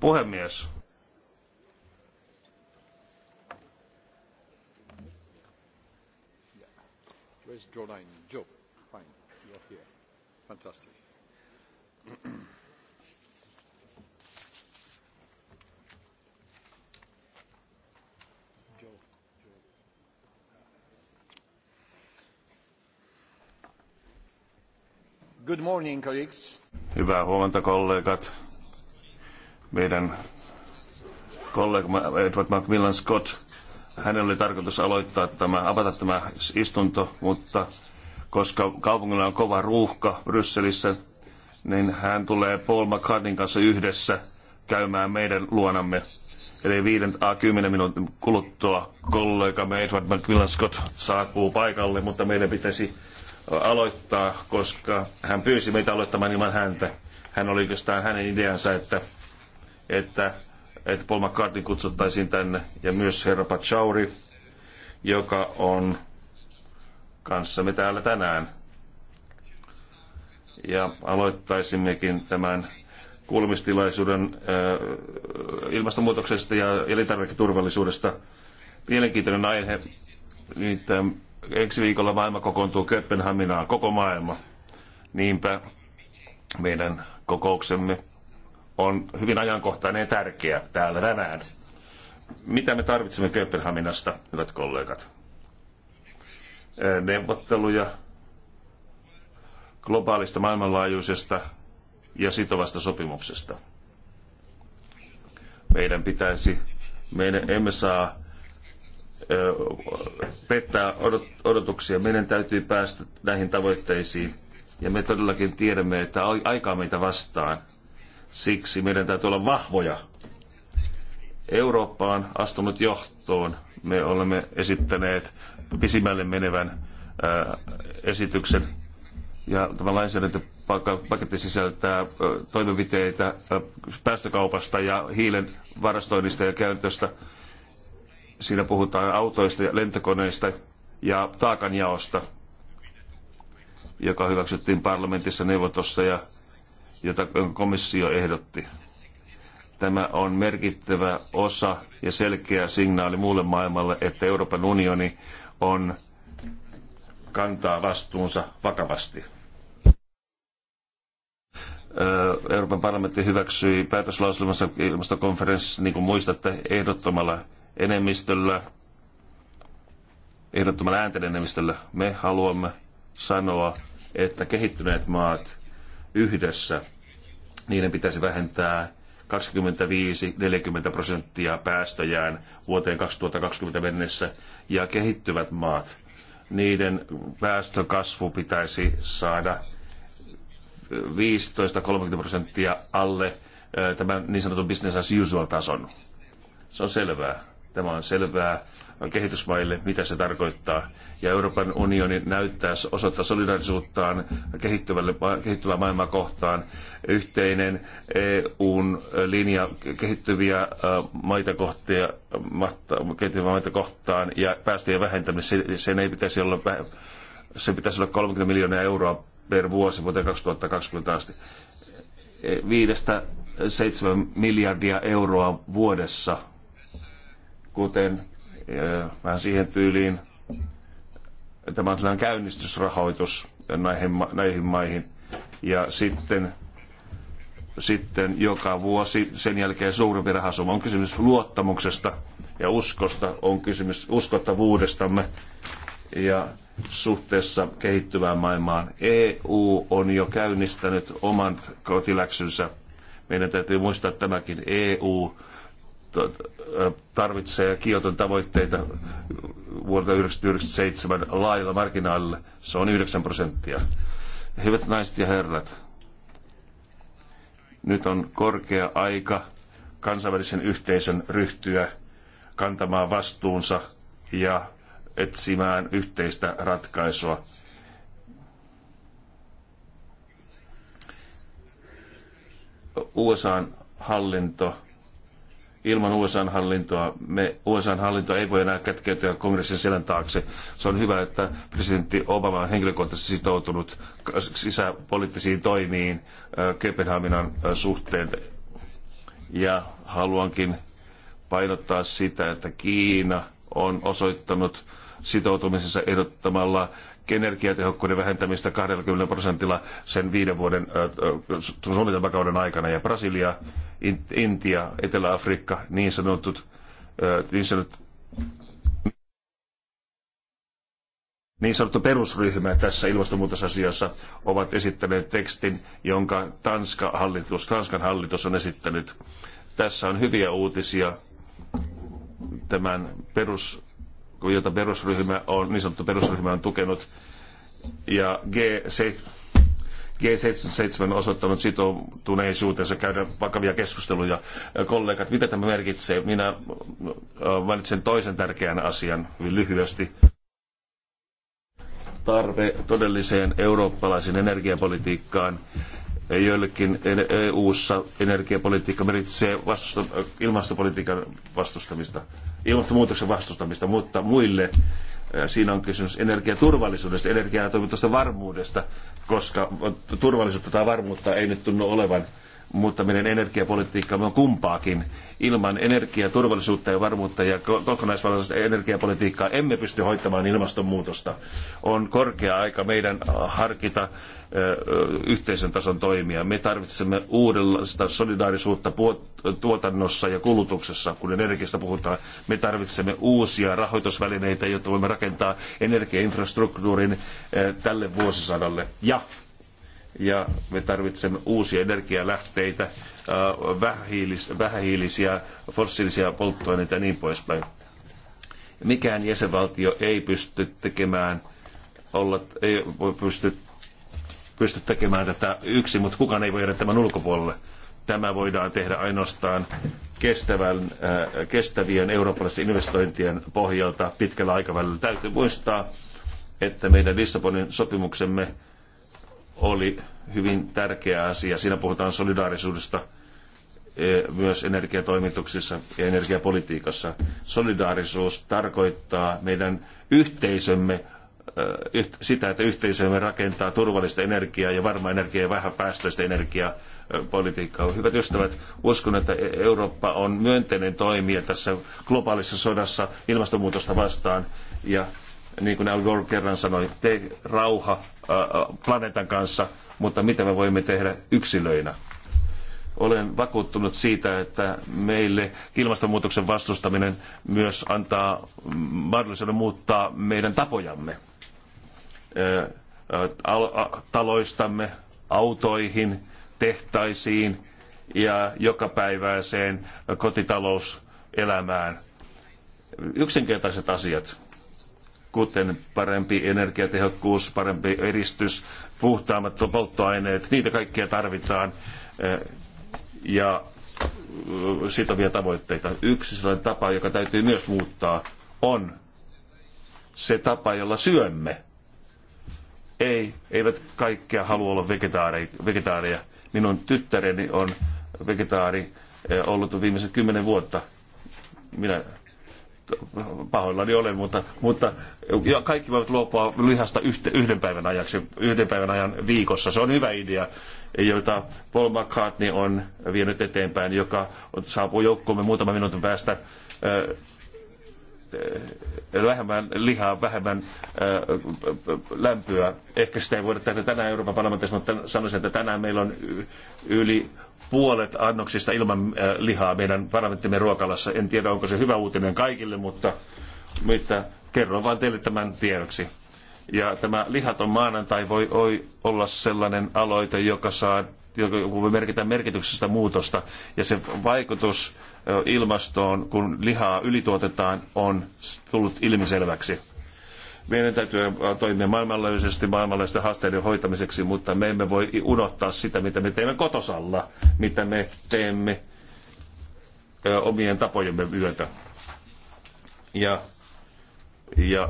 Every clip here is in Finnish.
Puhemies. Where's Joe, fine, you're here. Fantastic. Good morning, colleagues. Hyvää huomenta kollegat. Meidän kollega Edward Macmillan Scott, hänellä oli tarkoitus aloittaa tämä, avata tämä istunto, mutta koska kaupungilla on kova ruuhka Brysselissä, niin hän tulee Paul McCartneyn kanssa yhdessä käymään meidän luonamme. Eli 5 a 10 minuutin kuluttua kollegamme Edward McMillan Scott saapuu paikalle, mutta meidän pitäisi aloittaa, koska hän pyysi meitä aloittamaan ilman häntä. Hän oli oikeastaan hänen ideansa, että, että, että Paul McCartney kutsuttaisiin tänne ja myös herra Pachauri, joka on kanssamme täällä tänään. Ja aloittaisimmekin tämän kuulemistilaisuuden äh, ilmastonmuutoksesta ja elintarviketurvallisuudesta. Mielenkiintoinen aihe, nimittäin ensi viikolla maailma kokoontuu Kööpenhaminaan, koko maailma. Niinpä meidän kokouksemme on hyvin ajankohtainen ja tärkeä täällä tänään. Mitä me tarvitsemme Kööpenhaminasta, hyvät kollegat? Neuvotteluja globaalista maailmanlaajuisesta ja sitovasta sopimuksesta. Meidän pitäisi, meidän emme saa pettää odotuksia. Meidän täytyy päästä näihin tavoitteisiin. Ja me todellakin tiedämme, että aikaa meitä vastaan. Siksi meidän täytyy olla vahvoja. Eurooppa on astunut johtoon. Me olemme esittäneet pisimmälle menevän esityksen. Ja tämä lainsäädäntöpaketti sisältää toimenpiteitä päästökaupasta ja hiilen varastoinnista ja käytöstä Siinä puhutaan autoista ja lentokoneista ja taakanjaosta, joka hyväksyttiin parlamentissa neuvotossa ja jota komissio ehdotti. Tämä on merkittävä osa ja selkeä signaali muulle maailmalle, että Euroopan unioni on kantaa vastuunsa vakavasti. Euroopan parlamentti hyväksyi päätöslauselmassa ilmastokonferenssissa, niin kuin muistatte, ehdottomalla enemmistöllä, ehdottomalla äänten enemmistöllä, me haluamme sanoa, että kehittyneet maat yhdessä, niiden pitäisi vähentää 25-40 prosenttia päästöjään vuoteen 2020 mennessä ja kehittyvät maat, niiden päästökasvu pitäisi saada 15-30 prosenttia alle tämän niin sanotun business as usual tason. Se on selvää. Tämä on selvää kehitysmaille, mitä se tarkoittaa. Ja Euroopan unioni näyttää osoittaa solidaarisuuttaan kehittyvälle, kehittyvää maailmaa kohtaan. Yhteinen EUn linja kehittyviä äh, maita, kohtia, kehittyviä maita kohtaan ja päästöjen vähentämiseen sen ei pitäisi olla, se pitäisi olla 30 miljoonaa euroa per vuosi vuoteen 2020 asti. Viidestä seitsemän miljardia euroa vuodessa kuten vähän siihen tyyliin, tämä on sellainen käynnistysrahoitus näihin, näihin maihin. Ja sitten, sitten joka vuosi sen jälkeen suurempi rahasumma. On kysymys luottamuksesta ja uskosta, on kysymys uskottavuudestamme ja suhteessa kehittyvään maailmaan. EU on jo käynnistänyt oman kotiläksynsä. Meidän täytyy muistaa tämäkin EU tarvitsee Kioton tavoitteita vuodelta 1997 lailla marginaalilla. Se on 9 prosenttia. Hyvät naiset ja herrat, nyt on korkea aika kansainvälisen yhteisön ryhtyä kantamaan vastuunsa ja etsimään yhteistä ratkaisua. USAn hallinto Ilman USA-hallintoa me, USA-hallinto ei voi enää kätkeytyä kongressin selän taakse. Se on hyvä, että presidentti Obama on henkilökohtaisesti sitoutunut sisäpoliittisiin toimiin Kööpenhaminan suhteen. Ja haluankin painottaa sitä, että Kiina on osoittanut sitoutumisensa ehdottamalla energiatehokkuuden vähentämistä 20 prosentilla sen viiden vuoden suunnitelmakauden aikana. Ja Brasilia, Intia, Etelä-Afrikka, niin sanotut, niin sanotut niin sanottu perusryhmä tässä ilmastonmuutosasiassa ovat esittäneet tekstin, jonka Tanska hallitus, Tanskan hallitus on esittänyt. Tässä on hyviä uutisia tämän perus jota perusryhmä on, niin sanottu perusryhmä on tukenut. Ja G7, G77 on osoittanut sitoutuneisuutensa käydä vakavia keskusteluja. Kollegat, mitä tämä merkitsee? Minä valitsen toisen tärkeän asian hyvin lyhyesti. Tarve todelliseen eurooppalaisen energiapolitiikkaan joillekin EU-ssa e energiapolitiikka merkitsee vastusta, ilmastopolitiikan vastustamista, ilmastonmuutoksen vastustamista, mutta muille siinä on kysymys energiaturvallisuudesta, energiatoimintoista varmuudesta, koska turvallisuutta tai varmuutta ei nyt tunnu olevan mutta meidän on kumpaakin. Ilman energiaturvallisuutta ja varmuutta ja kokonaisvaltaista energiapolitiikkaa emme pysty hoitamaan ilmastonmuutosta. On korkea aika meidän äh, harkita äh, yhteisen tason toimia. Me tarvitsemme uudenlaista solidaarisuutta tuotannossa ja kulutuksessa, kun energiasta puhutaan. Me tarvitsemme uusia rahoitusvälineitä, jotta voimme rakentaa energiainfrastruktuurin äh, tälle vuosisadalle. Ja ja me tarvitsemme uusia energialähteitä, äh, vähähiilisiä fossiilisia polttoaineita ja niin poispäin. Mikään jäsenvaltio ei pysty tekemään, olla, ei pysty, pysty tekemään tätä yksin, mutta kukaan ei voi jäädä tämän ulkopuolelle. Tämä voidaan tehdä ainoastaan kestävän, äh, kestävien eurooppalaisten investointien pohjalta pitkällä aikavälillä. Täytyy muistaa, että meidän Lissabonin sopimuksemme oli hyvin tärkeä asia. Siinä puhutaan solidaarisuudesta e, myös energiatoimituksissa ja energiapolitiikassa. Solidaarisuus tarkoittaa meidän yhteisömme e, sitä, että yhteisömme rakentaa turvallista energiaa ja varmaa energiaa ja vähäpäästöistä energiaa e, politiikkaa. Hyvät ystävät, uskon, että Eurooppa on myönteinen toimija tässä globaalissa sodassa ilmastonmuutosta vastaan. Ja niin kuin Al Gore kerran sanoi, te rauha planeetan kanssa, mutta mitä me voimme tehdä yksilöinä. Olen vakuuttunut siitä, että meille ilmastonmuutoksen vastustaminen myös antaa mahdollisuuden muuttaa meidän tapojamme taloistamme, autoihin, tehtaisiin ja jokapäiväiseen kotitalouselämään. Yksinkertaiset asiat kuten parempi energiatehokkuus, parempi eristys, puhtaammat polttoaineet, niitä kaikkea tarvitaan eh, ja eh, sitovia tavoitteita. Yksi sellainen tapa, joka täytyy myös muuttaa, on se tapa, jolla syömme. Ei, eivät kaikkia halua olla vegetaareja. Minun tyttäreni on vegetaari eh, ollut viimeiset kymmenen vuotta. Minä pahoillani olen, mutta, mutta ja kaikki voivat luopua lihasta yhden päivän ajaksi, yhden päivän ajan viikossa. Se on hyvä idea, jota Paul McCartney on vienyt eteenpäin, joka saapuu joukkoomme muutaman minuutin päästä äh, äh, vähemmän lihaa, vähemmän äh, lämpöä. Ehkä sitä ei voida tehdä tänään Euroopan parlamentissa, mutta sanoisin, että tänään meillä on yli puolet annoksista ilman äh, lihaa meidän parlamenttimme ruokalassa. En tiedä, onko se hyvä uutinen kaikille, mutta, mutta kerron vain teille tämän tiedoksi. Ja tämä lihaton maanantai voi, olla sellainen aloite, joka saa joka voi merkitä merkityksestä muutosta. Ja se vaikutus äh, ilmastoon, kun lihaa ylituotetaan, on tullut ilmiselväksi. Meidän täytyy toimia maailmanlaajuisesti maailmanlaajuisten haasteiden hoitamiseksi, mutta me emme voi unohtaa sitä, mitä me teemme kotosalla, mitä me teemme omien tapojemme myötä. Ja, ja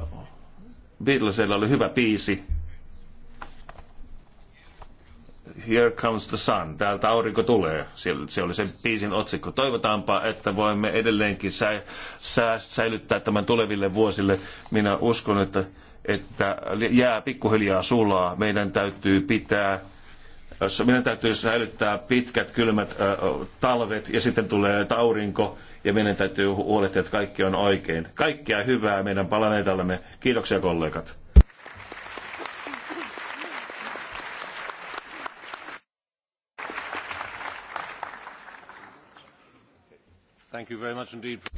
Beatlesilla oli hyvä biisi, Here Comes the Sun, täältä aurinko tulee. Se oli sen biisin otsikko. Toivotaanpa, että voimme edelleenkin sä, sä, säilyttää tämän tuleville vuosille. Minä uskon, että, että jää pikkuhiljaa sulaa. Meidän täytyy pitää meidän täytyy säilyttää pitkät, kylmät talvet ja sitten tulee aurinko ja meidän täytyy huolehtia, että kaikki on oikein. Kaikkea hyvää meidän planeetallemme. Kiitoksia kollegat.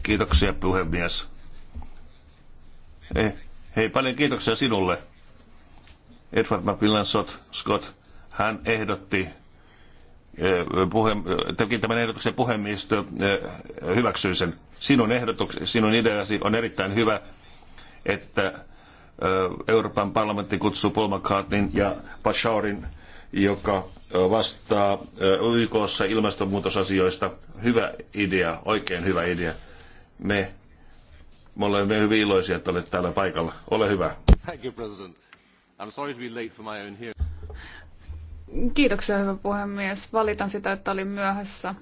Kiitoksia puhemies. Hei, eh, hei, paljon kiitoksia sinulle. Edward McMillan Scott, hän ehdotti eh, puhe, teki tämän ehdotuksen puhemiestö eh, hyväksyi sen. Sinun, sinun ideasi on erittäin hyvä, että Euroopan parlamentti kutsuu Paul McCartneyn ja Basharin joka vastaa YKssa ilmastonmuutosasioista. Hyvä idea, oikein hyvä idea. Me, me olemme hyvin iloisia, että olet täällä paikalla. Ole hyvä. Kiitoksia, hyvä puhemies. Valitan sitä, että olin myöhässä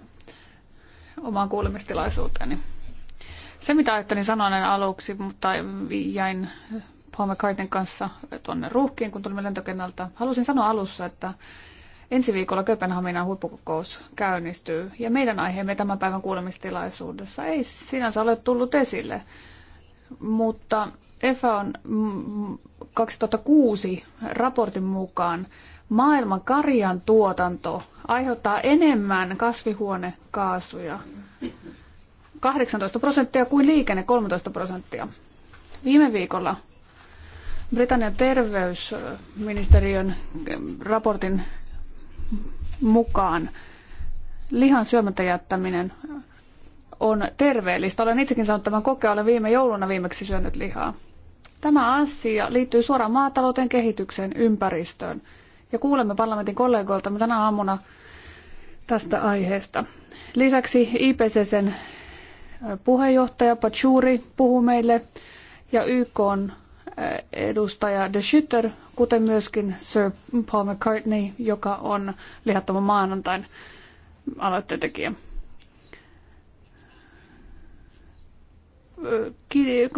omaan kuulemistilaisuuteeni. Se, mitä ajattelin sanoa näin aluksi, mutta jäin Paul McCartneyn kanssa tuonne ruuhkiin, kun tulimme lentokennalta. Halusin sanoa alussa, että ensi viikolla Kööpenhaminan huippukokous käynnistyy ja meidän aiheemme tämän päivän kuulemistilaisuudessa ei sinänsä ole tullut esille, mutta EFA on 2006 mm, raportin mukaan maailman karjan tuotanto aiheuttaa enemmän kasvihuonekaasuja 18 prosenttia kuin liikenne 13 prosenttia. Viime viikolla Britannian terveysministeriön raportin mukaan lihan syömättä jättäminen on terveellistä. Olen itsekin saanut tämän kokea, olen viime jouluna viimeksi syönyt lihaa. Tämä asia liittyy suoraan maatalouteen, kehitykseen, ympäristöön. Ja kuulemme parlamentin kollegoilta tänä aamuna tästä aiheesta. Lisäksi IPCCn puheenjohtaja Pachuri puhuu meille ja YK on edustaja De Schutter, kuten myöskin Sir Paul McCartney, joka on lihattoman maanantain aloitteen tekijä.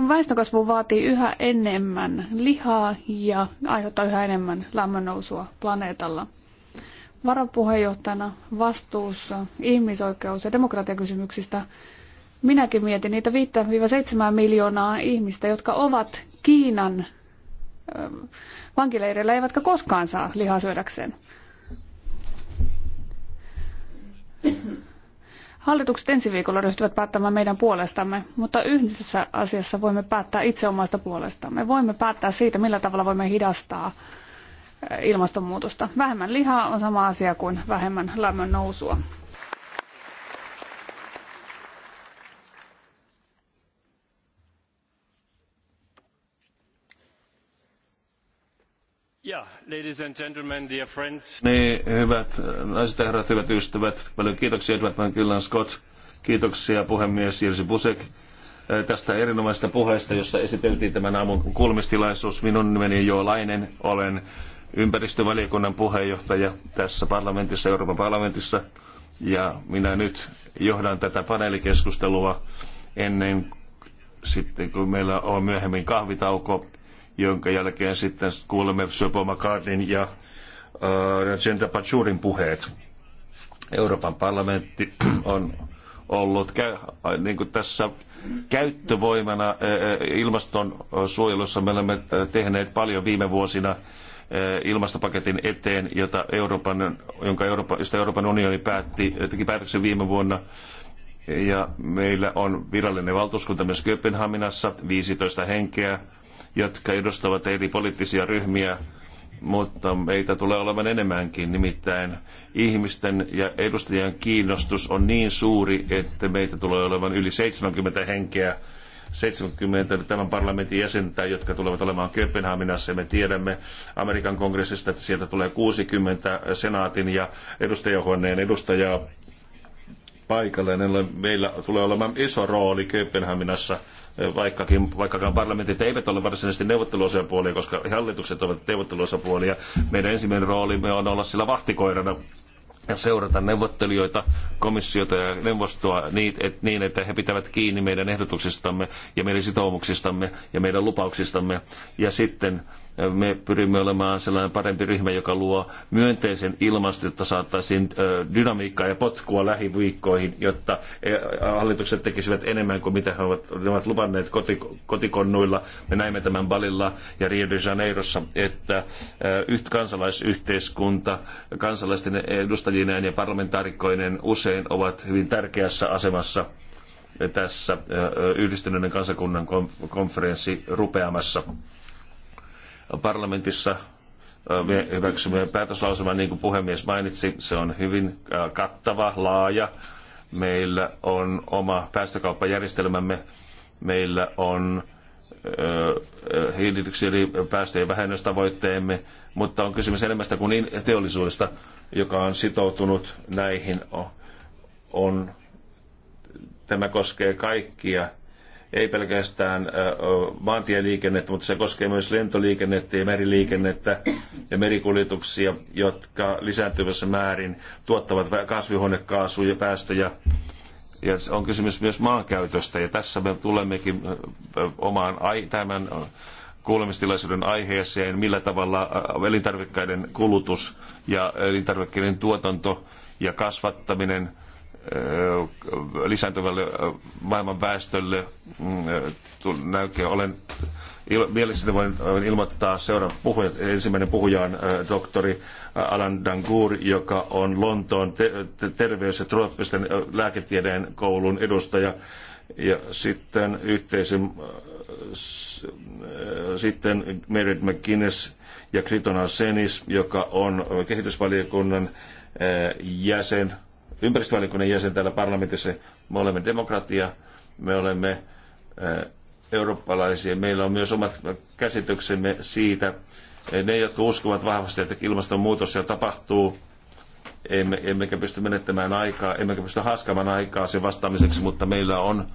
Väestönkasvu vaatii yhä enemmän lihaa ja aiheuttaa yhä enemmän lämmönnousua planeetalla. Varapuheenjohtajana vastuussa ihmisoikeus- ja demokratiakysymyksistä minäkin mietin niitä 5-7 miljoonaa ihmistä, jotka ovat Kiinan ähm, vankileireillä eivätkä koskaan saa lihaa syödäkseen. Hallitukset ensi viikolla ryhtyvät päättämään meidän puolestamme, mutta yhdessä asiassa voimme päättää itse omasta puolestamme. Voimme päättää siitä, millä tavalla voimme hidastaa äh, ilmastonmuutosta. Vähemmän lihaa on sama asia kuin vähemmän lämmön nousua. Niin, hyvät naiset ja herrat, hyvät ystävät, paljon kiitoksia Edward McGillan Scott, kiitoksia puhemies Jirsi Busek eh, tästä erinomaisesta puheesta, jossa esiteltiin tämän aamun kulmistilaisuus. Minun nimeni Jo Lainen, olen ympäristövaliokunnan puheenjohtaja tässä parlamentissa, Euroopan parlamentissa, ja minä nyt johdan tätä paneelikeskustelua ennen sitten, kun meillä on myöhemmin kahvitauko jonka jälkeen sitten kuulemme Sopo McCartin ja äh, Jenta Pachurin puheet. Euroopan parlamentti on ollut äh, niin kuin tässä käyttövoimana äh, ilmastonsuojelussa. Me olemme tehneet paljon viime vuosina ilmastopaketin eteen, jota Euroopan, jonka Euroopan, josta Euroopan unioni päätti, teki päätöksen viime vuonna. Ja meillä on virallinen valtuuskunta myös Kööpenhaminassa, 15 henkeä, jotka edustavat eri poliittisia ryhmiä, mutta meitä tulee olemaan enemmänkin. Nimittäin ihmisten ja edustajien kiinnostus on niin suuri, että meitä tulee olemaan yli 70 henkeä 70 tämän parlamentin jäsentä, jotka tulevat olemaan Kööpenhaminassa. Me tiedämme Amerikan kongressista, että sieltä tulee 60 senaatin ja edustajahuoneen edustajaa paikalle. Meillä tulee olemaan iso rooli Kööpenhaminassa vaikkakin, vaikkakaan parlamentit eivät ole varsinaisesti neuvotteluosapuolia, koska hallitukset ovat neuvotteluosapuolia. Meidän ensimmäinen roolimme on olla sillä vahtikoirana ja seurata neuvottelijoita, komissiota ja neuvostoa niin, niin, että he pitävät kiinni meidän ehdotuksistamme ja meidän sitoumuksistamme ja meidän lupauksistamme. Ja sitten me pyrimme olemaan sellainen parempi ryhmä, joka luo myönteisen ilmaston, jotta saataisiin dynamiikkaa ja potkua lähiviikkoihin, jotta e, hallitukset tekisivät enemmän kuin mitä he ovat, ne ovat luvanneet kotikonnuilla. Me näimme tämän Balilla ja Rio de Janeirossa, että kansalaisyhteiskunta, kansalaisten edustajineen ja parlamentaarikkoinen usein ovat hyvin tärkeässä asemassa tässä yhdistyneiden kansakunnan konferenssi rupeamassa parlamentissa me hyväksymme päätöslauselman, niin kuin puhemies mainitsi, se on hyvin kattava, laaja. Meillä on oma päästökauppajärjestelmämme, meillä on hiilidioksidipäästöjen vähennystavoitteemme, mutta on kysymys enemmästä kuin teollisuudesta, joka on sitoutunut näihin. On, tämä koskee kaikkia ei pelkästään maantieliikennettä, mutta se koskee myös lentoliikennettä ja meriliikennettä ja merikuljetuksia, jotka lisääntyvässä määrin tuottavat kasvihuonekaasuja, päästöjä. Ja on kysymys myös maankäytöstä ja tässä me tulemmekin omaan tämän kuulemistilaisuuden aiheeseen, millä tavalla elintarvikkeiden kulutus ja elintarvikkeiden tuotanto ja kasvattaminen – lisääntyvälle maailman väestölle. Mm, Näkö, olen il, mielestäni voin ilmoittaa seuraavan puhujan. Ensimmäinen puhuja on doktori Alan Dangur, joka on Lontoon terveys- ja trooppisten lääketiedeen koulun edustaja. Ja sitten yhteisen sitten Merit McGuinness ja Kritona Senis, joka on kehitysvaliokunnan jäsen ympäristövaliokunnan jäsen täällä parlamentissa. Me olemme demokratia, me olemme eh, eurooppalaisia. Meillä on myös omat käsityksemme siitä, eh, ne, jotka uskovat vahvasti, että ilmastonmuutos jo tapahtuu, emme, emmekä pysty menettämään aikaa, emmekä pysty haaskaamaan aikaa sen vastaamiseksi, mutta meillä on,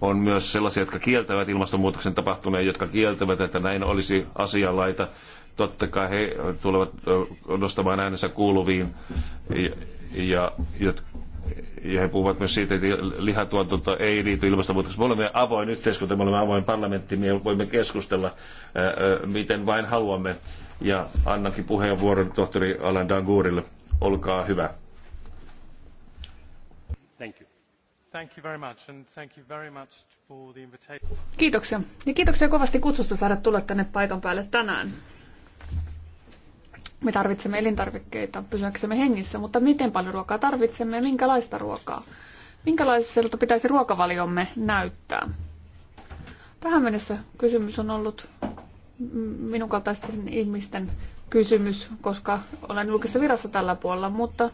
on myös sellaisia, jotka kieltävät ilmastonmuutoksen tapahtuneen, jotka kieltävät, että näin olisi asianlaita. Totta kai he tulevat eh, nostamaan äänensä kuuluviin ja, ja he puhuvat myös siitä, että lihatuotanto ei liity ilmastonmuutokseen. Me olemme avoin yhteiskunta, me olemme avoin parlamentti, me voimme keskustella miten vain haluamme. Ja annankin puheenvuoron tohtori Alan Dangurille. Olkaa hyvä. Thank you. Kiitoksia. Ja kiitoksia kovasti kutsusta saada tulla tänne paikan päälle tänään. Me tarvitsemme elintarvikkeita pysyäksemme hengissä, mutta miten paljon ruokaa tarvitsemme ja minkälaista ruokaa? Minkälaiselta pitäisi ruokavaliomme näyttää? Tähän mennessä kysymys on ollut minun kaltaisten ihmisten kysymys, koska olen julkisessa virassa tällä puolella, mutta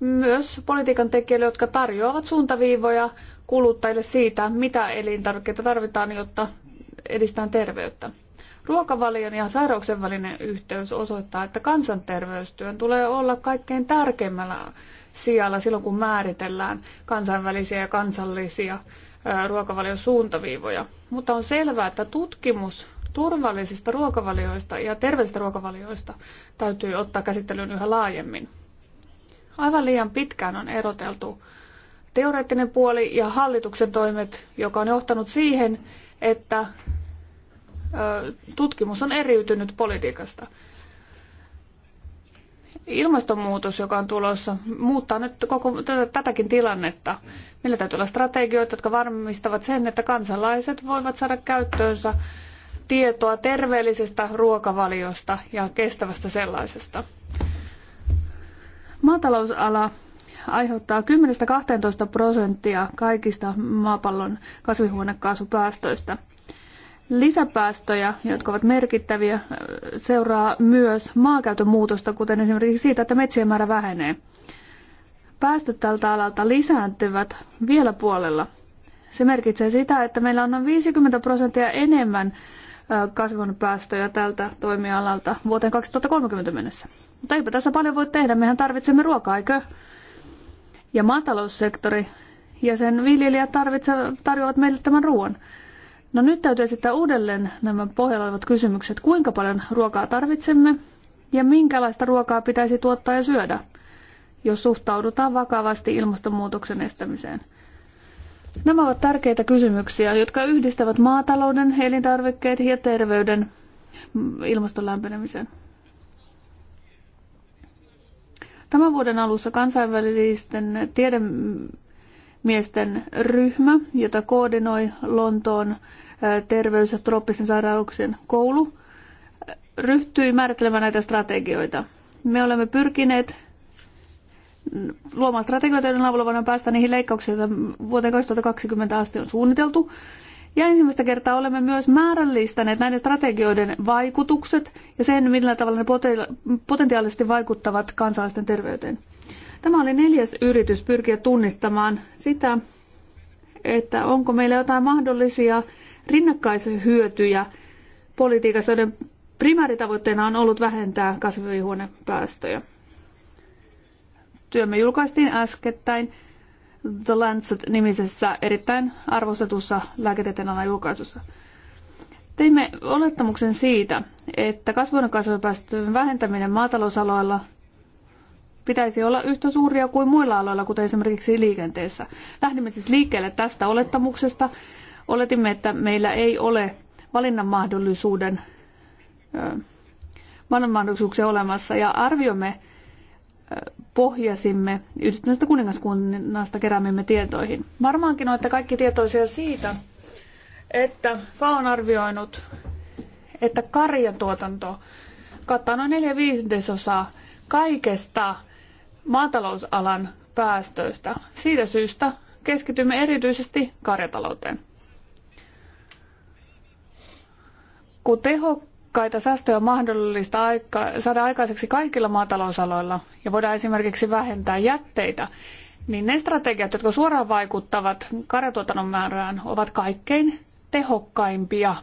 myös politiikan tekijöille, jotka tarjoavat suuntaviivoja kuluttajille siitä, mitä elintarvikkeita tarvitaan, jotta edistetään terveyttä. Ruokavalion ja sairauksien välinen yhteys osoittaa, että kansanterveystyön tulee olla kaikkein tärkeimmällä sijalla silloin, kun määritellään kansainvälisiä ja kansallisia ruokavalion suuntaviivoja. Mutta on selvää, että tutkimus turvallisista ruokavalioista ja terveellisistä ruokavalioista täytyy ottaa käsittelyyn yhä laajemmin. Aivan liian pitkään on eroteltu teoreettinen puoli ja hallituksen toimet, joka on johtanut siihen, että tutkimus on eriytynyt politiikasta. Ilmastonmuutos, joka on tulossa, muuttaa nyt koko tätäkin tilannetta. Meillä täytyy olla strategioita, jotka varmistavat sen, että kansalaiset voivat saada käyttöönsä tietoa terveellisestä ruokavaliosta ja kestävästä sellaisesta. Maatalousala aiheuttaa 10-12 prosenttia kaikista maapallon kasvihuonekaasupäästöistä. Lisäpäästöjä, jotka ovat merkittäviä, seuraa myös maankäytön muutosta, kuten esimerkiksi siitä, että metsien määrä vähenee. Päästöt tältä alalta lisääntyvät vielä puolella. Se merkitsee sitä, että meillä on noin 50 prosenttia enemmän kasvunpäästöjä tältä toimialalta vuoteen 2030 mennessä. Mutta eipä tässä paljon voi tehdä, mehän tarvitsemme ruokaa, eikö? Ja maataloussektori ja sen viljelijät tarvitsevat, tarjoavat meille tämän ruoan. No nyt täytyy esittää uudelleen nämä pohjalla olevat kysymykset. Kuinka paljon ruokaa tarvitsemme ja minkälaista ruokaa pitäisi tuottaa ja syödä, jos suhtaudutaan vakavasti ilmastonmuutoksen estämiseen? Nämä ovat tärkeitä kysymyksiä, jotka yhdistävät maatalouden, elintarvikkeet ja terveyden ilmaston lämpenemiseen. Tämän vuoden alussa kansainvälisten tiedemiesten miesten ryhmä, jota koordinoi Lontoon terveys- ja trooppisten sairauksien koulu, ryhtyi määrittelemään näitä strategioita. Me olemme pyrkineet luomaan strategioita, joiden avulla voidaan päästä niihin leikkauksiin, joita vuoteen 2020 asti on suunniteltu. Ja ensimmäistä kertaa olemme myös määrällistäneet näiden strategioiden vaikutukset ja sen, millä tavalla ne potentiaalisesti vaikuttavat kansalaisten terveyteen. Tämä oli neljäs yritys pyrkiä tunnistamaan sitä, että onko meillä jotain mahdollisia rinnakkaishyötyjä politiikassa, joiden primääritavoitteena on ollut vähentää kasvihuonepäästöjä. Työmme julkaistiin äskettäin The Lancet-nimisessä erittäin arvostetussa lääketieteen alan julkaisussa. Teimme olettamuksen siitä, että kasvihuonekasvipäästöjen vähentäminen maatalousaloilla pitäisi olla yhtä suuria kuin muilla aloilla, kuten esimerkiksi liikenteessä. Lähdimme siis liikkeelle tästä olettamuksesta. Oletimme, että meillä ei ole valinnanmahdollisuuden mahdollisuuden olemassa ja arviomme pohjasimme yhdistyneestä kuningaskunnasta keräämimme tietoihin. Varmaankin olette kaikki tietoisia siitä, että fao on arvioinut, että karjatuotanto kattaa noin 4 viidesosaa kaikesta maatalousalan päästöistä. Siitä syystä keskitymme erityisesti karjatalouteen. Kun tehokkaita säästöjä on mahdollista aika, saada aikaiseksi kaikilla maatalousaloilla ja voidaan esimerkiksi vähentää jätteitä, niin ne strategiat, jotka suoraan vaikuttavat karjatuotannon määrään, ovat kaikkein tehokkaimpia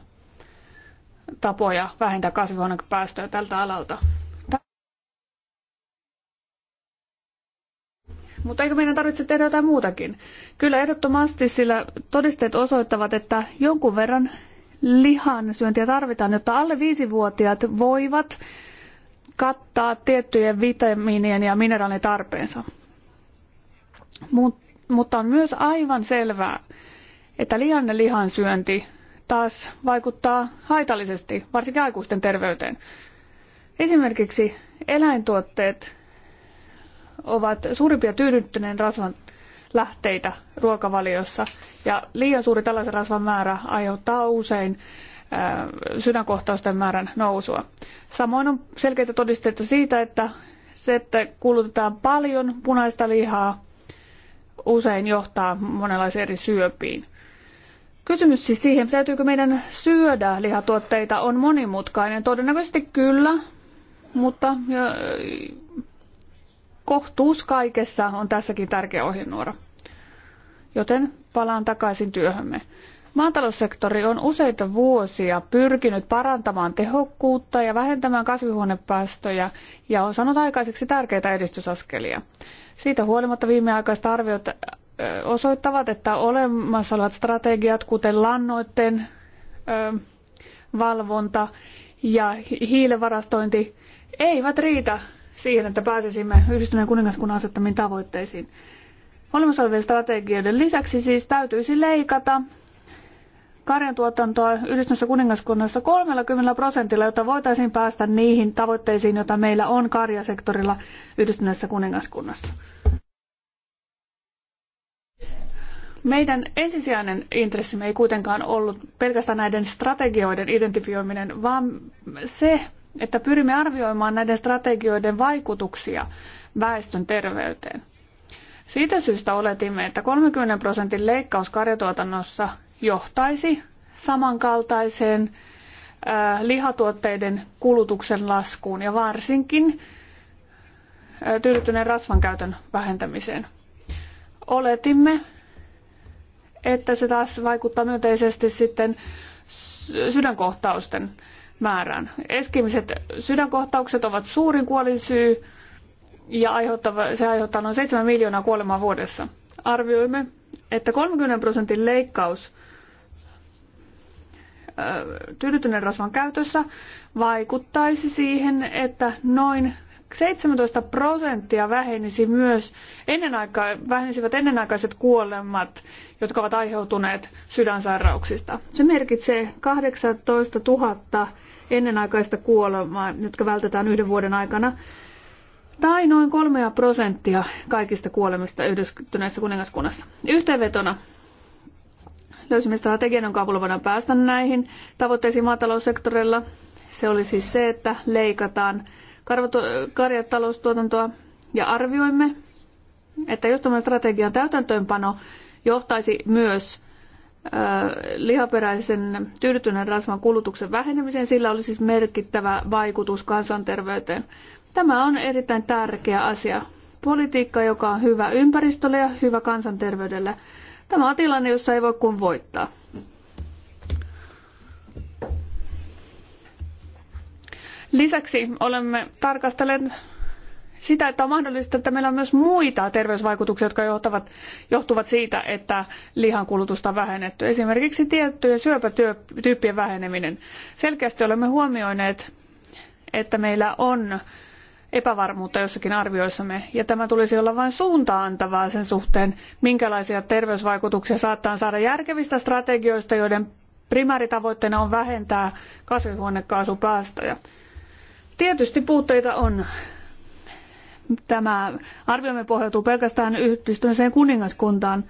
tapoja vähentää kasvihuonepäästöjä tältä alalta. Mutta eikö meidän tarvitse tehdä jotain muutakin? Kyllä ehdottomasti, sillä todisteet osoittavat, että jonkun verran lihan syöntiä tarvitaan, jotta alle viisivuotiaat voivat kattaa tiettyjen vitamiinien ja mineraalitarpeensa. Mut, mutta on myös aivan selvää, että lihan lihansyönti taas vaikuttaa haitallisesti, varsinkin aikuisten terveyteen. Esimerkiksi eläintuotteet ovat suurimpia tyydyttyneen rasvan lähteitä ruokavaliossa. Ja liian suuri tällaisen rasvan määrä aiheuttaa usein sydänkohtausten määrän nousua. Samoin on selkeitä todisteita siitä, että se, että kulutetaan paljon punaista lihaa, usein johtaa monenlaisiin eri syöpiin. Kysymys siis siihen, täytyykö meidän syödä lihatuotteita, on monimutkainen. Todennäköisesti kyllä, mutta kohtuus kaikessa on tässäkin tärkeä ohjenuora. Joten palaan takaisin työhömme. Maataloussektori on useita vuosia pyrkinyt parantamaan tehokkuutta ja vähentämään kasvihuonepäästöjä ja on saanut aikaiseksi tärkeitä edistysaskelia. Siitä huolimatta viimeaikaiset arviot osoittavat, että olemassa olevat strategiat, kuten lannoitteen valvonta ja hiilevarastointi, eivät riitä siihen, että pääsisimme yhdistyneen kuningaskunnan asettamiin tavoitteisiin. Olemassa olevien strategioiden lisäksi siis täytyisi leikata karjantuotantoa yhdistyneessä kuningaskunnassa 30 prosentilla, jotta voitaisiin päästä niihin tavoitteisiin, joita meillä on karjasektorilla yhdistyneessä kuningaskunnassa. Meidän ensisijainen intressimme ei kuitenkaan ollut pelkästään näiden strategioiden identifioiminen, vaan se, että pyrimme arvioimaan näiden strategioiden vaikutuksia väestön terveyteen. Siitä syystä oletimme, että 30 prosentin leikkaus karjatuotannossa johtaisi samankaltaiseen lihatuotteiden kulutuksen laskuun ja varsinkin tyydyttyneen rasvan käytön vähentämiseen. Oletimme, että se taas vaikuttaa myönteisesti sitten sydänkohtausten määrään. Eskimiset sydänkohtaukset ovat suurin kuolinsyy ja aiheuttava, se aiheuttaa noin 7 miljoonaa kuolemaa vuodessa. Arvioimme, että 30 prosentin leikkaus tyydytyneen rasvan käytössä vaikuttaisi siihen, että noin 17 prosenttia vähenisi myös ennenaika, vähenisivät ennenaikaiset kuolemat, jotka ovat aiheutuneet sydänsairauksista. Se merkitsee 18 000 ennenaikaista kuolemaa, jotka vältetään yhden vuoden aikana, tai noin 3 prosenttia kaikista kuolemista yhdistyneessä kuningaskunnassa. Yhteenvetona löysimme strategian, jonka avulla voidaan päästä näihin tavoitteisiin maataloussektorilla. Se oli siis se, että leikataan karjataloustuotantoa ja arvioimme, että jos tämä strategian täytäntöönpano johtaisi myös lihaperäisen tyydytyneen rasvan kulutuksen vähenemiseen, sillä olisi siis merkittävä vaikutus kansanterveyteen. Tämä on erittäin tärkeä asia. Politiikka, joka on hyvä ympäristölle ja hyvä kansanterveydelle. Tämä on tilanne, jossa ei voi kuin voittaa. Lisäksi olemme tarkastelleet sitä, että on mahdollista, että meillä on myös muita terveysvaikutuksia, jotka johtavat, johtuvat siitä, että lihan kulutusta on vähennetty. Esimerkiksi tiettyjen syöpätyyppien väheneminen. Selkeästi olemme huomioineet, että meillä on epävarmuutta jossakin arvioissamme, ja tämä tulisi olla vain suuntaantavaa sen suhteen, minkälaisia terveysvaikutuksia saattaa saada järkevistä strategioista, joiden primääritavoitteena on vähentää kasvihuonekaasupäästöjä. Tietysti puutteita on. Tämä arviomme pohjautuu pelkästään yhdistyneeseen kuningaskuntaan.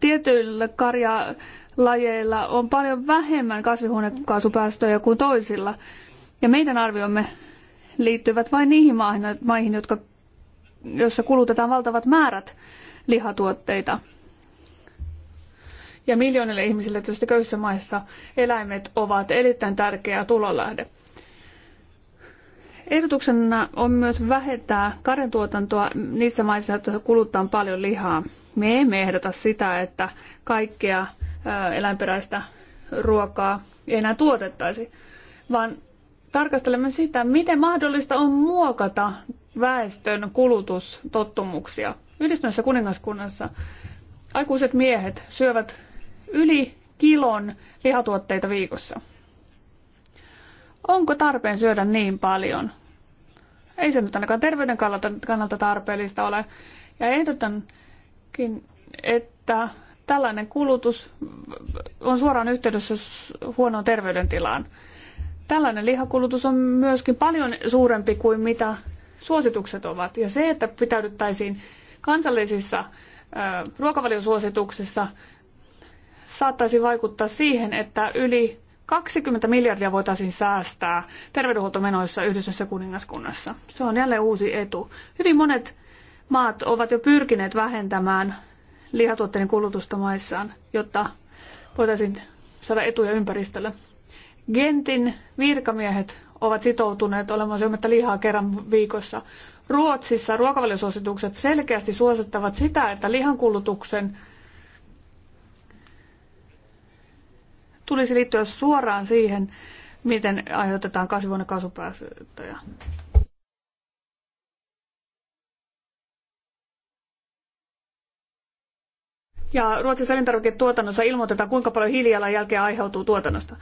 Tietyillä karjalajeilla on paljon vähemmän kasvihuonekaasupäästöjä kuin toisilla. Ja meidän arviomme liittyvät vain niihin maihin, jotka, joissa kulutetaan valtavat määrät lihatuotteita – ja miljoonille ihmisille tietysti köyhissä maissa eläimet ovat erittäin tärkeä tulonlähde. Ehdotuksena on myös vähentää karjantuotantoa niissä maissa, joissa kuluttaa paljon lihaa. Me emme ehdota sitä, että kaikkea eläinperäistä ruokaa ei enää tuotettaisi, vaan tarkastelemme sitä, miten mahdollista on muokata väestön kulutustottumuksia. Yhdistyneessä kuningaskunnassa aikuiset miehet syövät yli kilon lihatuotteita viikossa. Onko tarpeen syödä niin paljon? Ei se nyt ainakaan terveyden kannalta, kannalta tarpeellista ole. Ja ehdotankin, että tällainen kulutus on suoraan yhteydessä huonoon terveydentilaan. Tällainen lihakulutus on myöskin paljon suurempi kuin mitä suositukset ovat. Ja se, että pitäydyttäisiin kansallisissa ruokavaliosuosituksissa saattaisi vaikuttaa siihen, että yli 20 miljardia voitaisiin säästää terveydenhuoltomenoissa yhdistyssä kuningaskunnassa. Se on jälleen uusi etu. Hyvin monet maat ovat jo pyrkineet vähentämään lihatuotteiden kulutusta maissaan, jotta voitaisiin saada etuja ympäristölle. Gentin virkamiehet ovat sitoutuneet olemaan syömättä lihaa kerran viikossa. Ruotsissa ruokavaliosuositukset selkeästi suosittavat sitä, että lihan kulutuksen tulisi liittyä suoraan siihen, miten aiheutetaan kasvihuonekaasupäästöjä. Ja Ruotsissa elintarviketuotannossa ilmoitetaan, kuinka paljon hiilijalanjälkeä aiheutuu tuotannosta.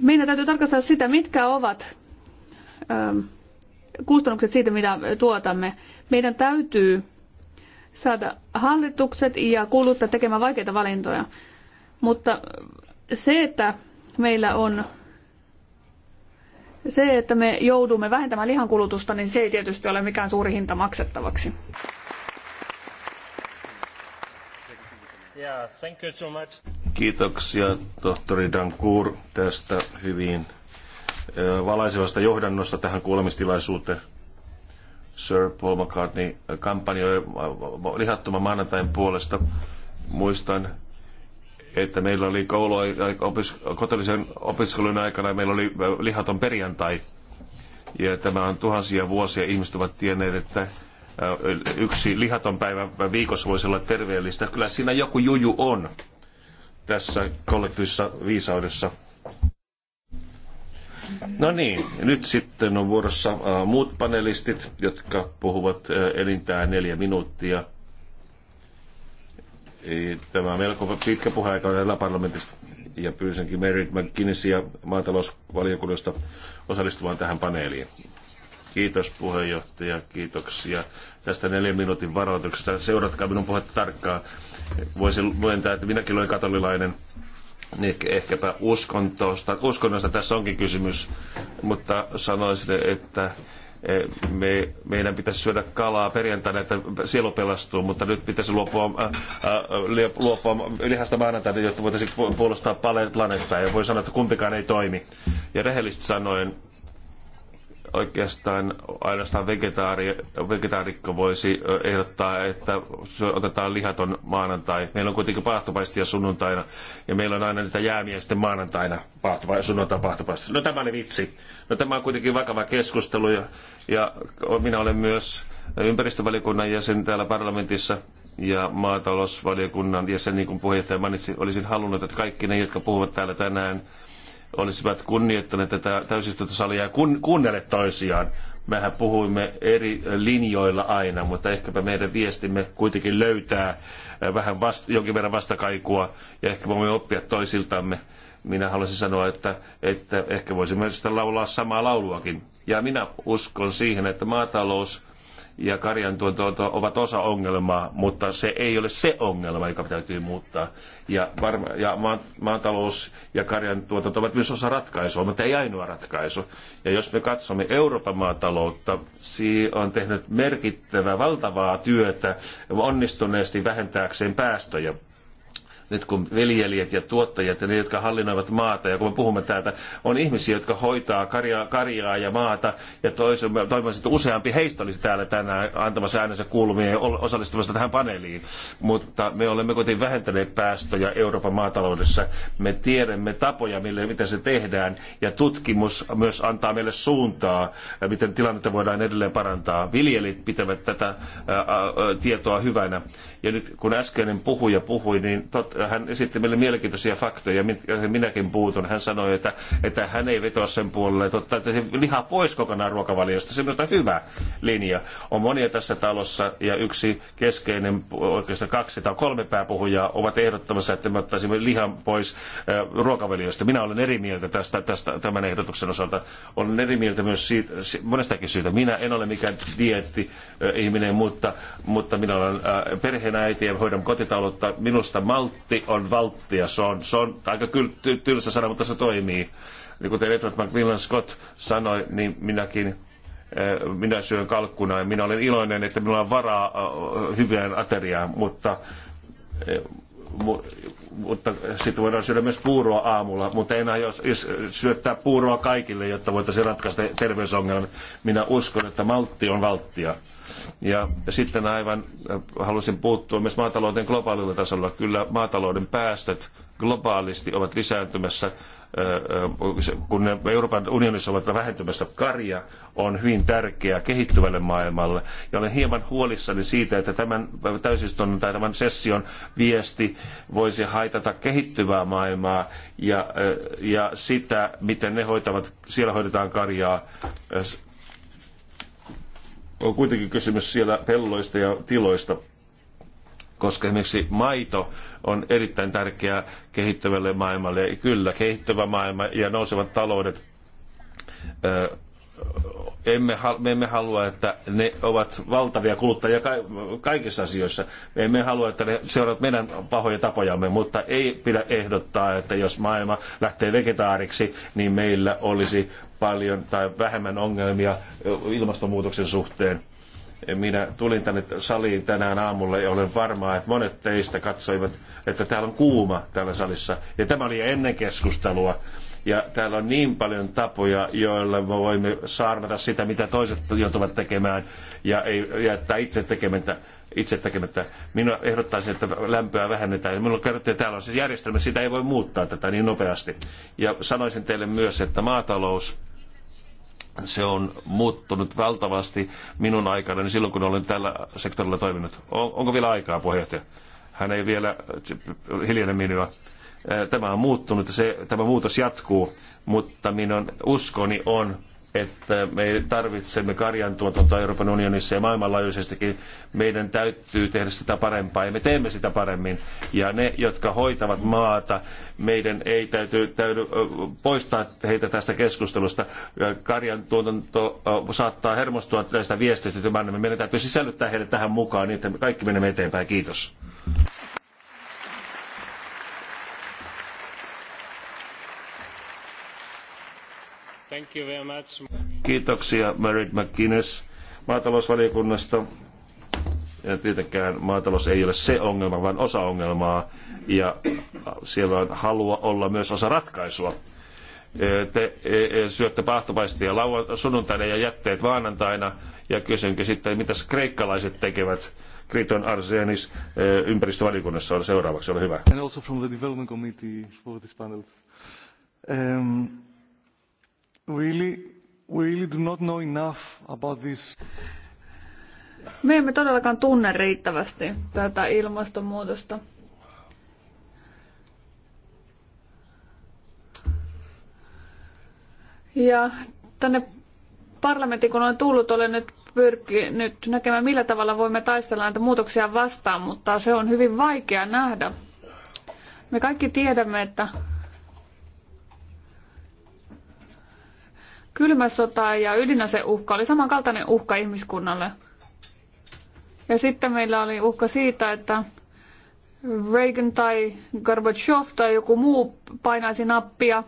Meidän täytyy tarkastaa sitä, mitkä ovat ö, ähm, kustannukset siitä, mitä tuotamme. Meidän täytyy saada hallitukset ja kuluttaa tekemään vaikeita valintoja. Mutta se, että meillä on se, että me joudumme vähentämään lihankulutusta, niin se ei tietysti ole mikään suuri hinta maksettavaksi. Kiitoksia tohtori Dankur tästä hyvin valaisevasta johdannosta tähän kuulemistilaisuuteen. Sir Paul McCartney kampanjoi lihattoman maanantain puolesta. Muistan että meillä oli koulu, opis, opiskelun aikana meillä oli lihaton perjantai. Ja tämä on tuhansia vuosia. Ihmiset ovat tienneet, että yksi lihaton päivä viikossa voisi olla terveellistä. Kyllä siinä joku juju on tässä kollektiivisessa viisaudessa. No niin, nyt sitten on vuorossa muut panelistit, jotka puhuvat elintään neljä minuuttia – Tämä on melko pitkä puheaika täällä parlamentissa ja pyysinkin Merit McKinneysia maatalousvaliokunnasta osallistumaan tähän paneeliin. Kiitos puheenjohtaja, kiitoksia tästä neljän minuutin varoituksesta. Seuratkaa minun puhetta tarkkaan. Voisin luentaa, että minäkin olen katolilainen, niin ehkäpä uskontosta, uskonnosta tässä onkin kysymys, mutta sanoisin, että Eh, me, meidän pitäisi syödä kalaa perjantaina, että sielu pelastuu, mutta nyt pitäisi luopua, ää, äh, ää, äh, luopua lihasta maanantaina, jotta voitaisiin puolustaa planeettaa. Ja voi sanoa, että kumpikaan ei toimi. Ja rehellisesti sanoen, oikeastaan ainoastaan vegetaari, vegetaarikko voisi ehdottaa, että otetaan lihaton maanantai. Meillä on kuitenkin pahtopaistia sunnuntaina ja meillä on aina niitä jäämiä sitten maanantaina paahtopa, sunnuntai No tämä oli vitsi. No tämä on kuitenkin vakava keskustelu ja, ja minä olen myös ympäristövaliokunnan jäsen täällä parlamentissa ja maatalousvaliokunnan jäsen, niin kuin puheenjohtaja mainitsi, olisin halunnut, että kaikki ne, jotka puhuvat täällä tänään, olisivat kunnioittaneet tätä täysistuntosalia ja kun, kuunnelleet toisiaan. Mehän puhuimme eri linjoilla aina, mutta ehkäpä meidän viestimme kuitenkin löytää äh, vähän vast, jonkin verran vastakaikua ja ehkä voimme oppia toisiltamme. Minä haluaisin sanoa, että, että ehkä voisimme sitä laulaa samaa lauluakin. Ja minä uskon siihen, että maatalous ja karjantuotanto ovat osa ongelmaa, mutta se ei ole se ongelma, joka täytyy muuttaa. Ja, varma, ja ma- maatalous ja karjantuotanto ovat myös osa ratkaisua, mutta ei ainoa ratkaisu. Ja jos me katsomme Euroopan maataloutta, se on tehnyt merkittävää, valtavaa työtä onnistuneesti vähentääkseen päästöjä nyt kun viljelijät ja tuottajat ja ne, jotka hallinnoivat maata, ja kun me puhumme täältä, on ihmisiä, jotka hoitaa karjaa, karjaa ja maata, ja toivoisin, että useampi heistä olisi täällä tänään antamassa äänensä kuulumia ja osallistumassa tähän paneeliin. Mutta me olemme kuitenkin vähentäneet päästöjä Euroopan maataloudessa. Me tiedämme tapoja, millä miten se tehdään, ja tutkimus myös antaa meille suuntaa, miten tilannetta voidaan edelleen parantaa. Viljelijät pitävät tätä tietoa hyvänä. Ja nyt kun äskeinen puhuja puhui, niin tot, hän esitti meille mielenkiintoisia faktoja, joihin minäkin puutun. Hän sanoi, että, että hän ei vetoa sen puolelle, että ottaa se liha pois kokonaan ruokavaliosta. Se on hyvä linja. On monia tässä talossa ja yksi keskeinen, oikeastaan kaksi tai kolme pääpuhujaa ovat ehdottamassa, että me ottaisimme lihan pois ruokavaliosta. Minä olen eri mieltä tästä, tästä tämän ehdotuksen osalta. Olen eri mieltä myös siitä, monestakin syytä. Minä en ole mikään dietti ihminen, mutta, mutta minä olen perheenäiti ja hoidan kotitaloutta. Minusta maltti valtti on valttia. Se on, se on aika kyl- tylsä sana, mutta se toimii. Niin kuten Edward McMillan Scott sanoi, niin minäkin eh, minä syön kalkkuna ja minä olen iloinen, että minulla on varaa eh, hyvään ateriaan, mutta eh, mutta sitten voidaan syödä myös puuroa aamulla, mutta en jos syöttää puuroa kaikille, jotta voitaisiin ratkaista terveysongelmat. Minä uskon, että maltti on valttia. Ja sitten aivan äh, halusin puuttua myös maatalouden globaalilla tasolla. Kyllä maatalouden päästöt globaalisti ovat lisääntymässä, äh, äh, kun ne Euroopan unionissa ovat vähentymässä. Karja on hyvin tärkeä kehittyvälle maailmalle. Ja olen hieman huolissani siitä, että tämän täysistunnon tai tämän session viesti voisi haitata kehittyvää maailmaa ja, ja sitä, miten ne hoitavat, siellä hoidetaan karjaa on kuitenkin kysymys siellä pelloista ja tiloista, koska esimerkiksi maito on erittäin tärkeää kehittyvälle maailmalle. Kyllä, kehittyvä maailma ja nousevat taloudet emme, me emme halua, että ne ovat valtavia kuluttajia kaikissa asioissa. Me emme halua, että ne seuraavat meidän pahoja tapojamme, mutta ei pidä ehdottaa, että jos maailma lähtee vegetaariksi, niin meillä olisi paljon tai vähemmän ongelmia ilmastonmuutoksen suhteen. Minä tulin tänne saliin tänään aamulla ja olen varma, että monet teistä katsoivat, että täällä on kuuma täällä salissa. Ja tämä oli ennen keskustelua. Ja täällä on niin paljon tapoja, joilla me voimme saarnata sitä, mitä toiset joutuvat tekemään ja ei jättää itse tekemättä itse tekemättä. Minä ehdottaisin, että lämpöä vähennetään. Ja minulla kerrottiin, että täällä on se siis järjestelmä, sitä ei voi muuttaa tätä niin nopeasti. Ja sanoisin teille myös, että maatalous se on muuttunut valtavasti minun aikana, niin silloin kun olen tällä sektorilla toiminut. On, onko vielä aikaa, puheenjohtaja? Hän ei vielä hiljene minua. Tämä on muuttunut ja se, tämä muutos jatkuu, mutta minun uskoni on, että me tarvitsemme karjantuotantoa Euroopan unionissa ja maailmanlaajuisestikin. Meidän täytyy tehdä sitä parempaa ja me teemme sitä paremmin. Ja ne, jotka hoitavat maata, meidän ei täytyy, täydy poistaa heitä tästä keskustelusta. Karjantuotanto saattaa hermostua näistä viesteistä, joita me annamme. Meidän täytyy sisällyttää heidät tähän mukaan niin, että me kaikki menemme eteenpäin. Kiitos. Thank you very much. Kiitoksia Merritt McGuinness maatalousvaliokunnasta. Ja tietenkään maatalous ei ole se ongelma, vaan osa ongelmaa. Ja siellä on halua olla myös osa ratkaisua te e, e, syötte pahtopaistia sunnuntaina ja jätteet maanantaina. Ja kysynkin sitten, mitä kreikkalaiset tekevät. Kriton Arsenis e, ympäristövaliokunnassa on seuraavaksi, ole hyvä. And also from the development committee for this panel. Um, me emme todellakaan tunne riittävästi tätä ilmastonmuutosta. Ja tänne parlamentti, kun olen tullut, olen nyt pyrkinyt näkemään, millä tavalla voimme taistella näitä muutoksia vastaan, mutta se on hyvin vaikea nähdä. Me kaikki tiedämme, että Kylmä sota ja ydinaseuhka oli samankaltainen uhka ihmiskunnalle. Ja sitten meillä oli uhka siitä, että Reagan tai Gorbachev tai joku muu painaisi nappia.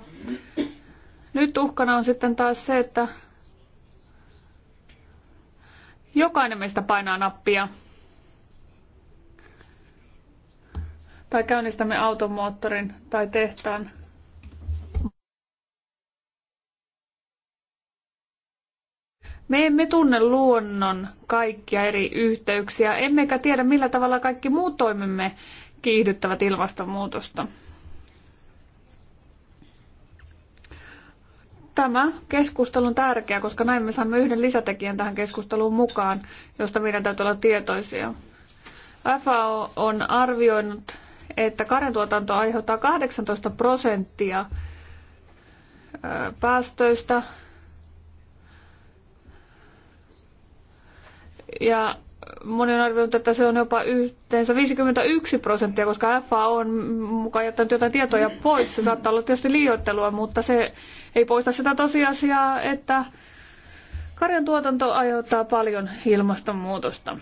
Nyt uhkana on sitten taas se, että jokainen meistä painaa nappia. Tai käynnistämme automoottorin tai tehtaan. Me emme tunne luonnon kaikkia eri yhteyksiä, emmekä tiedä millä tavalla kaikki muut toimimme kiihdyttävät ilmastonmuutosta. Tämä keskustelu on tärkeä, koska näin me saamme yhden lisätekijän tähän keskusteluun mukaan, josta meidän täytyy olla tietoisia. FAO on arvioinut, että karjantuotanto aiheuttaa 18 prosenttia päästöistä Ja moni on arvioinut, että se on jopa yhteensä 51 prosenttia, koska FA on mukaan jättänyt jotain tietoja pois. Se saattaa olla tietysti liioittelua, mutta se ei poista sitä tosiasiaa, että karjan tuotanto aiheuttaa paljon ilmastonmuutosta.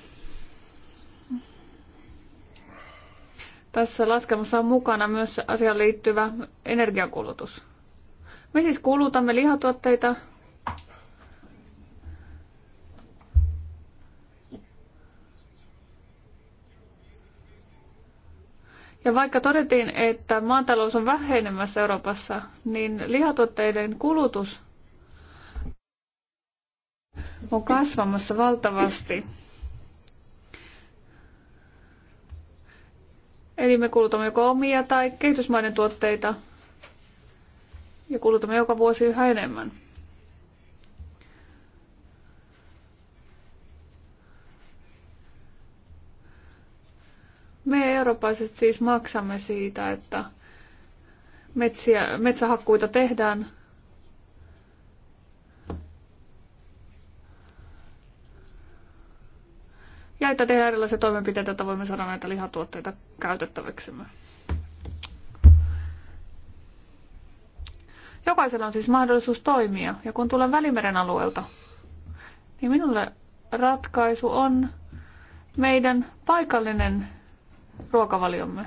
Tässä laskelmassa on mukana myös asiaan liittyvä energiankulutus. Me siis kulutamme lihatuotteita, Ja vaikka todettiin, että maatalous on vähenemässä Euroopassa, niin lihatuotteiden kulutus on kasvamassa valtavasti. Eli me kulutamme joko omia tai kehitysmaiden tuotteita ja kulutamme joka vuosi yhä enemmän. Me eurooppalaiset siis maksamme siitä, että metsiä, metsähakkuita tehdään. Ja että tehdään erilaisia toimenpiteitä, että voimme saada näitä lihatuotteita käytettäväksi. Jokaisella on siis mahdollisuus toimia. Ja kun tulen Välimeren alueelta, niin minulle ratkaisu on meidän paikallinen ruokavaliomme.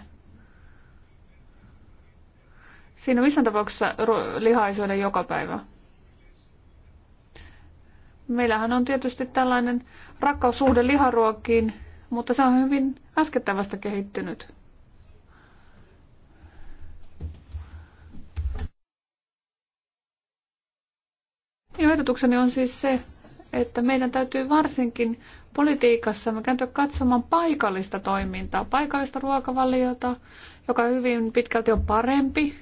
Siinä missään tapauksessa lihaa ei syödä joka päivä. Meillähän on tietysti tällainen rakkaussuhde liharuokkiin, mutta se on hyvin äskettävästä kehittynyt. Ehdotukseni on siis se, että meidän täytyy varsinkin politiikassa me kääntyä katsomaan paikallista toimintaa, paikallista ruokavaliota, joka hyvin pitkälti on parempi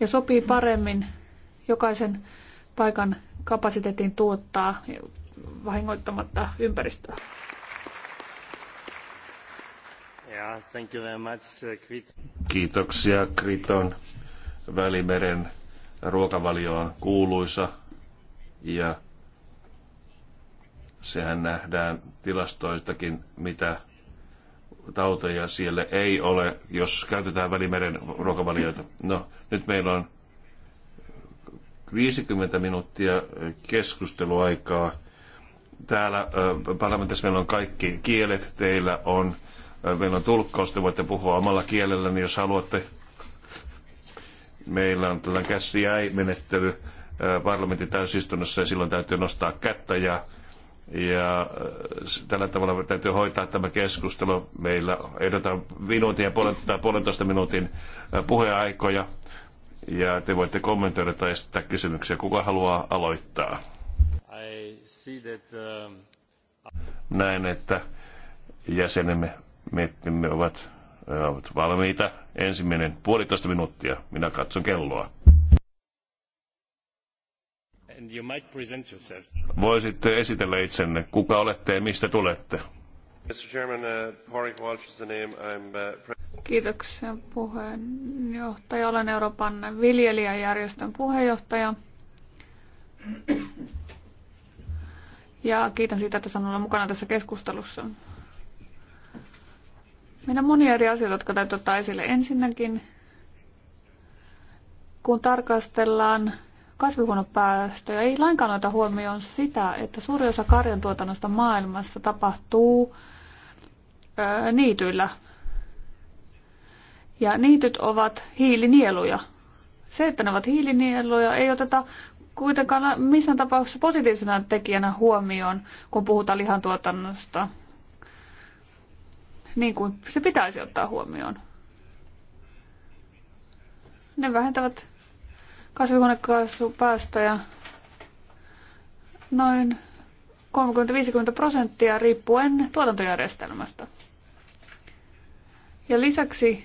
ja sopii paremmin jokaisen paikan kapasiteetin tuottaa vahingoittamatta ympäristöä. Uh, Kiitoksia Kriton. Välimeren ruokavalio on kuuluisa ja Sehän nähdään tilastoistakin, mitä tauteja siellä ei ole, jos käytetään Välimeren ruokavalioita. No, nyt meillä on 50 minuuttia keskusteluaikaa. Täällä parlamentissa meillä on kaikki kielet, teillä on, meillä on tulkkaus, te voitte puhua omalla kielellä, niin jos haluatte. Meillä on tällainen käsi menettely parlamentin täysistunnossa ja silloin täytyy nostaa kättä ja ja äh, tällä tavalla täytyy hoitaa tämä keskustelu. Meillä ehdotetaan minuutin ja puolentoista minuutin äh, puheaikoja. Ja te voitte kommentoida tai esittää kysymyksiä. Kuka haluaa aloittaa? That, um, että jäsenemme miettimme ovat, äh, ovat valmiita. Ensimmäinen puolitoista minuuttia. Minä katson kelloa. Voisitte esitellä itsenne. Kuka olette ja mistä tulette? Uh, uh, Kiitoksia puheenjohtaja. Olen Euroopan viljelijäjärjestön puheenjohtaja. Ja kiitän siitä, että saan olla mukana tässä keskustelussa. Meillä on monia eri asioita, jotka täytyy ottaa esille. Ensinnäkin, kun tarkastellaan kasvihuonepäästöjä ei lainkaan ota huomioon sitä, että suuri osa karjantuotannosta maailmassa tapahtuu ö, niityillä. Ja niityt ovat hiilinieluja. Se, että ne ovat hiilinieluja, ei oteta kuitenkaan missään tapauksessa positiivisena tekijänä huomioon, kun puhutaan lihantuotannosta. Niin kuin se pitäisi ottaa huomioon. Ne vähentävät kasvihuonekaasupäästöjä noin 30-50 prosenttia riippuen tuotantojärjestelmästä. Ja lisäksi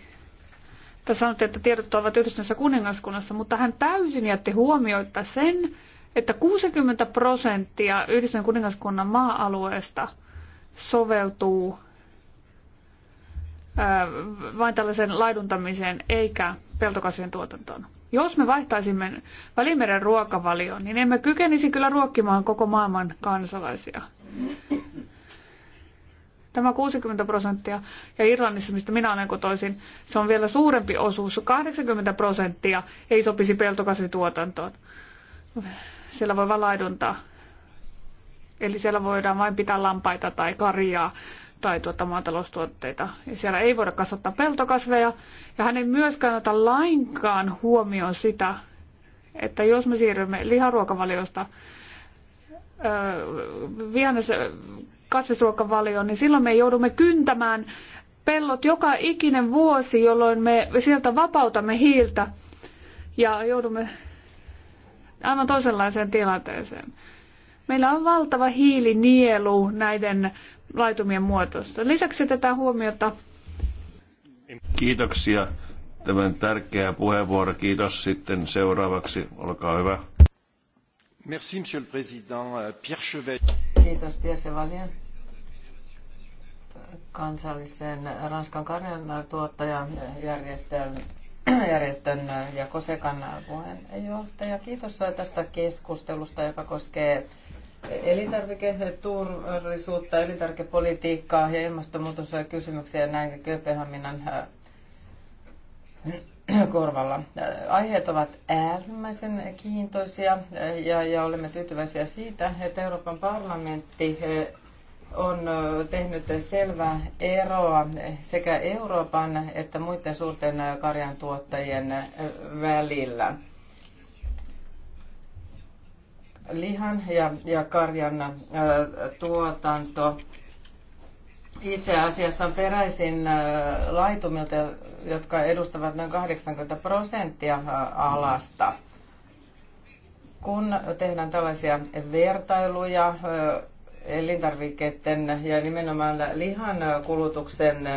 tässä sanottiin, että tiedot ovat yhdistyneessä kuningaskunnassa, mutta hän täysin jätti huomioita sen, että 60 prosenttia yhdistyneen kuningaskunnan maa-alueesta soveltuu vain tällaisen laiduntamiseen eikä peltokasvien tuotantoon. Jos me vaihtaisimme Välimeren ruokavalion, niin emme kykenisi kyllä ruokkimaan koko maailman kansalaisia. Tämä 60 prosenttia, ja Irlannissa, mistä minä olen kotoisin, se on vielä suurempi osuus. 80 prosenttia ei sopisi peltokasvituotantoon. Siellä voi laiduntaa. Eli siellä voidaan vain pitää lampaita tai karjaa tai tuota maataloustuotteita. Ja siellä ei voida kasvattaa peltokasveja ja hän ei myöskään ota lainkaan huomioon sitä, että jos me siirrymme liharuokavaliosta vihannes kasvisruokavalioon, niin silloin me joudumme kyntämään pellot joka ikinen vuosi, jolloin me sieltä vapautamme hiiltä ja joudumme aivan toisenlaiseen tilanteeseen. Meillä on valtava hiilinielu näiden laitumien muotoista. Lisäksi tätä huomiota. Kiitoksia. Tämän tärkeä puheenvuoro. Kiitos sitten seuraavaksi. Olkaa hyvä. Merci, monsieur le président. Euh, Pierre Chevet. Kiitos, Pierre Chevalier. Kansallisen Ranskan karjan tuottajajärjestön järjestön ja Kosekan puheenjohtaja. Kiitos tästä keskustelusta, joka koskee elintarviketurvallisuutta, elintarvikepolitiikkaa ja ilmastonmuutosta kysymyksiä näin Kööpenhaminan äh, korvalla. Aiheet ovat äärimmäisen kiintoisia äh, ja, ja olemme tyytyväisiä siitä, että Euroopan parlamentti äh, on tehnyt selvää eroa sekä Euroopan että muiden suurten karjantuottajien välillä lihan ja, ja karjan ä, tuotanto itse asiassa on peräisin laitumilta, jotka edustavat noin 80 prosenttia alasta. Kun tehdään tällaisia vertailuja elintarvikkeiden ja nimenomaan lihan kulutuksen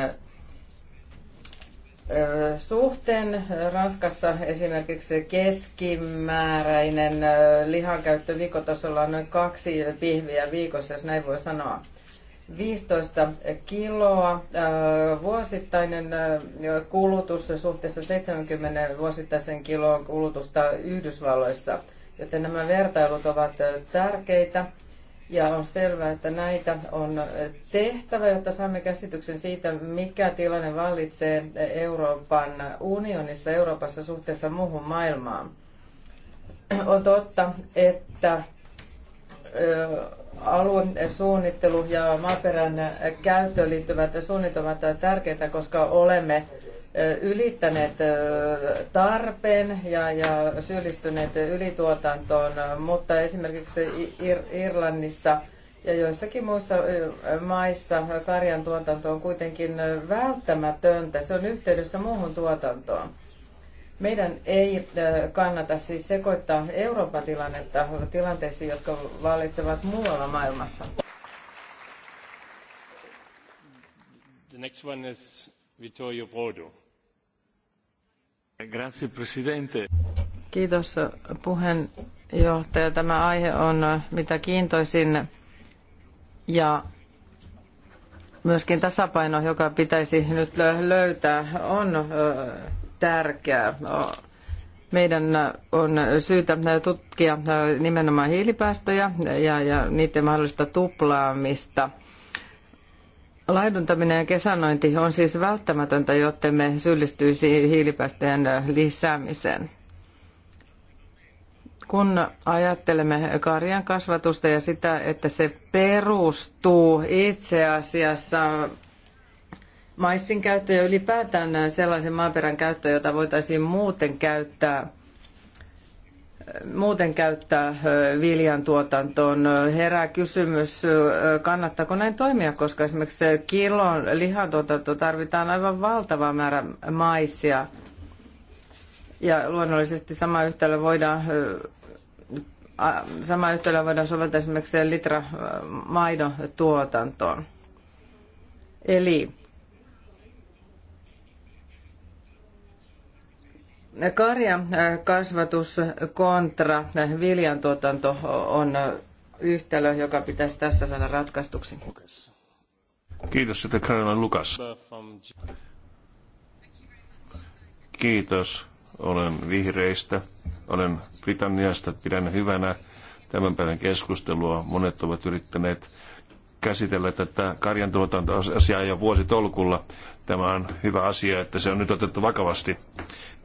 suhteen. Ranskassa esimerkiksi keskimääräinen lihankäyttö viikotasolla on noin kaksi pihviä viikossa, jos näin voi sanoa. 15 kiloa vuosittainen kulutus suhteessa 70 vuosittaisen kiloon kulutusta Yhdysvalloissa, joten nämä vertailut ovat tärkeitä. Ja on selvää, että näitä on tehtävä, jotta saamme käsityksen siitä, mikä tilanne vallitsee Euroopan unionissa, Euroopassa suhteessa muuhun maailmaan. On totta, että suunnittelu ja maaperän käyttöön liittyvät suunnitelmat ovat tärkeitä, koska olemme ylittäneet tarpeen ja, ja syyllistyneet ylituotantoon, mutta esimerkiksi Irlannissa ja joissakin muissa maissa karjan tuotanto on kuitenkin välttämätöntä. Se on yhteydessä muuhun tuotantoon. Meidän ei kannata siis sekoittaa Euroopan tilannetta tilanteisiin, jotka vallitsevat muualla maailmassa. The next one is Vittorio Brodo. Grazie, presidente. Kiitos puheenjohtaja. Tämä aihe on mitä kiintoisin ja myöskin tasapaino, joka pitäisi nyt löytää, on tärkeää. Meidän on syytä tutkia nimenomaan hiilipäästöjä ja, ja niiden mahdollista tuplaamista – Laiduntaminen ja kesänointi on siis välttämätöntä, jotta me syyllistyisi hiilipäästöjen lisäämiseen. Kun ajattelemme karjan kasvatusta ja sitä, että se perustuu itse asiassa maistin käyttöön ja ylipäätään sellaisen maaperän käyttöön, jota voitaisiin muuten käyttää – muuten käyttää viljan tuotantoon. Herää kysymys, kannattaako näin toimia, koska esimerkiksi kilon lihantuotanto tarvitaan aivan valtava määrä maisia. Ja luonnollisesti sama yhtälö voidaan sama yhtälö voidaan soveltaa esimerkiksi litra maidon tuotantoon. Eli Karjan äh, kasvatus kontra äh, viljantuotanto on äh, yhtälö, joka pitäisi tässä saada ratkaistuksi. Kiitos sitten Karjan Lukas. Kiitos. Olen vihreistä. Olen Britanniasta. Pidän hyvänä tämän päivän keskustelua. Monet ovat yrittäneet käsitellä tätä karjantuotantoasiaa jo vuositolkulla. Tämä on hyvä asia, että se on nyt otettu vakavasti.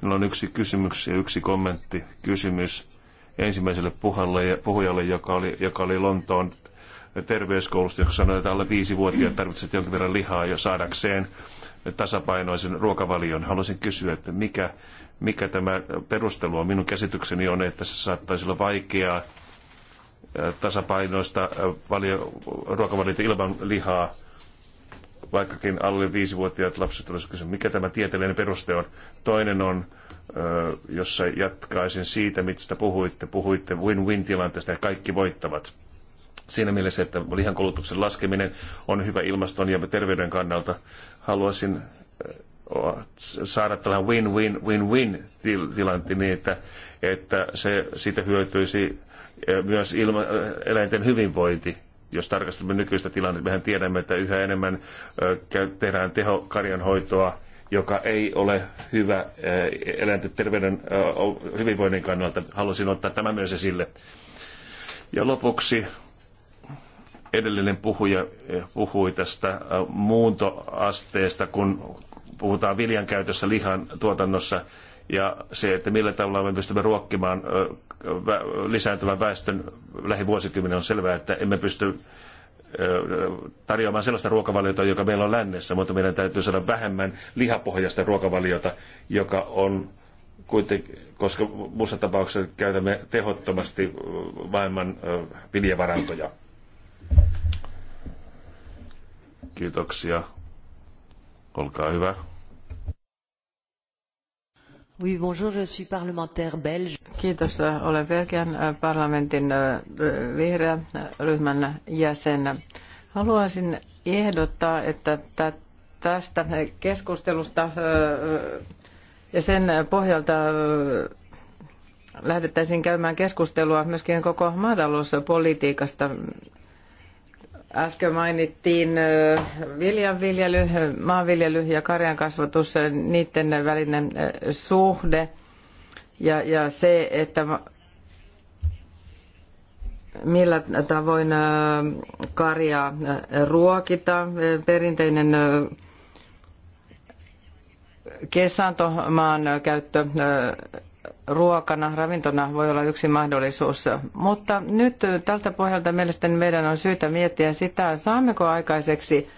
Minulla on yksi kysymys ja yksi kommentti. Kysymys ensimmäiselle puhujalle, joka oli, joka oli Lontoon terveyskoulusta, joka sanoi, että alle viisi vuotiaat tarvitsevat jonkin verran lihaa jo saadakseen tasapainoisen ruokavalion. Haluaisin kysyä, että mikä, mikä tämä perustelu on. Minun käsitykseni on, että se saattaisi olla vaikeaa tasapainoista valio, ruokavaliota ilman lihaa vaikkakin alle viisivuotiaat lapset olisivat kysyneet, mikä tämä tieteellinen peruste on. Toinen on, jossa jatkaisin siitä, mistä puhuitte. Puhuitte win-win tilanteesta ja kaikki voittavat. Siinä mielessä, että lihan kulutuksen laskeminen on hyvä ilmaston ja terveyden kannalta. Haluaisin saada tällainen win-win-win-win tilanti niin, että, että se, siitä hyötyisi myös ilma, eläinten hyvinvointi jos tarkastamme nykyistä tilannetta, mehän tiedämme, että yhä enemmän tehdään tehokarjanhoitoa, joka ei ole hyvä eläinten terveyden hyvinvoinnin kannalta. Halusin ottaa tämä myös esille. Ja lopuksi edellinen puhuja puhui tästä muuntoasteesta, kun puhutaan viljan käytössä lihan tuotannossa ja se, että millä tavalla me pystymme ruokkimaan lisääntyvän väestön lähivuosikymmenen on selvää, että emme pysty tarjoamaan sellaista ruokavaliota, joka meillä on lännessä, mutta meidän täytyy saada vähemmän lihapohjaista ruokavaliota, joka on kuitenkin, koska muussa tapauksessa käytämme tehottomasti maailman viljavarantoja. Kiitoksia. Olkaa hyvä. Oui, bonjour, je suis parlementaire belge. Kiitos, olen Belgian äh, parlamentin äh, vihreä äh, ryhmän jäsen. Haluaisin ehdottaa, että tästä keskustelusta ja sen pohjalta lähdettäisiin käymään keskustelua myöskin koko maatalouspolitiikasta. Äsken mainittiin viljanviljely, maanviljely ja karjan kasvatus, niiden välinen suhde ja, ja se, että millä tavoin karjaa ruokita. Perinteinen kesantomaan käyttö ruokana, ravintona voi olla yksi mahdollisuus. Mutta nyt tältä pohjalta mielestäni meidän on syytä miettiä sitä, saammeko aikaiseksi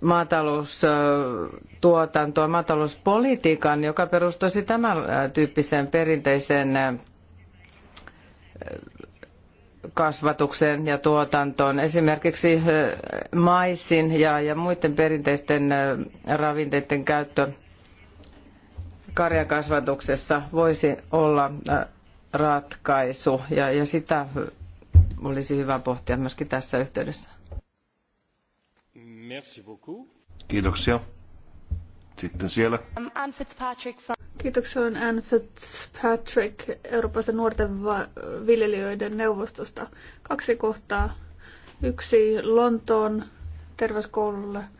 maataloustuotantoa, maatalouspolitiikan, joka perustuisi tämän tyyppiseen perinteiseen kasvatukseen ja tuotantoon. Esimerkiksi maissin ja, ja muiden perinteisten ravinteiden käyttö karjan kasvatuksessa voisi olla ratkaisu ja, ja sitä olisi hyvä pohtia myöskin tässä yhteydessä. Merci beaucoup. Kiitoksia. Sitten siellä. Um, Anne Fitzpatrick from... Kiitoksia, olen Anne Fitzpatrick Euroopasta nuorten va- viljelijöiden neuvostosta. Kaksi kohtaa. Yksi Lontoon terveyskoululle –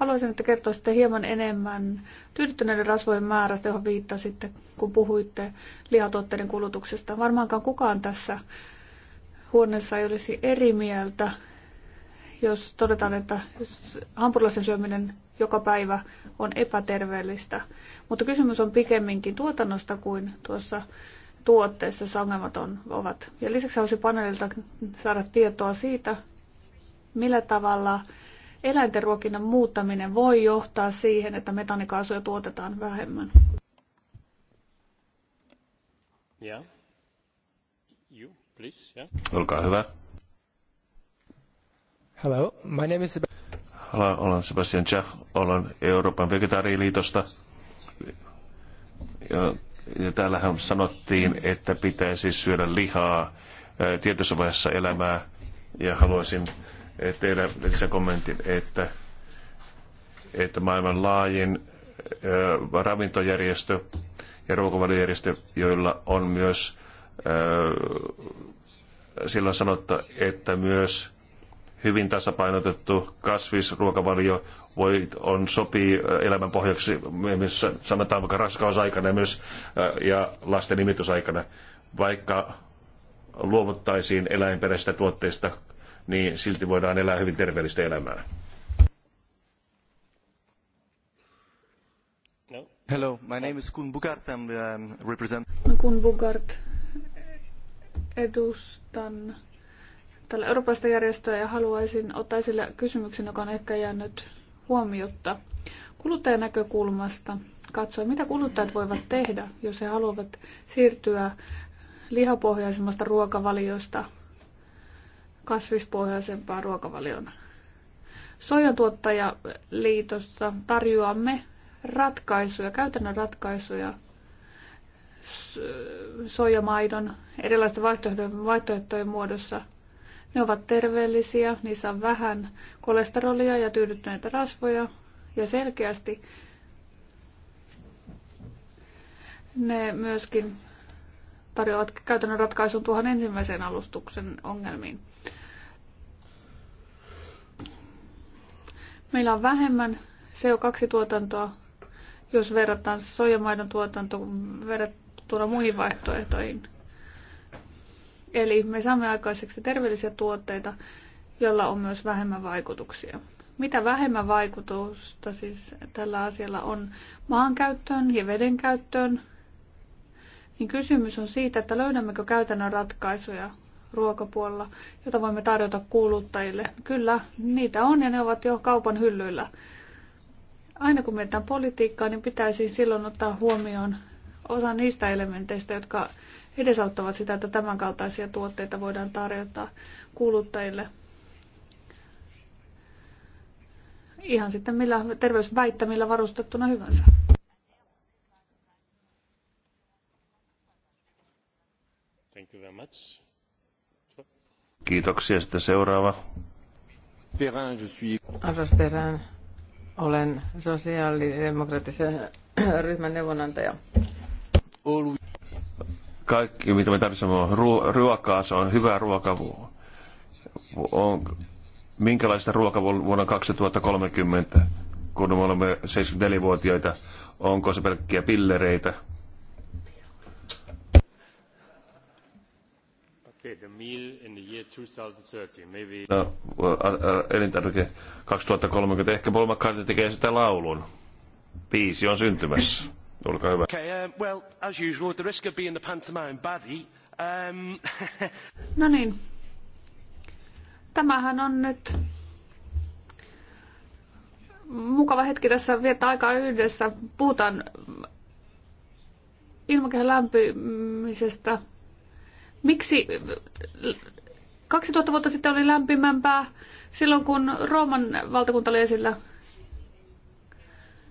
Haluaisin, että kertoisitte hieman enemmän tyydyttyneiden rasvojen määrästä, johon viittasitte, kun puhuitte lihatuotteiden kulutuksesta. Varmaankaan kukaan tässä huoneessa ei olisi eri mieltä, jos todetaan, että hampurilaisen syöminen joka päivä on epäterveellistä. Mutta kysymys on pikemminkin tuotannosta kuin tuossa tuotteessa, jossa ongelmat on, ovat. Ja lisäksi haluaisin paneelilta saada tietoa siitä, millä tavalla eläinten ruokinnan muuttaminen voi johtaa siihen, että metanikaasuja tuotetaan vähemmän. Yeah. You, please, yeah. Olkaa hyvä. Hello, my name is Hello, olen Sebastian Chach, olen Euroopan vegetaariliitosta. Ja, ja täällähän sanottiin, että pitäisi syödä lihaa tietyssä vaiheessa elämää ja haluaisin teille lisäkommentin, että, että maailman laajin ää, ravintojärjestö ja ruokavaliojärjestö, joilla on myös sillä sanotta, että myös hyvin tasapainotettu kasvisruokavalio voi, on, sopii elämän pohjaksi, missä sanotaan vaikka raskausaikana myös ja lasten nimitysaikana, vaikka luovuttaisiin eläinperäisistä tuotteista niin silti voidaan elää hyvin terveellistä elämää. No. Hello, my name is Kun Bugart. I'm um, represent... Kun Bugart. Edustan tällä Euroopasta järjestöä ja haluaisin ottaa sille kysymyksen, joka on ehkä jäänyt huomiota kuluttajan näkökulmasta. Katsoa, mitä kuluttajat voivat tehdä, jos he haluavat siirtyä lihapohjaisemmasta ruokavaliosta kasvispohjaisempaan ruokavalion. Sojatuottajaliitossa tarjoamme ratkaisuja, käytännön ratkaisuja soijamaidon erilaisten vaihtoehtojen, vaihtoehtojen muodossa. Ne ovat terveellisiä, niissä on vähän kolesterolia ja tyydyttyneitä rasvoja ja selkeästi ne myöskin tarjoavat käytännön ratkaisun tuohon ensimmäiseen alustuksen ongelmiin. Meillä on vähemmän CO2-tuotantoa, jos verrataan soijamaidon tuotantoon verrattuna muihin vaihtoehtoihin. Eli me saamme aikaiseksi terveellisiä tuotteita, joilla on myös vähemmän vaikutuksia. Mitä vähemmän vaikutusta siis tällä asialla on maankäyttöön ja veden käyttöön, niin kysymys on siitä, että löydämmekö käytännön ratkaisuja ruokapuolella, jota voimme tarjota kuluttajille. Kyllä, niitä on ja ne ovat jo kaupan hyllyillä. Aina kun mietitään politiikkaa, niin pitäisi silloin ottaa huomioon osa niistä elementeistä, jotka edesauttavat sitä, että tämänkaltaisia tuotteita voidaan tarjota kuluttajille. Ihan sitten millä terveysväittämillä varustettuna hyvänsä. Thank you very much. Kiitoksia. Sitten seuraava. Arvoisa olen sosiaalidemokraattisen ryhmän neuvonantaja. Kaikki, mitä me tarvitsemme, on ruokaa. Se on hyvää ruoka. On, minkälaista ruokaa vuonna 2030, kun me olemme 74-vuotiaita? Onko se pelkkiä pillereitä? No, elintarvike 2030, ehkä Paul McCartney tekee sitä laulun. Biisi on syntymässä. Olkaa hyvä. Okay, um, well, as usual, the risk of being the pantomime baddie, um... no niin. Tämähän on nyt mukava hetki tässä viettää aikaa yhdessä. Puhutaan ilmakehän lämpimisestä, Miksi 2000 vuotta sitten oli lämpimämpää silloin, kun Rooman valtakunta oli esillä,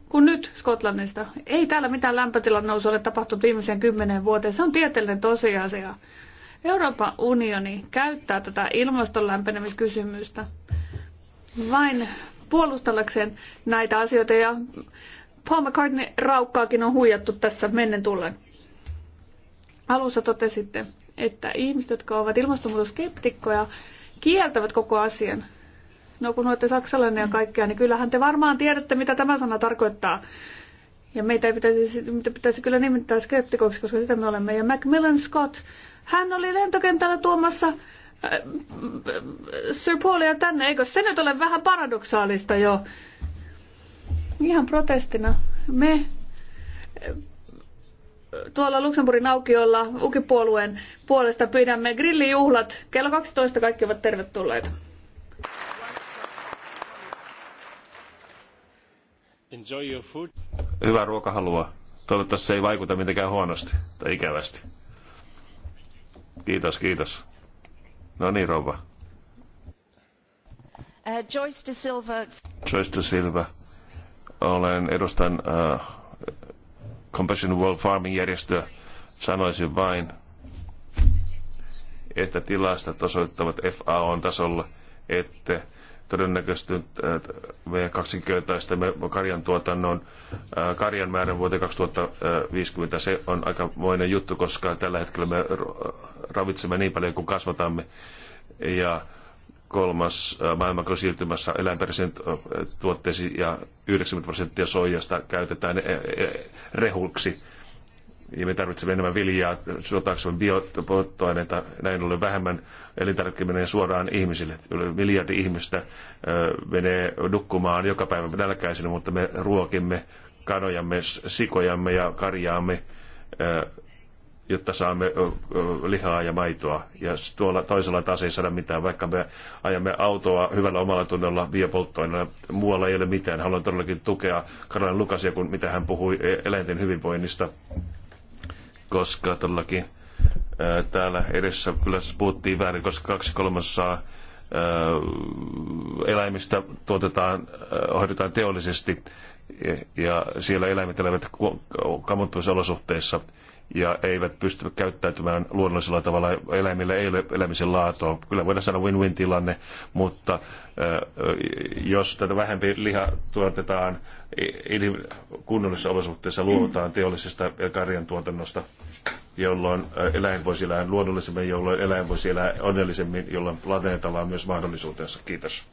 kun nyt Skotlannista. Ei täällä mitään lämpötilan nousu ole tapahtunut viimeisen kymmenen vuoteen. Se on tieteellinen tosiasia. Euroopan unioni käyttää tätä ilmaston lämpenemiskysymystä vain puolustellakseen näitä asioita ja Paul McCartney raukkaakin on huijattu tässä mennen tullen. Alussa totesitte, että ihmiset, jotka ovat ilmastonmuutoskeptikkoja, kieltävät koko asian. No kun olette saksalainen ja kaikkea, niin kyllähän te varmaan tiedätte, mitä tämä sana tarkoittaa. Ja meitä ei pitäisi, meitä pitäisi kyllä nimittää skeptikoksi, koska sitä me olemme. Ja Macmillan Scott, hän oli lentokentällä tuomassa äh, Sir Paulia tänne. Eikö se nyt ole vähän paradoksaalista jo? Ihan protestina. Me tuolla Luxemburgin aukiolla ukipuolueen puolesta pidämme grillijuhlat. Kello 12 kaikki ovat tervetulleita. Enjoy your food. Hyvää ruokahalua. Toivottavasti se ei vaikuta mitenkään huonosti tai ikävästi. Kiitos, kiitos. No niin, rouva. Uh, Joyce de Silva. Joyce de Silva. Olen edustan uh, Compassion World Farming järjestö, sanoisin vain, että tilastot osoittavat FAOn tasolla, että todennäköisesti äh, meidän kaksinkertaistamme karjan tuotannon äh, karjan määrän vuoteen 2050. Se on aikamoinen juttu, koska tällä hetkellä me ravitsemme niin paljon kuin kasvatamme. Ja kolmas äh, maailmanko siirtymässä eläinperäisiin äh, tuotteisiin ja 90 prosenttia soijasta käytetään äh, rehulksi. Ja me tarvitsemme enemmän viljaa, suotaaksemme biopolttoaineita, näin ollen vähemmän elintarvikkeita suoraan ihmisille. Yli miljardi ihmistä menee nukkumaan joka päivä nälkäisenä, mutta me ruokimme kanojamme, sikojamme ja karjaamme jotta saamme lihaa ja maitoa. Ja tuolla toisella taas ei saada mitään, vaikka me ajamme autoa hyvällä omalla tunnolla biopolttoaineella. Muualla ei ole mitään. Haluan todellakin tukea Karlan Lukasia, kun mitä hän puhui e-, eläinten hyvinvoinnista, koska todellakin ää, täällä edessä kyllä puhuttiin väärin, koska kaksi kolmasosaa eläimistä tuotetaan, hoidetaan teollisesti ja siellä eläimet elävät kammottavissa olosuhteissa ja eivät pysty käyttäytymään luonnollisella tavalla. Eläimille ei ole elämisen laatua. Kyllä voidaan sanoa win-win tilanne, mutta äh, jos tätä vähempi liha tuotetaan kunnollisissa olosuhteissa, luovutaan teollisesta karjan tuotannosta, jolloin äh, eläin voisi elää luonnollisemmin, jolloin eläin voisi elää onnellisemmin, jolloin planeetalla on myös mahdollisuutensa. Kiitos.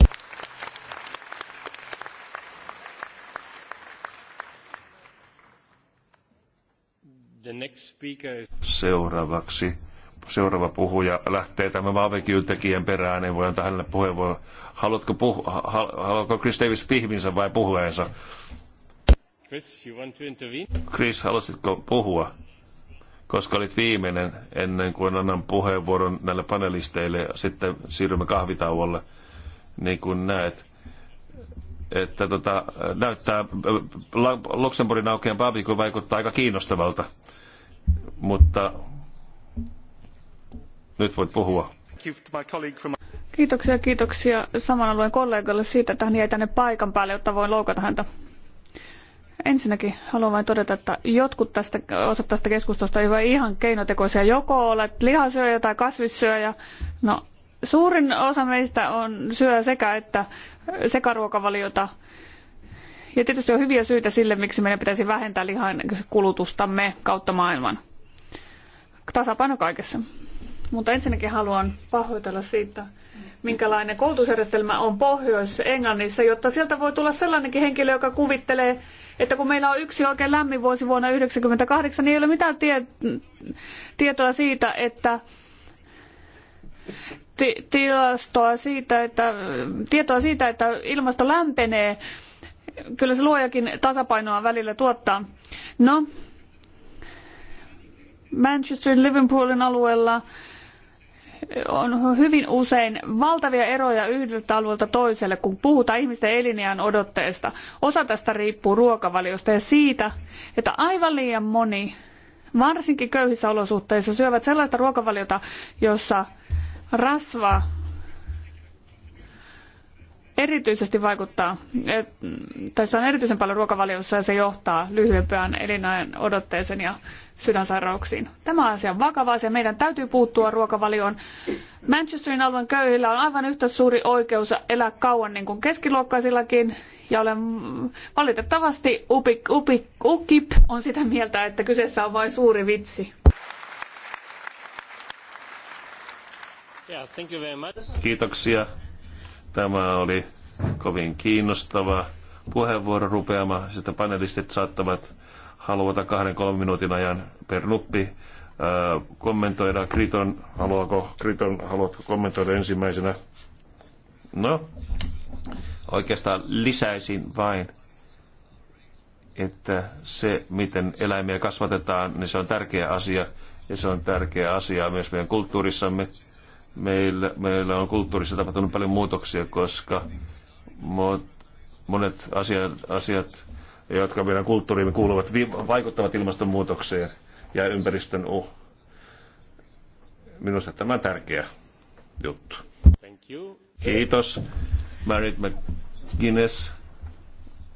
Seuraavaksi seuraava puhuja lähtee tämän barbecue-tekijän perään, niin voi antaa hänelle puheenvuoron. Haluatko, puhu, hal, haluatko Chris Davis pihvinsä vai puheensa? Chris, you want to intervene? Chris, haluaisitko puhua? Koska olit viimeinen ennen kuin annan puheenvuoron näille panelisteille, sitten siirrymme kahvitauolle. Niin kuin näet, että tota, näyttää äh, Luxemburgin aukean barbecue vaikuttaa aika kiinnostavalta. Mutta nyt voit puhua. Kiitoksia, kiitoksia saman alueen kollegalle siitä, että hän jäi tänne paikan päälle, jotta voin loukata häntä. Ensinnäkin haluan vain todeta, että jotkut tästä, osat tästä keskustelusta ovat ihan keinotekoisia. Joko olet lihasyöjä tai kasvissyöjä. No, suurin osa meistä on syö sekä että sekaruokavaliota. Ja tietysti on hyviä syitä sille, miksi meidän pitäisi vähentää lihan kulutustamme kautta maailman. Tasapaino kaikessa. Mutta ensinnäkin haluan pahoitella siitä, minkälainen koulutusjärjestelmä on Pohjois-Englannissa, jotta sieltä voi tulla sellainenkin henkilö, joka kuvittelee, että kun meillä on yksi oikein lämmin vuosi vuonna 1998, niin ei ole mitään tie- tietoa siitä, että tilastoa siitä, että, tietoa siitä, että ilmasto lämpenee. Kyllä se luojakin tasapainoa välillä tuottaa. No, Manchesterin Liverpoolin alueella on hyvin usein valtavia eroja yhdeltä alueelta toiselle, kun puhutaan ihmisten elinjään odotteesta. Osa tästä riippuu ruokavaliosta ja siitä, että aivan liian moni, varsinkin köyhissä olosuhteissa, syövät sellaista ruokavaliota, jossa rasva erityisesti vaikuttaa, tässä on erityisen paljon ruokavaliossa ja se johtaa lyhyempään elinajan odotteeseen ja sydänsairauksiin. Tämä asia on vakava asia. Meidän täytyy puuttua ruokavalioon. Manchesterin alueen köyhillä on aivan yhtä suuri oikeus elää kauan niin kuin keskiluokkaisillakin. Ja olen valitettavasti upik, upik, UKIP on sitä mieltä, että kyseessä on vain suuri vitsi. Kiitoksia. Tämä oli kovin kiinnostava puheenvuoro rupeama. Sitä panelistit saattavat haluata kahden kolmen minuutin ajan per nuppi kommentoida. Kriton, haluaako, Kriton, haluatko kommentoida ensimmäisenä? No, oikeastaan lisäisin vain, että se, miten eläimiä kasvatetaan, niin se on tärkeä asia. Ja se on tärkeä asia myös meidän kulttuurissamme meillä, meillä on kulttuurissa tapahtunut paljon muutoksia, koska monet asiat, asiat jotka meidän kulttuuriimme kuuluvat, vaikuttavat ilmastonmuutokseen ja ympäristön uh. Minusta tämä on tärkeä juttu. Thank you. Kiitos. Marit McGuinness.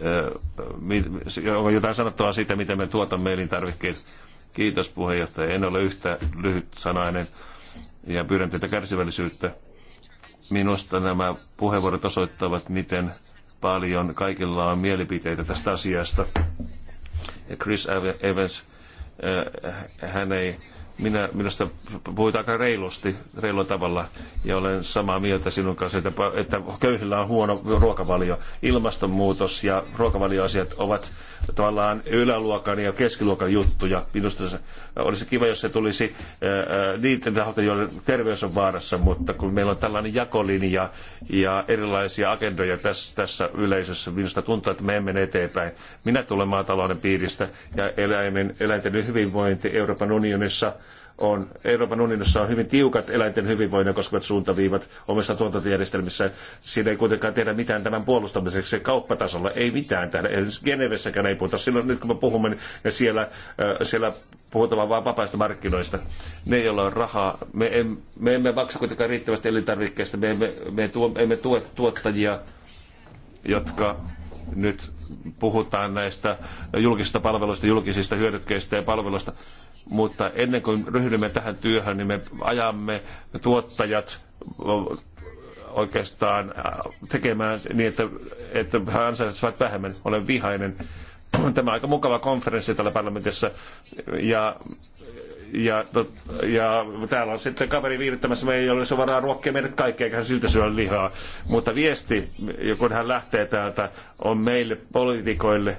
Äh, äh, onko jotain sanottua siitä, miten me tuotamme elintarvikkeet? Kiitos puheenjohtaja. En ole yhtä lyhyt sanainen ja pyydän teitä kärsivällisyyttä. Minusta nämä puheenvuorot osoittavat, miten paljon kaikilla on mielipiteitä tästä asiasta. Ja Chris Evans, äh, hän ei minä, minusta puhuit aika reilusti, reilulla tavalla, ja olen samaa mieltä sinun kanssa, että, että köyhillä on huono ruokavalio. Ilmastonmuutos ja ruokavalioasiat ovat tavallaan yläluokan ja keskiluokan juttuja. Minusta se, olisi kiva, jos se tulisi ää, niiden taholta, joiden terveys on vaarassa, mutta kun meillä on tällainen jakolinja ja erilaisia agendoja tässä, tässä yleisössä, minusta tuntuu, että me emme mene eteenpäin. Minä tulen maatalouden piiristä ja eläimen, eläinten hyvinvointi Euroopan unionissa on, Euroopan unionissa on hyvin tiukat eläinten hyvinvoinnin koskevat suuntaviivat omissa tuotantojärjestelmissä. Siinä ei kuitenkaan tehdä mitään tämän puolustamiseksi kauppatasolla, ei mitään tehdä. Esimerkiksi Genevessäkään ei puhuta. Silloin nyt kun me puhumme, niin siellä, äh, siellä puhutaan vain vapaista markkinoista. Ne, joilla on rahaa, me, em, me emme maksa kuitenkaan riittävästi elintarvikkeista, me emme, me tuo, emme tue tuottajia, jotka nyt puhutaan näistä julkisista palveluista, julkisista hyödykkeistä ja palveluista, mutta ennen kuin ryhdymme tähän työhön, niin me ajamme tuottajat oikeastaan äh, tekemään niin, että, että he ansaitsevat vähemmän. Olen vihainen. Tämä on aika mukava konferenssi täällä parlamentissa ja ja, tot, ja täällä on sitten kaveri viirittämässä meidän, jolla olisi varaa ruokkia meidät kaikki, eikä hän siltä syö lihaa. Mutta viesti, kun hän lähtee täältä, on meille poliitikoille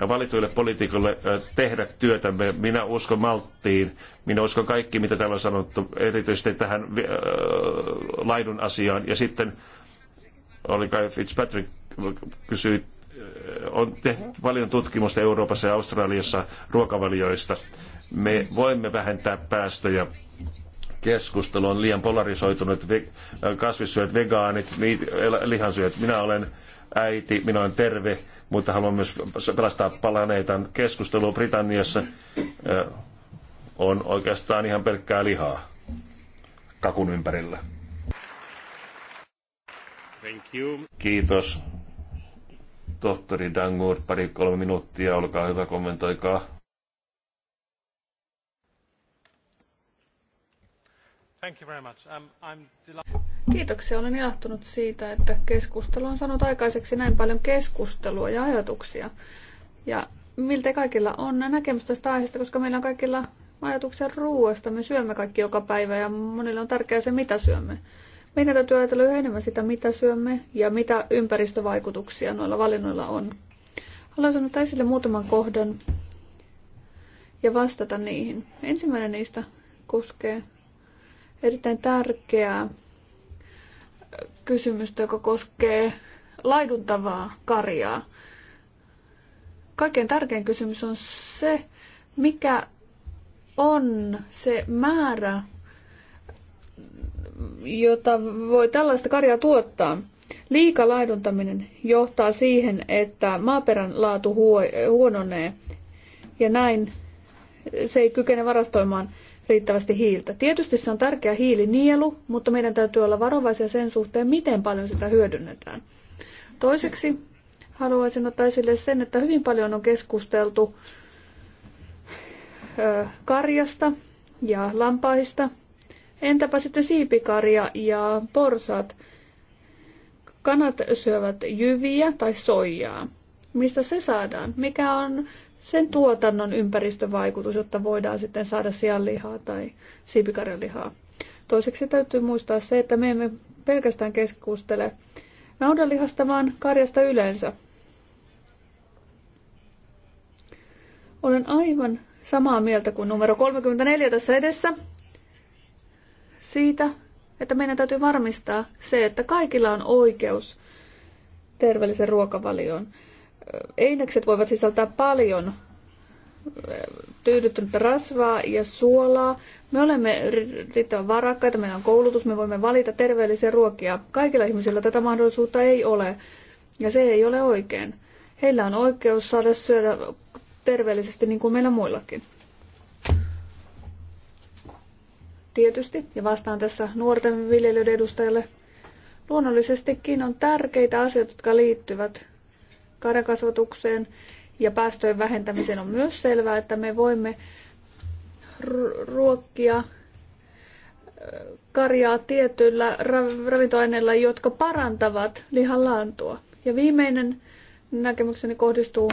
ja valituille poliitikoille tehdä työtämme. Minä uskon malttiin, minä uskon kaikki, mitä täällä on sanottu, erityisesti tähän äh, laidun asiaan. Ja sitten, oli kai Fitzpatrick kysyi, on tehty paljon tutkimusta Euroopassa ja Australiassa ruokavalioista me voimme vähentää päästöjä keskustelu on liian polarisoitunut, kasvissyöt, vegaanit, lihansyöt. Minä olen äiti, minä olen terve, mutta haluan myös pelastaa planeetan. Keskustelu Britanniassa eh, on oikeastaan ihan pelkkää lihaa kakun ympärillä. Kiitos. Tohtori Dangur, pari kolme minuuttia, olkaa hyvä, kommentoikaa. Um, Kiitoksia. Olen ilahtunut siitä, että keskustelu on saanut aikaiseksi näin paljon keskustelua ja ajatuksia. Ja miltei kaikilla on näkemys tästä aiheesta, koska meillä on kaikilla ajatuksia ruoasta. Me syömme kaikki joka päivä ja monille on tärkeää se, mitä syömme. Meidän täytyy ajatella yhä enemmän sitä, mitä syömme ja mitä ympäristövaikutuksia noilla valinnoilla on. Haluaisin sanoa esille muutaman kohdan ja vastata niihin. Ensimmäinen niistä koskee erittäin tärkeää kysymystä, joka koskee laiduntavaa karjaa. Kaikkein tärkein kysymys on se, mikä on se määrä, jota voi tällaista karjaa tuottaa. Liika laiduntaminen johtaa siihen, että maaperän laatu huononee ja näin se ei kykene varastoimaan riittävästi hiiltä. Tietysti se on tärkeä hiilinielu, mutta meidän täytyy olla varovaisia sen suhteen, miten paljon sitä hyödynnetään. Toiseksi haluaisin ottaa esille sen, että hyvin paljon on keskusteltu karjasta ja lampaista. Entäpä sitten siipikarja ja porsaat? Kanat syövät jyviä tai soijaa. Mistä se saadaan? Mikä on sen tuotannon ympäristövaikutus, jotta voidaan sitten saada sianlihaa tai siipikarjalihaa. Toiseksi täytyy muistaa se, että me emme pelkästään keskustele naudanlihasta, vaan karjasta yleensä. Olen aivan samaa mieltä kuin numero 34 tässä edessä siitä, että meidän täytyy varmistaa se, että kaikilla on oikeus terveelliseen ruokavalioon. Einekset voivat sisältää paljon eh, tyydyttynyttä rasvaa ja suolaa. Me olemme riittävän varakkaita, meillä on koulutus, me voimme valita terveellisiä ruokia. Kaikilla ihmisillä tätä mahdollisuutta ei ole, ja se ei ole oikein. Heillä on oikeus saada syödä terveellisesti niin kuin meillä muillakin. Tietysti, ja vastaan tässä nuorten viljelijöiden edustajalle, luonnollisestikin on tärkeitä asioita, jotka liittyvät karjakasvatukseen ja päästöjen vähentämiseen on myös selvää, että me voimme ruokkia karjaa tietyillä ravintoaineilla, jotka parantavat lihan laantua. Ja viimeinen näkemykseni kohdistuu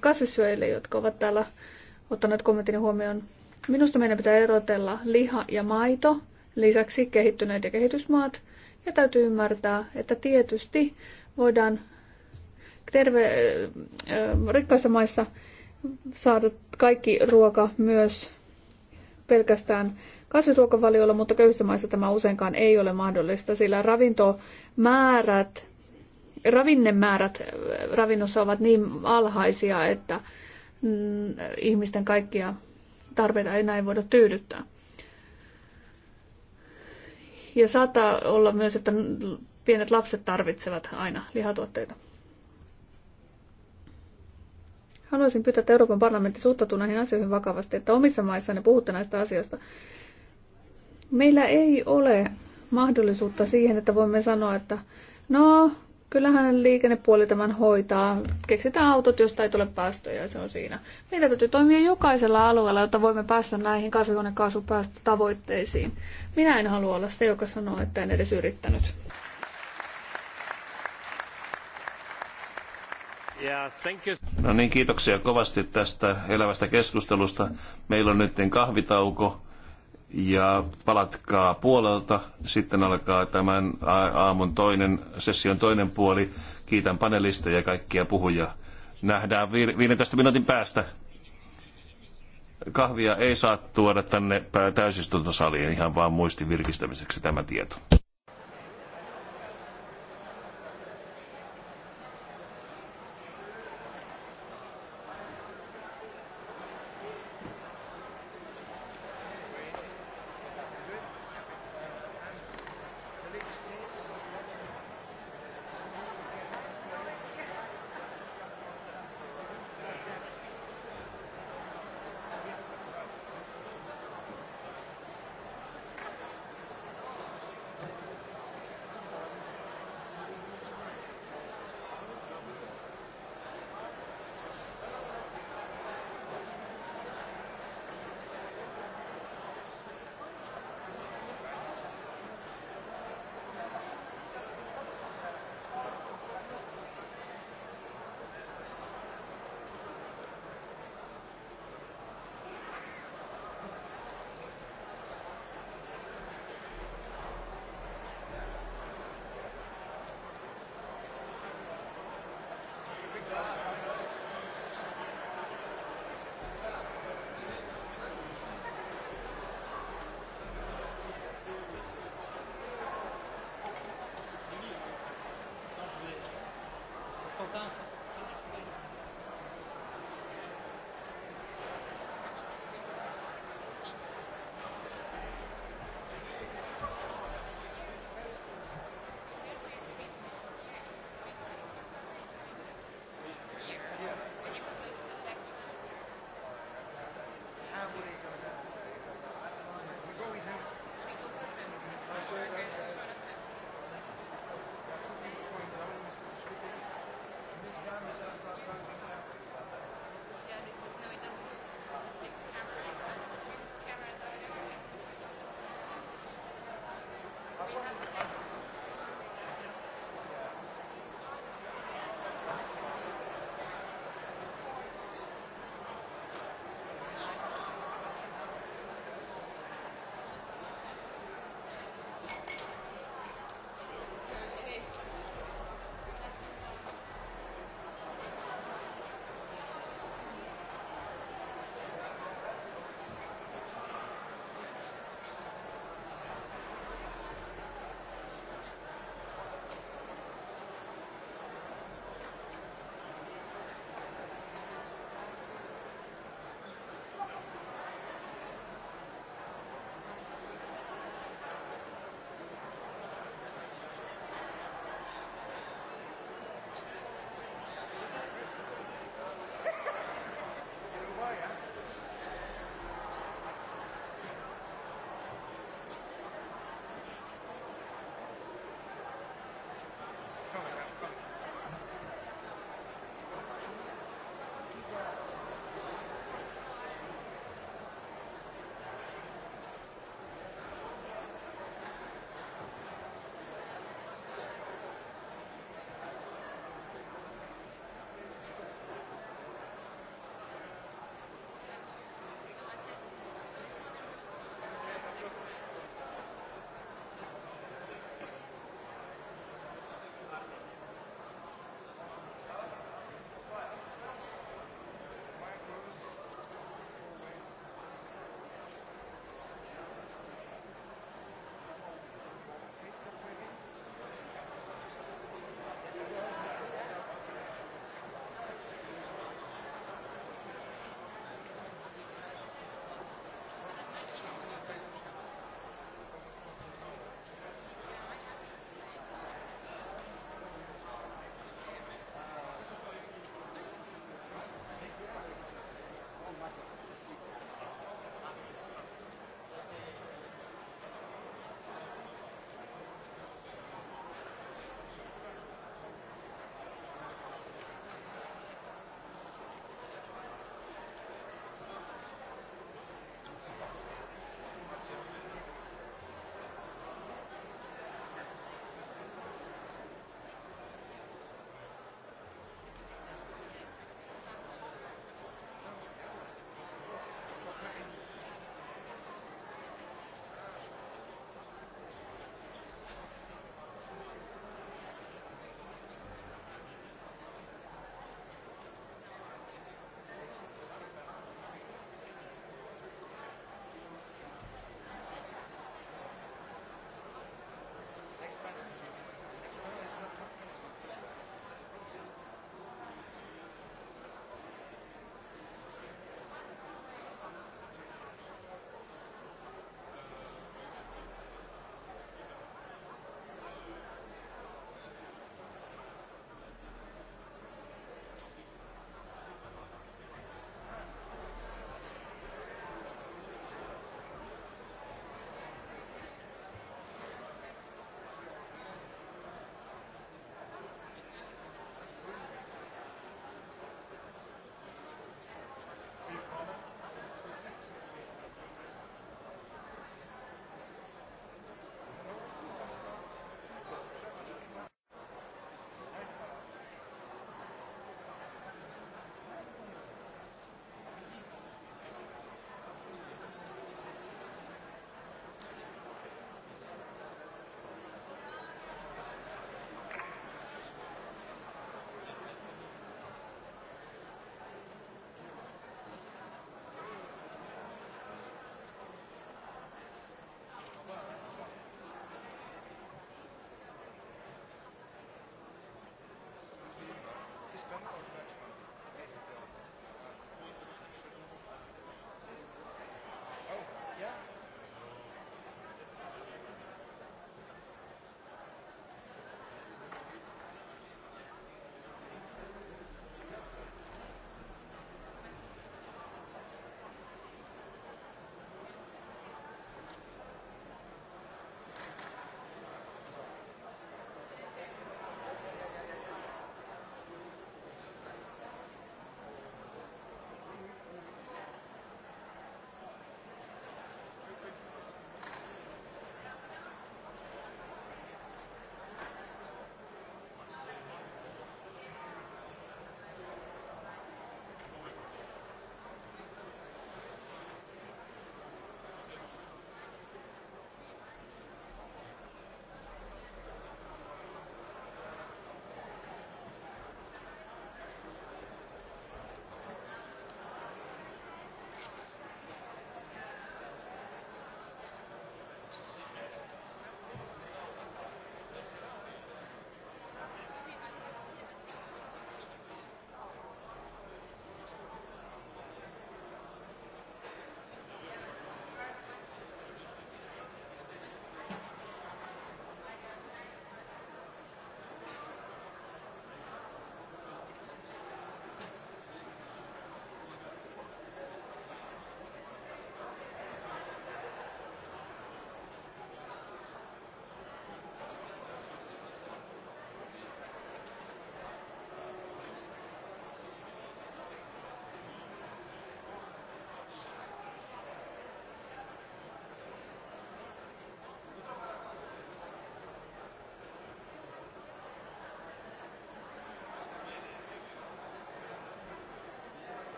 kasvissyöjille, jotka ovat täällä ottaneet kommentin huomioon. Minusta meidän pitää erotella liha ja maito, lisäksi kehittyneet ja kehitysmaat. Ja täytyy ymmärtää, että tietysti voidaan terve, äh, rikkaissa maissa saada kaikki ruoka myös pelkästään kasvisruokavaliolla, mutta köyhissä maissa tämä useinkaan ei ole mahdollista, sillä ravintomäärät, ravinnemäärät ravinnossa ovat niin alhaisia, että mm, ihmisten kaikkia tarpeita ei näin voida tyydyttää. Ja saattaa olla myös, että pienet lapset tarvitsevat aina lihatuotteita. Haluaisin pyytää, että Euroopan parlamentti suhtautuu näihin asioihin vakavasti, että omissa ne puhutte näistä asioista. Meillä ei ole mahdollisuutta siihen, että voimme sanoa, että no, Kyllähän liikennepuoli tämän hoitaa. Keksitään autot, josta ei tule päästöjä ja se on siinä. Meidän täytyy toimia jokaisella alueella, jotta voimme päästä näihin kasvihuonekaasupäästötavoitteisiin. Minä en halua olla se, joka sanoo, että en edes yrittänyt. No niin, kiitoksia kovasti tästä elävästä keskustelusta. Meillä on nyt kahvitauko ja palatkaa puolelta. Sitten alkaa tämän aamun toinen, session toinen puoli. Kiitän panelisteja ja kaikkia puhujia. Nähdään 15 minuutin päästä. Kahvia ei saa tuoda tänne täysistuntosaliin ihan vaan muistin virkistämiseksi tämä tieto.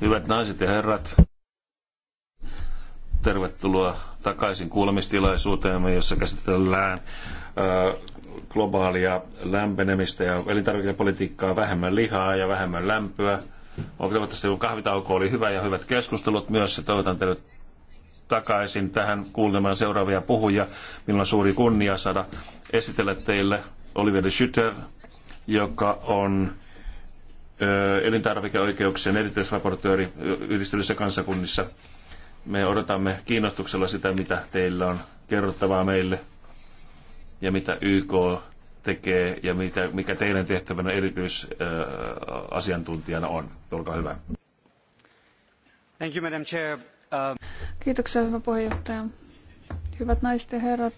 Hyvät naiset ja herrat, tervetuloa takaisin kuulemistilaisuuteemme, jossa käsitellään globaalia lämpenemistä ja elintarvikepolitiikkaa, vähemmän lihaa ja vähemmän lämpöä. Toivottavasti kahvitauko oli hyvä ja hyvät keskustelut myös. Ja toivotan teille takaisin tähän kuuntelemaan seuraavia puhuja. Minulla on suuri kunnia saada esitellä teille Oliver Schütter, joka on elintarvikeoikeuksien erityisraportööri yhdistyvissä kansakunnissa. Me odotamme kiinnostuksella sitä, mitä teillä on kerrottavaa meille ja mitä YK tekee ja mitä, mikä teidän tehtävänä erityisasiantuntijana on. Olkaa hyvä. Thank you, Madam Chair. Um, Kiitoksia, hyvä puheenjohtaja. Hyvät naiset ja herrat,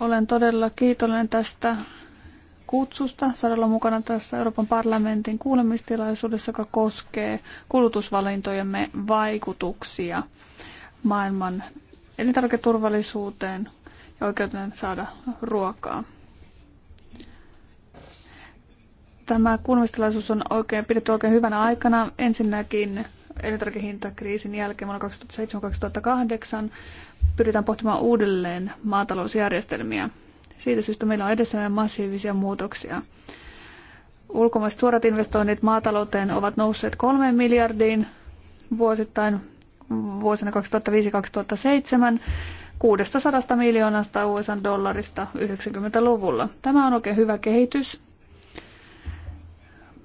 olen todella kiitollinen tästä kutsusta saada olla mukana tässä Euroopan parlamentin kuulemistilaisuudessa, joka koskee kulutusvalintojemme vaikutuksia maailman elintarviketurvallisuuteen ja oikeuteen saada ruokaa. Tämä kuulemistilaisuus on oikein, pidetty oikein hyvänä aikana. Ensinnäkin elintarvikehintakriisin jälkeen vuonna 2007-2008 pyritään pohtimaan uudelleen maatalousjärjestelmiä. Siitä syystä meillä on edessämme massiivisia muutoksia. Ulkomaiset suorat investoinnit maatalouteen ovat nousseet 3 miljardiin vuosittain vuosina 2005-2007 600 miljoonasta USA-dollarista 90-luvulla. Tämä on oikein hyvä kehitys,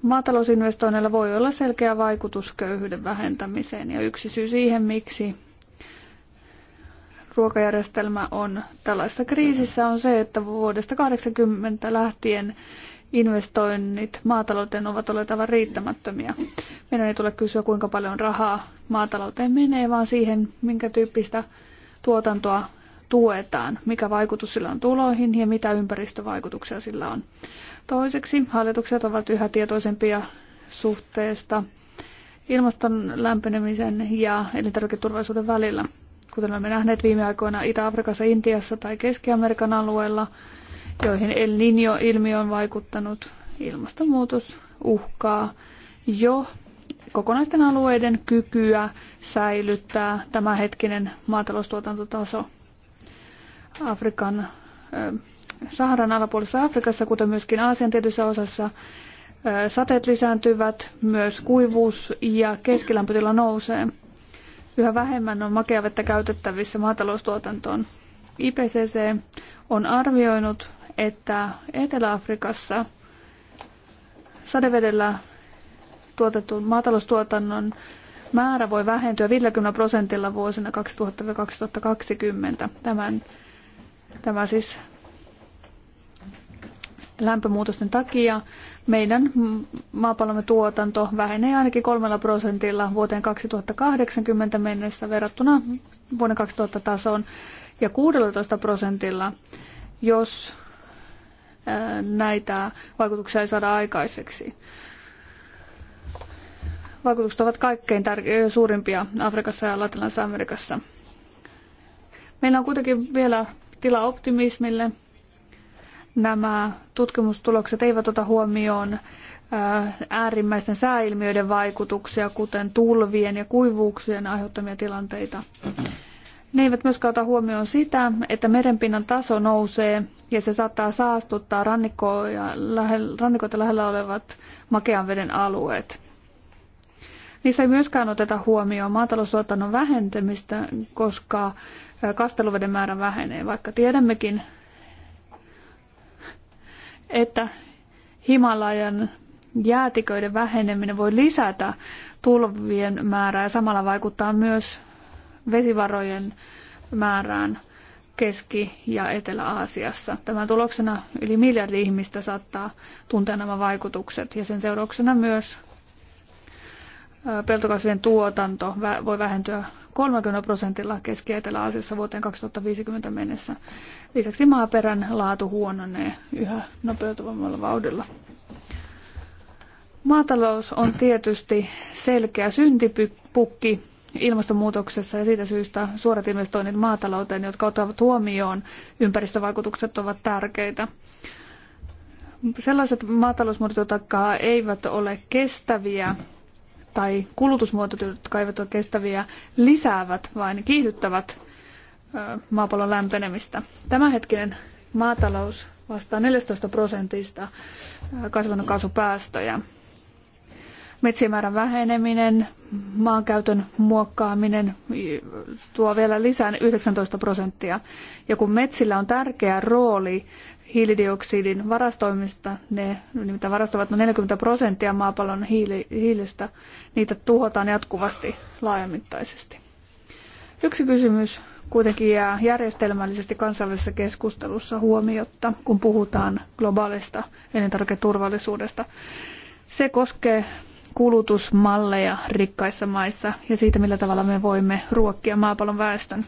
Maatalousinvestoinneilla voi olla selkeä vaikutus köyhyyden vähentämiseen ja yksi syy siihen, miksi ruokajärjestelmä on tällaista kriisissä, on se, että vuodesta 80 lähtien investoinnit maatalouteen ovat olleet aivan riittämättömiä. Meidän ei tule kysyä, kuinka paljon rahaa maatalouteen menee, vaan siihen, minkä tyyppistä tuotantoa tuetaan, mikä vaikutus sillä on tuloihin ja mitä ympäristövaikutuksia sillä on. Toiseksi hallitukset ovat yhä tietoisempia suhteesta ilmaston lämpenemisen ja elintarviketurvallisuuden välillä. Kuten olemme nähneet viime aikoina Itä-Afrikassa, Intiassa tai Keski-Amerikan alueella, joihin El Niño-ilmiö on vaikuttanut, ilmastonmuutos uhkaa jo kokonaisten alueiden kykyä säilyttää tämänhetkinen maataloustuotantotaso. Afrikan Saharan alapuolisessa Afrikassa, kuten myöskin Aasian tietyssä osassa, sateet lisääntyvät, myös kuivuus ja keskilämpötila nousee. Yhä vähemmän on makeavettä käytettävissä maataloustuotantoon. IPCC on arvioinut, että Etelä-Afrikassa sadevedellä tuotetun maataloustuotannon määrä voi vähentyä 50 prosentilla vuosina 2000-2020. Tämän, tämä siis lämpömuutosten takia meidän maapallomme tuotanto vähenee ainakin kolmella prosentilla vuoteen 2080 mennessä verrattuna vuoden 2000 tasoon ja 16 prosentilla, jos äh, näitä vaikutuksia ei saada aikaiseksi. Vaikutukset ovat kaikkein äh, suurimpia Afrikassa ja Latinalaisessa Amerikassa. Meillä on kuitenkin vielä tila optimismille – nämä tutkimustulokset eivät ota huomioon äh, äärimmäisten sääilmiöiden vaikutuksia, kuten tulvien ja kuivuuksien aiheuttamia tilanteita. Ne eivät myöskään ota huomioon sitä, että merenpinnan taso nousee ja se saattaa saastuttaa rannikkoja ja lähellä, rannikoita lähellä olevat makean veden alueet. Niissä ei myöskään oteta huomioon maataloustuotannon vähentämistä, koska äh, kasteluveden määrä vähenee, vaikka tiedämmekin, että Himalajan jäätiköiden väheneminen voi lisätä tulvien määrää ja samalla vaikuttaa myös vesivarojen määrään Keski- ja Etelä-Aasiassa. Tämän tuloksena yli miljardi ihmistä saattaa tuntea nämä vaikutukset ja sen seurauksena myös peltokasvien tuotanto voi vähentyä 30 prosentilla Keski- Etelä-Aasiassa vuoteen 2050 mennessä. Lisäksi maaperän laatu huononee yhä nopeutuvammalla vauhdilla. Maatalous on tietysti selkeä syntipukki ilmastonmuutoksessa ja siitä syystä suorat investoinnit maatalouteen, jotka ottavat huomioon ympäristövaikutukset, ovat tärkeitä. Sellaiset maatalousmuodot, jotka eivät ole kestäviä, tai kulutusmuotot, jotka eivät ole kestäviä, lisäävät, vaan kiihdyttävät maapallon lämpenemistä. Tämänhetkinen maatalous vastaa 14 prosentista kasvannokaasupäästöjä. Metsien määrän väheneminen, maankäytön muokkaaminen tuo vielä lisää 19 prosenttia. Ja kun metsillä on tärkeä rooli hiilidioksidin varastoimista, ne nimittäin varastovat noin 40 prosenttia maapallon hiili, hiilestä, niitä tuhotaan jatkuvasti laajamittaisesti. Yksi kysymys kuitenkin jää järjestelmällisesti kansainvälisessä keskustelussa huomiotta, kun puhutaan globaalista elintarviketurvallisuudesta. Se koskee kulutusmalleja rikkaissa maissa ja siitä, millä tavalla me voimme ruokkia maapallon väestön.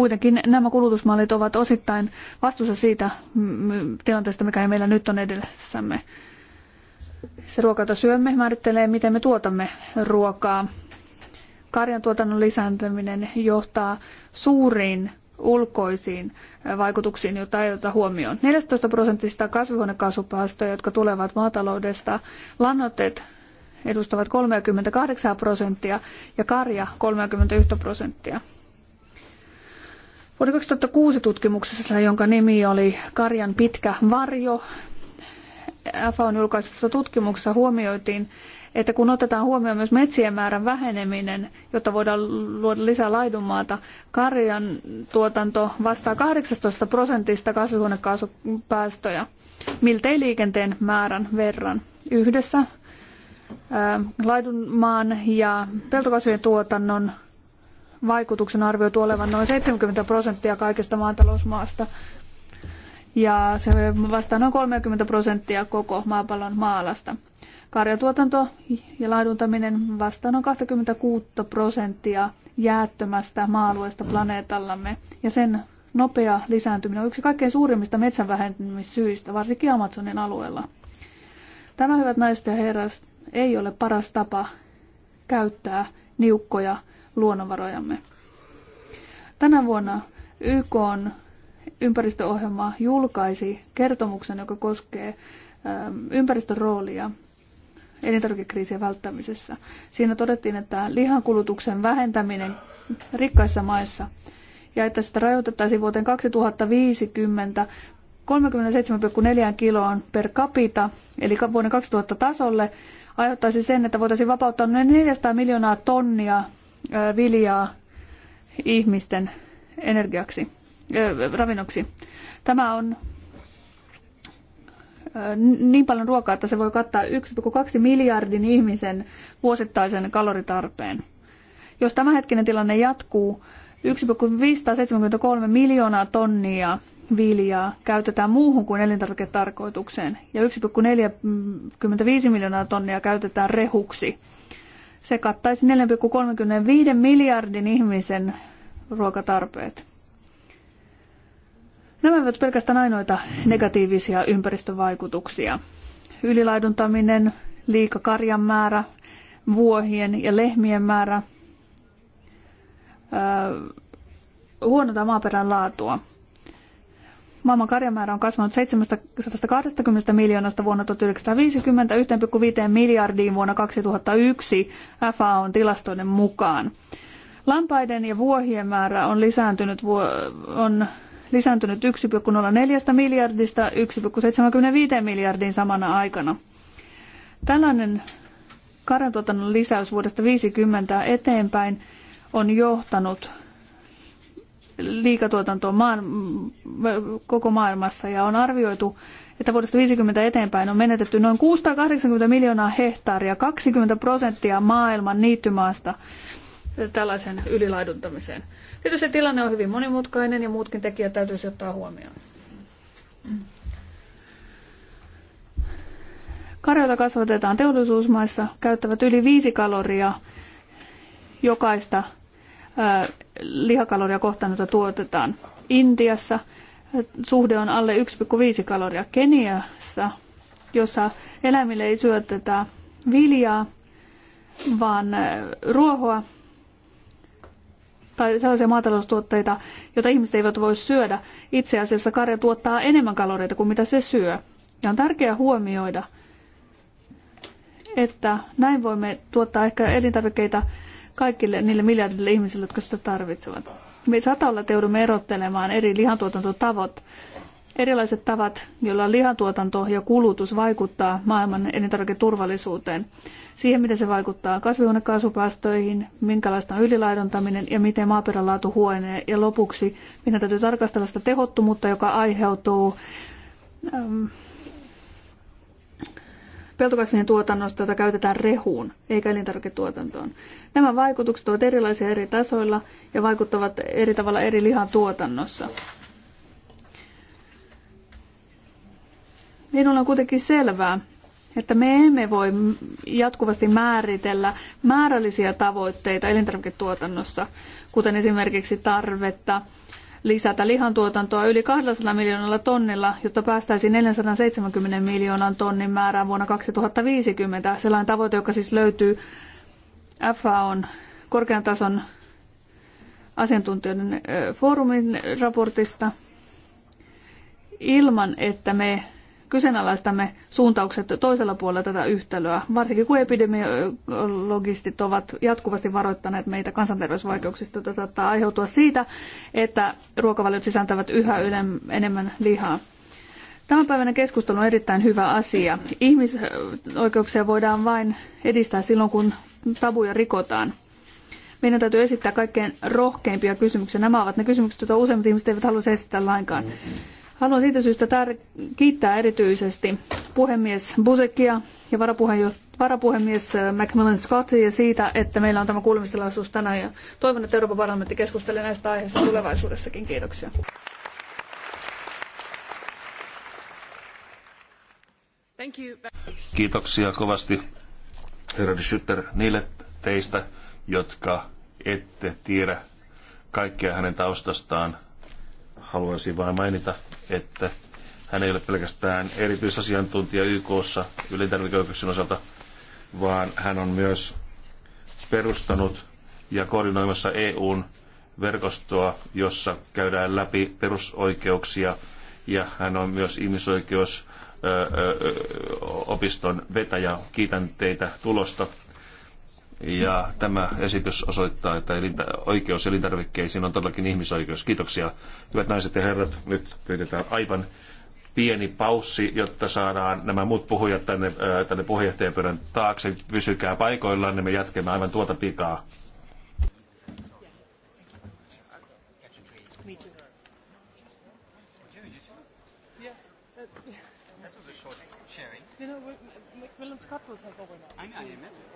Kuitenkin nämä kulutusmallit ovat osittain vastuussa siitä tilanteesta, mikä meillä nyt on edessämme. Se ruoka, jota syömme, määrittelee, miten me tuotamme ruokaa. Karjan tuotannon lisääntyminen johtaa suuriin ulkoisiin vaikutuksiin, joita ei oteta huomioon. 14 prosenttista kasvihuonekaasupäästöjä, jotka tulevat maataloudesta, lannoitteet edustavat 38 prosenttia ja karja 31 prosenttia. Vuoden 2006 tutkimuksessa, jonka nimi oli Karjan pitkä varjo, FAOn julkaistussa tutkimuksessa huomioitiin, että kun otetaan huomioon myös metsien määrän väheneminen, jotta voidaan luoda lisää laidunmaata, karjan tuotanto vastaa 18 prosentista kasvihuonekaasupäästöjä, miltei liikenteen määrän verran. Yhdessä laidunmaan ja peltokasvien tuotannon vaikutuksen arvioitu olevan noin 70 prosenttia kaikesta maatalousmaasta. Ja se vastaa noin 30 prosenttia koko maapallon maalasta. Karjatuotanto ja laiduntaminen vastaa noin 26 prosenttia jäättömästä maa-alueesta planeetallamme. Ja sen nopea lisääntyminen on yksi kaikkein suurimmista metsän vähentymissyistä, varsinkin Amazonin alueella. Tämä, hyvät naiset ja herrat, ei ole paras tapa käyttää niukkoja luonnonvarojamme. Tänä vuonna YK on ympäristöohjelma julkaisi kertomuksen, joka koskee ähm, ympäristön roolia elintarvikekriisien välttämisessä. Siinä todettiin, että lihankulutuksen vähentäminen rikkaissa maissa ja että sitä rajoitettaisiin vuoteen 2050 37,4 kiloon per capita, eli vuoden 2000 tasolle, aiheuttaisi sen, että voitaisiin vapauttaa noin 400 miljoonaa tonnia viljaa ihmisten energiaksi, äh, ravinnoksi. Tämä on niin paljon ruokaa, että se voi kattaa 1,2 miljardin ihmisen vuosittaisen kaloritarpeen. Jos tämänhetkinen tilanne jatkuu, 1,573 miljoonaa tonnia viljaa käytetään muuhun kuin elintarviketarkoitukseen ja 1,45 miljoonaa tonnia käytetään rehuksi. Se kattaisi 4,35 miljardin ihmisen ruokatarpeet. Nämä eivät pelkästään ainoita negatiivisia ympäristövaikutuksia. Ylilaiduntaminen, liikakarjan määrä, vuohien ja lehmien määrä öö, huonota maaperän laatua. Maailman karjamäärä on kasvanut 720 miljoonasta vuonna 1950 1,5 miljardiin vuonna 2001 FAOn tilastoiden mukaan. Lampaiden ja vuohien määrä on lisääntynyt, on lisääntynyt 1,04 miljardista 1,75 miljardiin samana aikana. Tällainen karjantuotannon lisäys vuodesta 50 eteenpäin on johtanut liikatuotantoa maan, koko maailmassa ja on arvioitu, että vuodesta 50 eteenpäin on menetetty noin 680 miljoonaa hehtaaria, 20 prosenttia maailman niittymaasta tällaisen ylilaiduntamiseen. Tietysti tilanne on hyvin monimutkainen ja muutkin tekijät täytyisi ottaa huomioon. Karjoita kasvatetaan teollisuusmaissa, käyttävät yli viisi kaloria jokaista lihakaloria kohtaan, jota tuotetaan. Intiassa suhde on alle 1,5 kaloria. Keniassa, jossa eläimille ei syötetä viljaa, vaan ruohoa tai sellaisia maataloustuotteita, joita ihmiset eivät voi syödä. Itse asiassa karja tuottaa enemmän kaloreita kuin mitä se syö. Ja on tärkeää huomioida, että näin voimme tuottaa ehkä elintarvikkeita, kaikille niille miljardille ihmisille, jotka sitä tarvitsevat. Me satalla joudumme erottelemaan eri lihantuotantotavot, erilaiset tavat, joilla lihantuotanto ja kulutus vaikuttaa maailman elintarviketurvallisuuteen, siihen miten se vaikuttaa kasvihuonekaasupäästöihin, minkälaista on ylilaidontaminen ja miten maaperän laatu huonee. Ja lopuksi meidän täytyy tarkastella sitä tehottomuutta, joka aiheutuu ähm, peltokasvien tuotannosta, jota käytetään rehuun eikä elintarviketuotantoon. Nämä vaikutukset ovat erilaisia eri tasoilla ja vaikuttavat eri tavalla eri lihan tuotannossa. Minulla on kuitenkin selvää, että me emme voi jatkuvasti määritellä määrällisiä tavoitteita elintarviketuotannossa, kuten esimerkiksi tarvetta lisätä lihantuotantoa yli 200 miljoonalla tonnilla, jotta päästäisiin 470 miljoonan tonnin määrään vuonna 2050. Sellainen tavoite, joka siis löytyy FAOn korkean tason asiantuntijoiden foorumin raportista ilman, että me kyseenalaistamme suuntaukset toisella puolella tätä yhtälöä, varsinkin kun epidemiologistit ovat jatkuvasti varoittaneet meitä kansanterveysvaikeuksista, joita saattaa aiheutua siitä, että ruokavaliot sisältävät yhä enemmän lihaa. Tämänpäiväinen keskustelu on erittäin hyvä asia. Ihmisoikeuksia voidaan vain edistää silloin, kun tabuja rikotaan. Meidän täytyy esittää kaikkein rohkeimpia kysymyksiä. Nämä ovat ne kysymykset, joita useimmat ihmiset eivät halua esittää lainkaan. Haluan siitä syystä kiittää erityisesti puhemies Busekia ja varapuhemies äh, Macmillan Scottia siitä, että meillä on tämä kuulemistilaisuus tänään ja toivon, että Euroopan parlamentti keskustelee näistä aiheista tulevaisuudessakin. Kiitoksia. Kiitoksia kovasti herra Schütter niille teistä, jotka ette tiedä kaikkea hänen taustastaan. Haluaisin vain mainita että hän ei ole pelkästään erityisasiantuntija YKssa ylintarvikeoikeuksien osalta, vaan hän on myös perustanut ja koordinoimassa EUn verkostoa, jossa käydään läpi perusoikeuksia ja hän on myös ihmisoikeusopiston vetäjä. Kiitän teitä tulosta ja tämä esitys osoittaa, että oikeus elintarvikkeisiin on todellakin ihmisoikeus. Kiitoksia, hyvät naiset ja herrat. Nyt pyydetään aivan pieni paussi, jotta saadaan nämä muut puhujat tänne, äh, tänne puheenjohtajapöydän taakse. Pysykää paikoillaan, niin me jatkemme aivan tuota pikaa. You know, William Scott will take over now. I know, I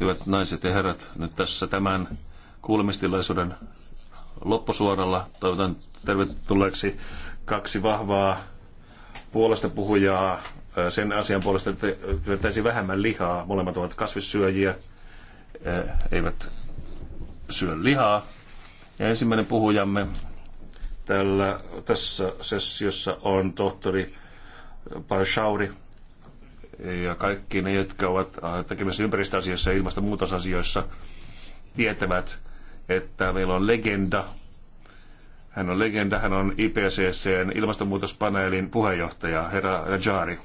Hyvät naiset ja herrat, nyt tässä tämän kuulemistilaisuuden loppusuoralla toivotan tervetulleeksi kaksi vahvaa puolesta puhujaa äh, sen asian puolesta, että syötäisiin vähemmän lihaa. Molemmat ovat kasvissyöjiä, äh, eivät syö lihaa. Ja ensimmäinen puhujamme tällä, tässä sessiossa on tohtori Parshauri, ja kaikki ne, jotka ovat äh, tekemässä ympäristöasioissa ja ilmastonmuutosasioissa, tietävät, että meillä on legenda. Hän on legenda, hän on IPCCn ilmastonmuutospaneelin puheenjohtaja, herra Rajari.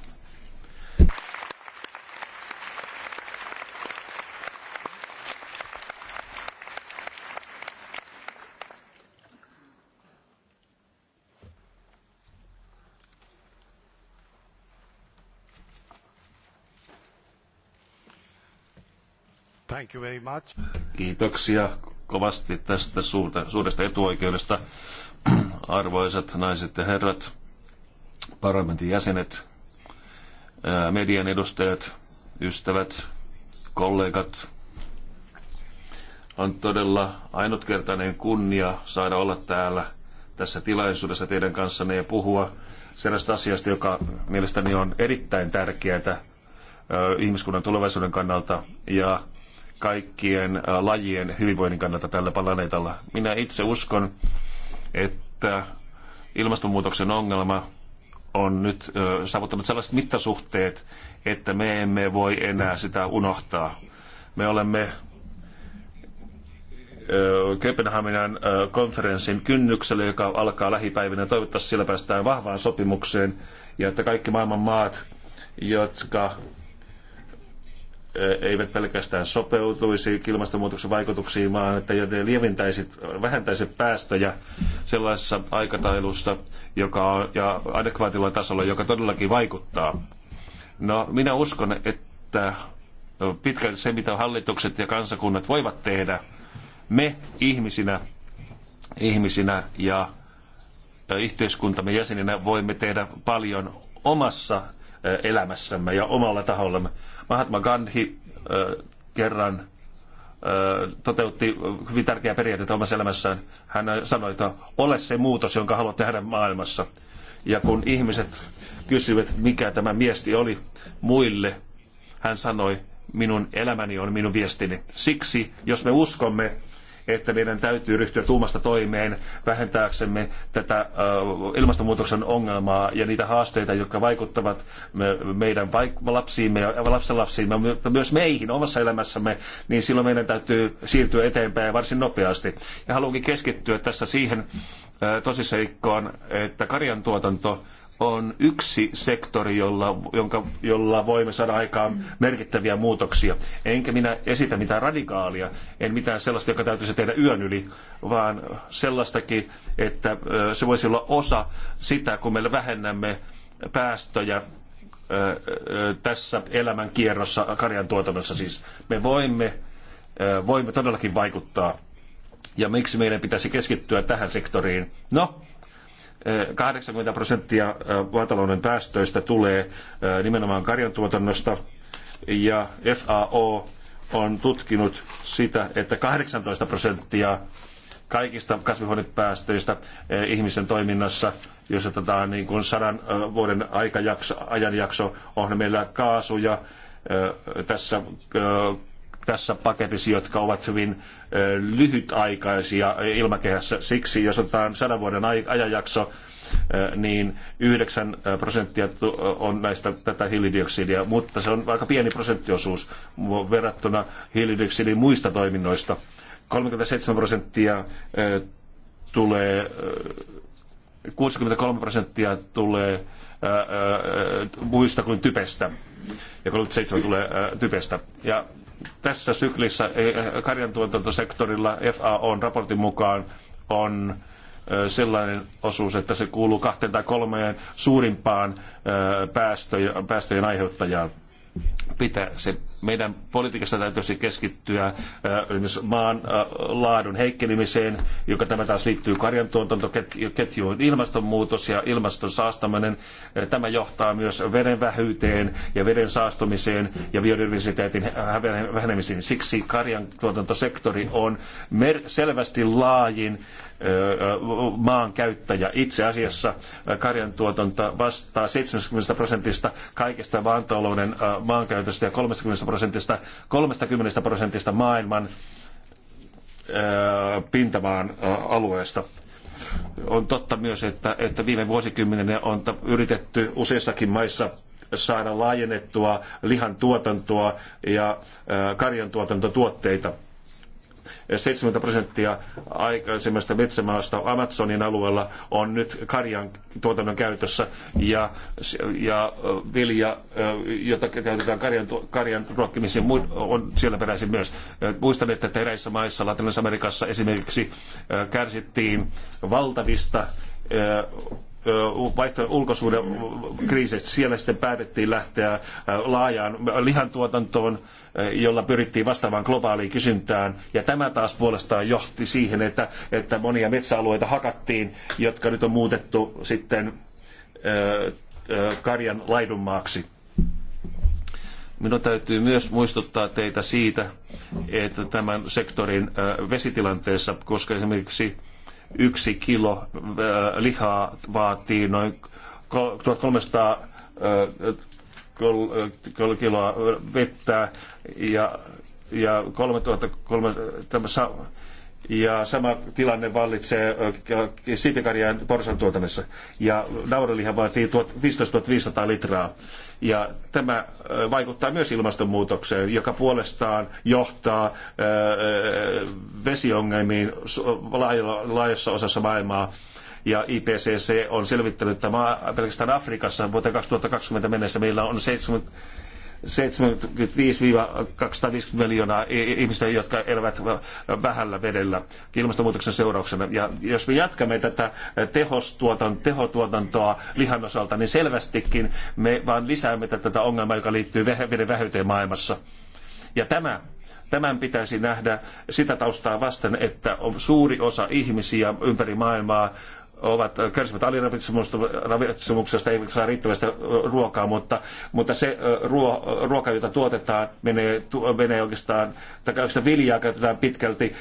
Thank you very much. Kiitoksia kovasti tästä suurta, suuresta etuoikeudesta. Arvoisat naiset ja herrat, parlamentin jäsenet, median edustajat, ystävät, kollegat, on todella ainutkertainen kunnia saada olla täällä tässä tilaisuudessa teidän kanssanne ja puhua sellaista asiasta, joka mielestäni on erittäin tärkeää ihmiskunnan tulevaisuuden kannalta ja kaikkien lajien hyvinvoinnin kannalta tällä planeetalla. Minä itse uskon, että ilmastonmuutoksen ongelma on nyt saavuttanut sellaiset mittasuhteet, että me emme voi enää sitä unohtaa. Me olemme Kööpenhaminan konferenssin kynnyksellä, joka alkaa lähipäivinä. Toivottavasti siellä päästään vahvaan sopimukseen ja että kaikki maailman maat, jotka eivät pelkästään sopeutuisi ilmastonmuutoksen vaikutuksiin, vaan että ne lieventäisi, vähentäisi päästöjä sellaisessa aikataulussa joka on, ja adekvaatilla tasolla, joka todellakin vaikuttaa. No, minä uskon, että pitkälti se, mitä hallitukset ja kansakunnat voivat tehdä, me ihmisinä, ihmisinä ja, ja yhteiskuntamme jäseninä voimme tehdä paljon omassa elämässämme ja omalla tahollamme. Mahatma Gandhi kerran toteutti hyvin tärkeää periaatetta omassa elämässään. Hän sanoi, että ole se muutos, jonka haluat tehdä maailmassa. Ja kun ihmiset kysyivät, mikä tämä miesti oli muille, hän sanoi, minun elämäni on minun viestini. Siksi, jos me uskomme että meidän täytyy ryhtyä tuumasta toimeen vähentääksemme tätä ilmastonmuutoksen ongelmaa ja niitä haasteita, jotka vaikuttavat meidän lapsiimme ja lapsenlapsiimme, mutta myös meihin omassa elämässämme, niin silloin meidän täytyy siirtyä eteenpäin varsin nopeasti. Ja haluankin keskittyä tässä siihen tosiseikkoon, että karjantuotanto tuotanto on yksi sektori, jolla, jonka, jolla voimme saada aikaan merkittäviä muutoksia. Enkä minä esitä mitään radikaalia, en mitään sellaista, joka täytyisi tehdä yön yli, vaan sellaistakin, että se voisi olla osa sitä, kun me vähennämme päästöjä tässä elämän kierrossa, karjan tuotannossa siis. Me voimme, voimme todellakin vaikuttaa. Ja miksi meidän pitäisi keskittyä tähän sektoriin? No, 80 prosenttia maatalouden päästöistä tulee nimenomaan karjantuotannosta ja FAO on tutkinut sitä, että 18 prosenttia kaikista kasvihuonepäästöistä ihmisen toiminnassa, jos otetaan niin kuin sadan vuoden aikajakso, ajanjakso, on meillä kaasuja tässä tässä paketissa, jotka ovat hyvin lyhytaikaisia ilmakehässä. Siksi, jos otetaan sadan vuoden ajanjakso, niin 9 prosenttia on näistä tätä hiilidioksidia, mutta se on aika pieni prosenttiosuus verrattuna hiilidioksidin muista toiminnoista. 37 prosenttia tulee, 63 prosenttia tulee muista kuin typestä ja 37 tulee typestä. Ja tässä syklissä eh, karjantuotantosektorilla on raportin mukaan on eh, sellainen osuus, että se kuuluu kahteen tai kolmeen suurimpaan eh, päästöjen aiheuttajaan. Pitää, se meidän politiikassa täytyisi keskittyä esimerkiksi maan laadun heikkenemiseen, joka tämä taas liittyy karjantuotantoketjuun, ilmastonmuutos ja ilmaston saastaminen. Tämä johtaa myös veden vähyyteen ja veden saastumiseen ja biodiversiteetin vähenemiseen. Siksi karjantuotantosektori on selvästi laajin maankäyttäjä. Itse asiassa karjantuotanto vastaa 70 prosentista kaikesta maantalouden maankäytöstä ja 30 prosentista, 30 prosentista maailman pintamaan alueesta. On totta myös, että, että viime vuosikymmeninä on yritetty useissakin maissa saada laajennettua lihan tuotantoa ja karjan tuotantotuotteita 70 prosenttia aikaisemmasta metsämaasta Amazonin alueella on nyt karjan tuotannon käytössä ja, ja vilja, jota käytetään karjan, karjan ruokkimiseen, on siellä peräisin myös. Muistan, että eräissä maissa Latinalaisessa Amerikassa esimerkiksi kärsittiin valtavista vaihto ulkosuuden kriisistä. Siellä sitten päätettiin lähteä laajaan lihantuotantoon, jolla pyrittiin vastaamaan globaaliin kysyntään. Ja tämä taas puolestaan johti siihen, että, että monia metsäalueita hakattiin, jotka nyt on muutettu sitten karjan laidunmaaksi. Minun täytyy myös muistuttaa teitä siitä, että tämän sektorin vesitilanteessa, koska esimerkiksi yksi kilo äh, lihaa vaatii noin 1300 äh, äh, kiloa vettä ja, ja 3300 ja sama tilanne vallitsee siipikarjan porsan tuotannossa. Ja naudanliha vaatii 15 500 litraa. Ja tämä vaikuttaa myös ilmastonmuutokseen, joka puolestaan johtaa vesiongelmiin laajassa osassa maailmaa ja IPCC on selvittänyt, että pelkästään Afrikassa vuoteen 2020 mennessä meillä on 70, 75-250 miljoonaa ihmistä, jotka elävät vähällä vedellä ilmastonmuutoksen seurauksena. Ja jos me jatkamme tätä tehotuotantoa lihan osalta, niin selvästikin me vaan lisäämme tätä ongelmaa, joka liittyy veden vähyyteen maailmassa. Ja tämä Tämän pitäisi nähdä sitä taustaa vasten, että on suuri osa ihmisiä ympäri maailmaa ovat, kärsivät aliravitsemuksesta, eivät saa riittävästi ruokaa, mutta, mutta se ruo, ruoka, jota tuotetaan, menee, tu, menee oikeastaan, tai sitä viljaa käytetään pitkälti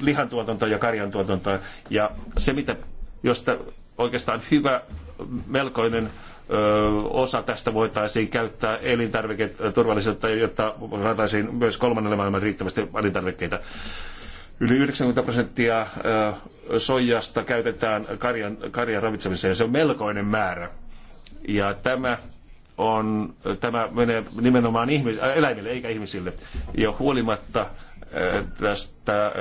lihantuotantoon ja karjantuotantoon. Ja se, mitä, josta oikeastaan hyvä, melkoinen osa tästä voitaisiin käyttää elintarviketurvallisuutta, jotta saataisiin myös kolmannelle maailman riittävästi elintarvikkeita. Yli 90 prosenttia soijasta käytetään karjan, karjan ravitsemiseen. Se on melkoinen määrä. Ja tämä on, tämä menee nimenomaan ihmis, äh, eläimille eikä ihmisille. Ja huolimatta äh, tästä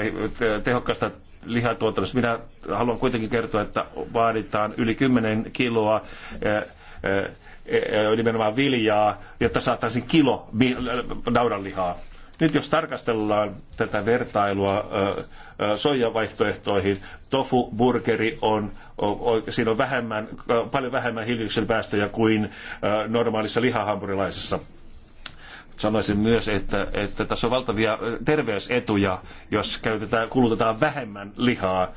tehokkaasta lihatuotannosta, minä haluan kuitenkin kertoa, että vaaditaan yli 10 kiloa äh, nimenomaan viljaa, jotta saataisiin kilo naudanlihaa. Nyt jos tarkastellaan tätä vertailua soijavaihtoehtoihin, tofu burgeri on, siinä on vähemmän, paljon vähemmän hiilidioksidipäästöjä kuin normaalissa lihahampurilaisessa sanoisin myös, että, että tässä on valtavia terveysetuja, jos käytetään, kulutetaan vähemmän lihaa.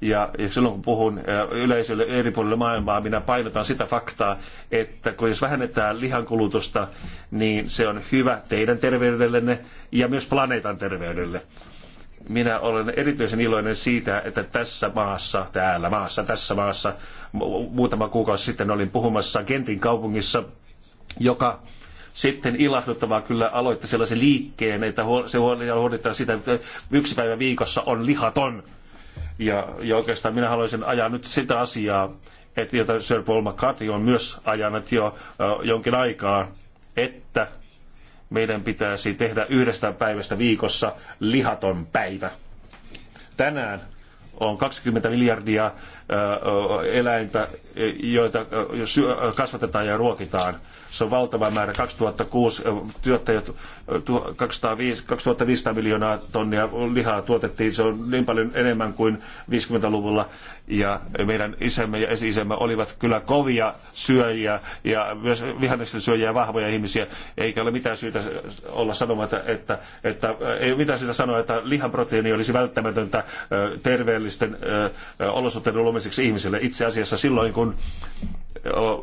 Ja, ja silloin kun puhun yleisölle eri puolilla maailmaa, minä painotan sitä faktaa, että kun jos vähennetään lihankulutusta, niin se on hyvä teidän terveydellenne ja myös planeetan terveydelle minä olen erityisen iloinen siitä, että tässä maassa, täällä maassa, tässä maassa, muutama kuukausi sitten olin puhumassa Gentin kaupungissa, joka sitten ilahduttavaa kyllä aloitti sellaisen liikkeen, että se huolehditaan sitä, että yksi päivä viikossa on lihaton ja, ja oikeastaan minä haluaisin ajaa nyt sitä asiaa, että jota Sir Paul McCarthy on myös ajanut jo jonkin aikaa, että meidän pitäisi tehdä yhdestä päivästä viikossa lihaton päivä. Tänään on 20 miljardia eläintä, e, joita kasvatetaan ja ruokitaan. Se on valtava määrä. 2006 työttäjät, 2500 miljoonaa tonnia lihaa tuotettiin. Se on niin paljon enemmän kuin 50-luvulla. Ja meidän isämme ja esi-isämme olivat kyllä kovia syöjiä ja myös vihannesten syöjiä ja vahvoja ihmisiä. Eikä ole mitään syytä olla sanomatta, että, että ei ole mitään syytä sanoa, että lihan proteiini olisi välttämätöntä terveellisten olosuhteiden luomiseksi tämmöiseksi ihmisille. Itse asiassa silloin, kun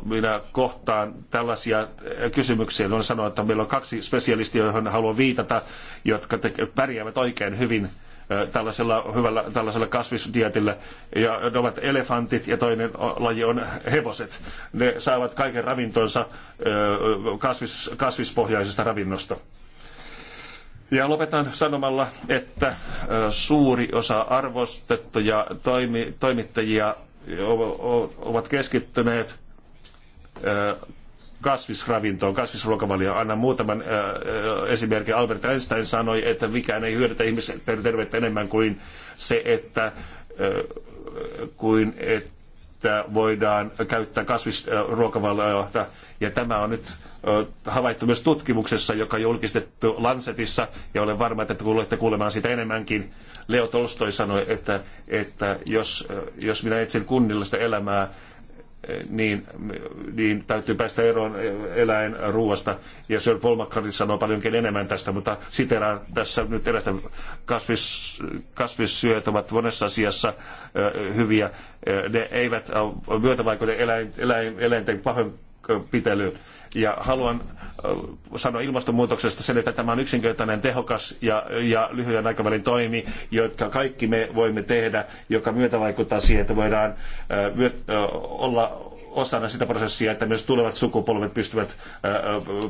minä kohtaan tällaisia kysymyksiä, on niin sanoa, että meillä on kaksi spesialistia, joihin haluan viitata, jotka te- pärjäävät oikein hyvin tällaisella hyvällä tällaisella kasvisdietillä. Ja ne ovat elefantit ja toinen laji on hevoset. Ne saavat kaiken ravintonsa kasvis, kasvispohjaisesta ravinnosta. Ja lopetan sanomalla, että suuri osa arvostettuja toimi, toimittajia ovat keskittyneet kasvisravintoon, kasvisruokavalioon. Annan muutaman esimerkin. Albert Einstein sanoi, että mikään ei hyödytä ihmisten terveyttä enemmän kuin se, että kuin että että voidaan käyttää kasvisruokavaliota. Ja tämä on nyt havaittu myös tutkimuksessa, joka on julkistettu Lancetissa, ja olen varma, että tulette kuulemaan siitä enemmänkin. Leo Tolstoi sanoi, että, että jos, jos minä etsin kunnillista elämää, niin, niin täytyy päästä eroon eläin ruoasta. Ja Sir Paul McCartney sanoo paljonkin enemmän tästä, mutta siteraan tässä nyt erästä kasvis, kasvissyöt ovat monessa asiassa hyviä. Ne eivät myötävaikuta eläin, eläin, eläinten pahoinpitelyyn ja haluan äh, sanoa ilmastonmuutoksesta sen, että tämä on yksinkertainen, tehokas ja, ja lyhyen aikavälin toimi, jotka kaikki me voimme tehdä, joka myötä vaikuttaa siihen, että voidaan äh, äh, olla osana sitä prosessia, että myös tulevat sukupolvet pystyvät,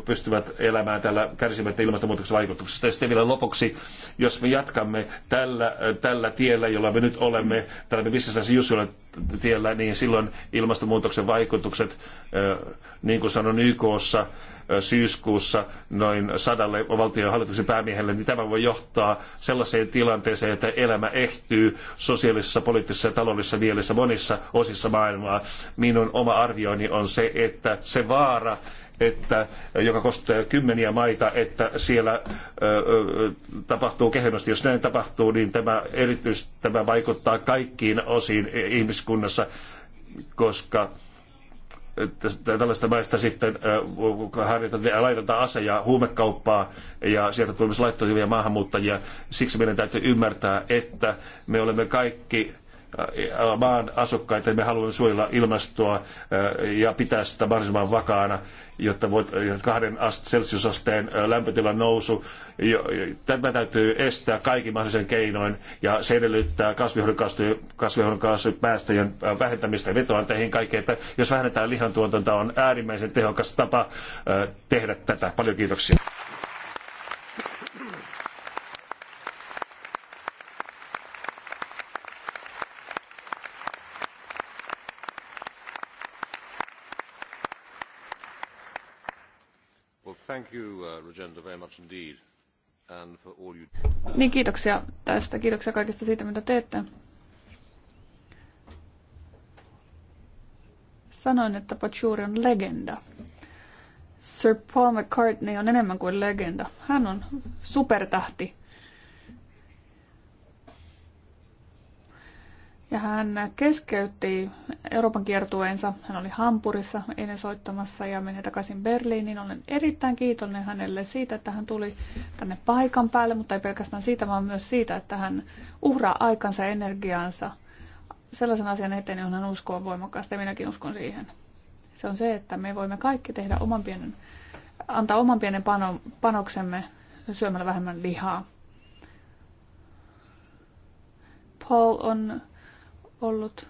pystyvät elämään tällä kärsimättä ilmastonmuutoksen vaikutuksesta. Ja sitten vielä lopuksi, jos me jatkamme tällä, tällä tiellä, jolla me nyt olemme, tällä business as tiellä, niin silloin ilmastonmuutoksen vaikutukset, niin kuin sanon YKssa, syyskuussa noin sadalle valtion hallituksen päämiehelle, niin tämä voi johtaa sellaiseen tilanteeseen, että elämä ehtyy sosiaalisessa, poliittisessa ja taloudellisessa mielessä monissa osissa maailmaa. Minun oma arvioni on se, että se vaara, että, joka koskee kymmeniä maita, että siellä ö, ö, tapahtuu kehennosti. Jos näin tapahtuu, niin tämä erityisesti tämä vaikuttaa kaikkiin osiin ihmiskunnassa, koska tällaista maista sitten laitetaan ase- ja huumekauppaa ja sieltä tulee myös laittomia maahanmuuttajia. Siksi meidän täytyy ymmärtää, että me olemme kaikki maan asukkaita, me haluamme suojella ilmastoa ja pitää sitä mahdollisimman vakaana, jotta voit, kahden celsiusasteen lämpötilan nousu, tämä täytyy estää kaikin mahdollisen keinoin ja se edellyttää kasvihuonekaasupäästöjen vähentämistä vetoan teihin kaikkeen, että jos vähennetään lihantuotantoa on äärimmäisen tehokas tapa tehdä tätä. Paljon kiitoksia. Uh, niin, kiitoksia tästä. Kiitoksia kaikesta siitä, mitä teette. Sanoin, että Pachuri on legenda. Sir Paul McCartney on enemmän kuin legenda. Hän on supertähti. Ja hän keskeytti Euroopan kiertueensa. Hän oli Hampurissa ennen soittamassa ja meni takaisin Berliiniin. Olen erittäin kiitollinen hänelle siitä, että hän tuli tänne paikan päälle, mutta ei pelkästään siitä, vaan myös siitä, että hän uhraa aikansa ja energiaansa sellaisen asian eteen, johon hän uskoo voimakkaasti ja minäkin uskon siihen. Se on se, että me voimme kaikki tehdä oman pienen, antaa oman pienen pano, panoksemme syömällä vähemmän lihaa. Paul on ollut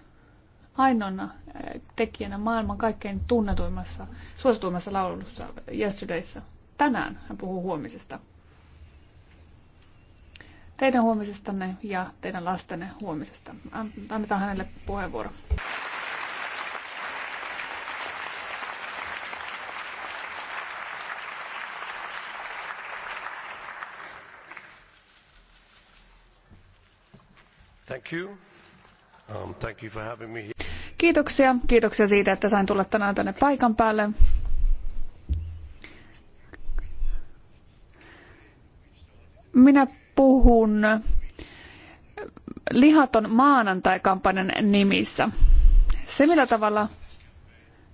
ainoana äh, tekijänä maailman kaikkein tunnetuimmassa, suosituimmassa laulussa Yesterdayssa. Tänään hän puhuu huomisesta. Teidän huomisestanne ja teidän lastenne huomisesta. Annetaan hänelle puheenvuoro. Thank you. Um, thank you for having me. Kiitoksia. Kiitoksia siitä, että sain tulla tänään tänne paikan päälle. Minä puhun lihaton maanantai-kampanjan nimissä. Se, millä tavalla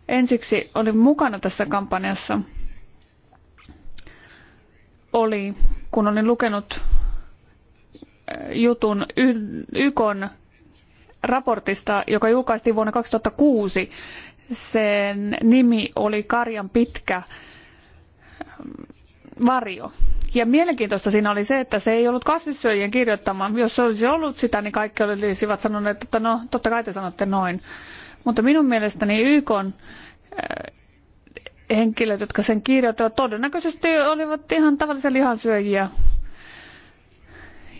ensiksi olin mukana tässä kampanjassa, oli, kun olin lukenut eh, jutun YKn raportista, joka julkaistiin vuonna 2006. Sen nimi oli Karjan pitkä ähm, varjo. Ja mielenkiintoista siinä oli se, että se ei ollut kasvissyöjien kirjoittama. Jos se olisi ollut sitä, niin kaikki olisivat sanoneet, että no, totta kai te sanotte noin. Mutta minun mielestäni YK on, äh, henkilöt, jotka sen kirjoittivat, todennäköisesti olivat ihan tavallisia lihansyöjiä.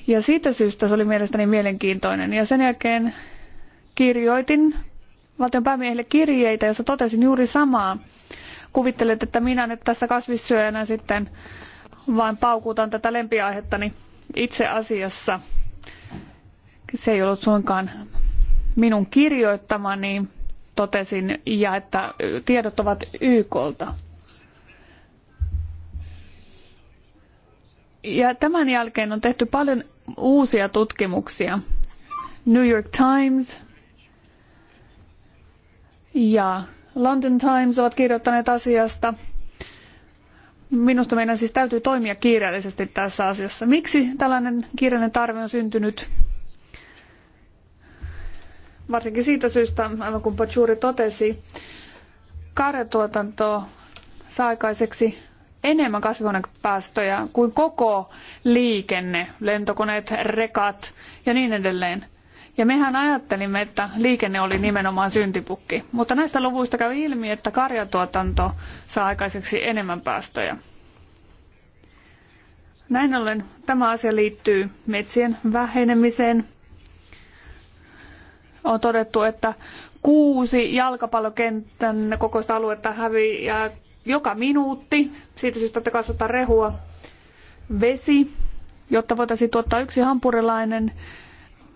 Ja siitä syystä se oli mielestäni mielenkiintoinen. Ja sen jälkeen kirjoitin valtionpäämiehille kirjeitä, joissa totesin juuri samaa. Kuvittelet, että minä nyt tässä kasvissyöjänä sitten vain paukutan tätä lempiaihettani itse asiassa. Se ei ollut suinkaan minun kirjoittamani, totesin, ja että tiedot ovat YKlta. Ja tämän jälkeen on tehty paljon uusia tutkimuksia. New York Times, ja London Times ovat kirjoittaneet asiasta. Minusta meidän siis täytyy toimia kiireellisesti tässä asiassa. Miksi tällainen kiireinen tarve on syntynyt? Varsinkin siitä syystä, aivan kuin Pachuri totesi, karjatuotanto saa aikaiseksi enemmän kasvihuonepäästöjä kuin koko liikenne, lentokoneet, rekat ja niin edelleen. Ja mehän ajattelimme, että liikenne oli nimenomaan syntipukki. Mutta näistä luvuista käy ilmi, että karjatuotanto saa aikaiseksi enemmän päästöjä. Näin ollen tämä asia liittyy metsien vähenemiseen. On todettu, että kuusi jalkapallokentän kokoista aluetta häviää joka minuutti. Siitä syystä, että kasvataan rehua. Vesi, jotta voitaisiin tuottaa yksi hampurilainen,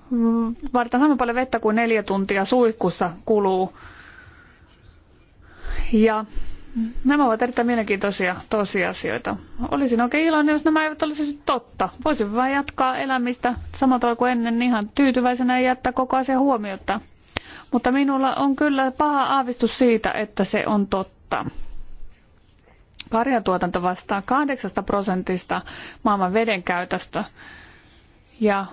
Mm, vaaditaan saman paljon vettä kuin neljä tuntia suihkussa kuluu. Ja nämä ovat erittäin mielenkiintoisia tosiasioita. Olisin oikein iloinen, jos nämä eivät olisi totta. Voisin vain jatkaa elämistä samalla tavalla kuin ennen ihan tyytyväisenä ja jättää koko asia huomiota. Mutta minulla on kyllä paha aavistus siitä, että se on totta. Karjatuotanto vastaa 8 prosentista maailman vedenkäytöstä. Ja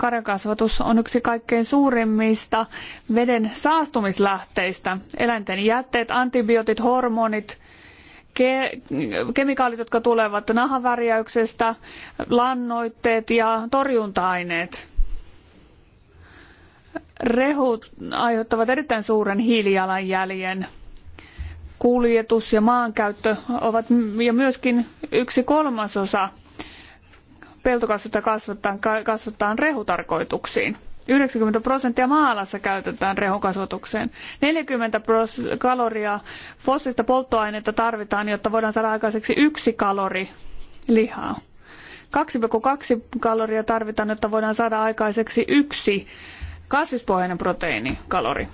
Karjakasvatus on yksi kaikkein suurimmista veden saastumislähteistä. Eläinten jätteet, antibiootit, hormonit, ke- kemikaalit, jotka tulevat nahanvärjäyksestä, lannoitteet ja torjunta-aineet. Rehut aiheuttavat erittäin suuren hiilijalanjäljen. Kuljetus ja maankäyttö ovat ja myöskin yksi kolmasosa peltokasvetta kasvattaa, kasvattaa rehutarkoituksiin. 90 prosenttia maalassa käytetään rehukasvatukseen. 40 kaloria fossiilista polttoaineita tarvitaan, jotta voidaan saada aikaiseksi yksi kalori lihaa. 2,2 kaloria tarvitaan, jotta voidaan saada aikaiseksi yksi kasvispohjainen proteiinikalori.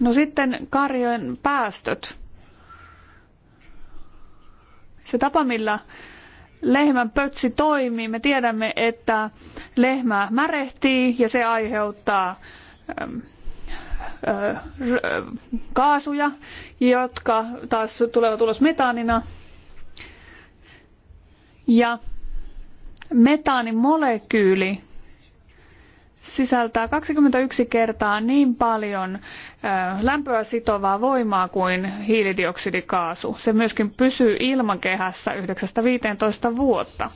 No sitten karjojen päästöt. Se tapa, millä lehmän pötsi toimii. Me tiedämme, että lehmä märehtii ja se aiheuttaa kaasuja, jotka taas tulevat ulos metaanina. Ja metaanin molekyyli sisältää 21 kertaa niin paljon lämpöä sitovaa voimaa kuin hiilidioksidikaasu. Se myöskin pysyy ilmakehässä 9-15 vuotta.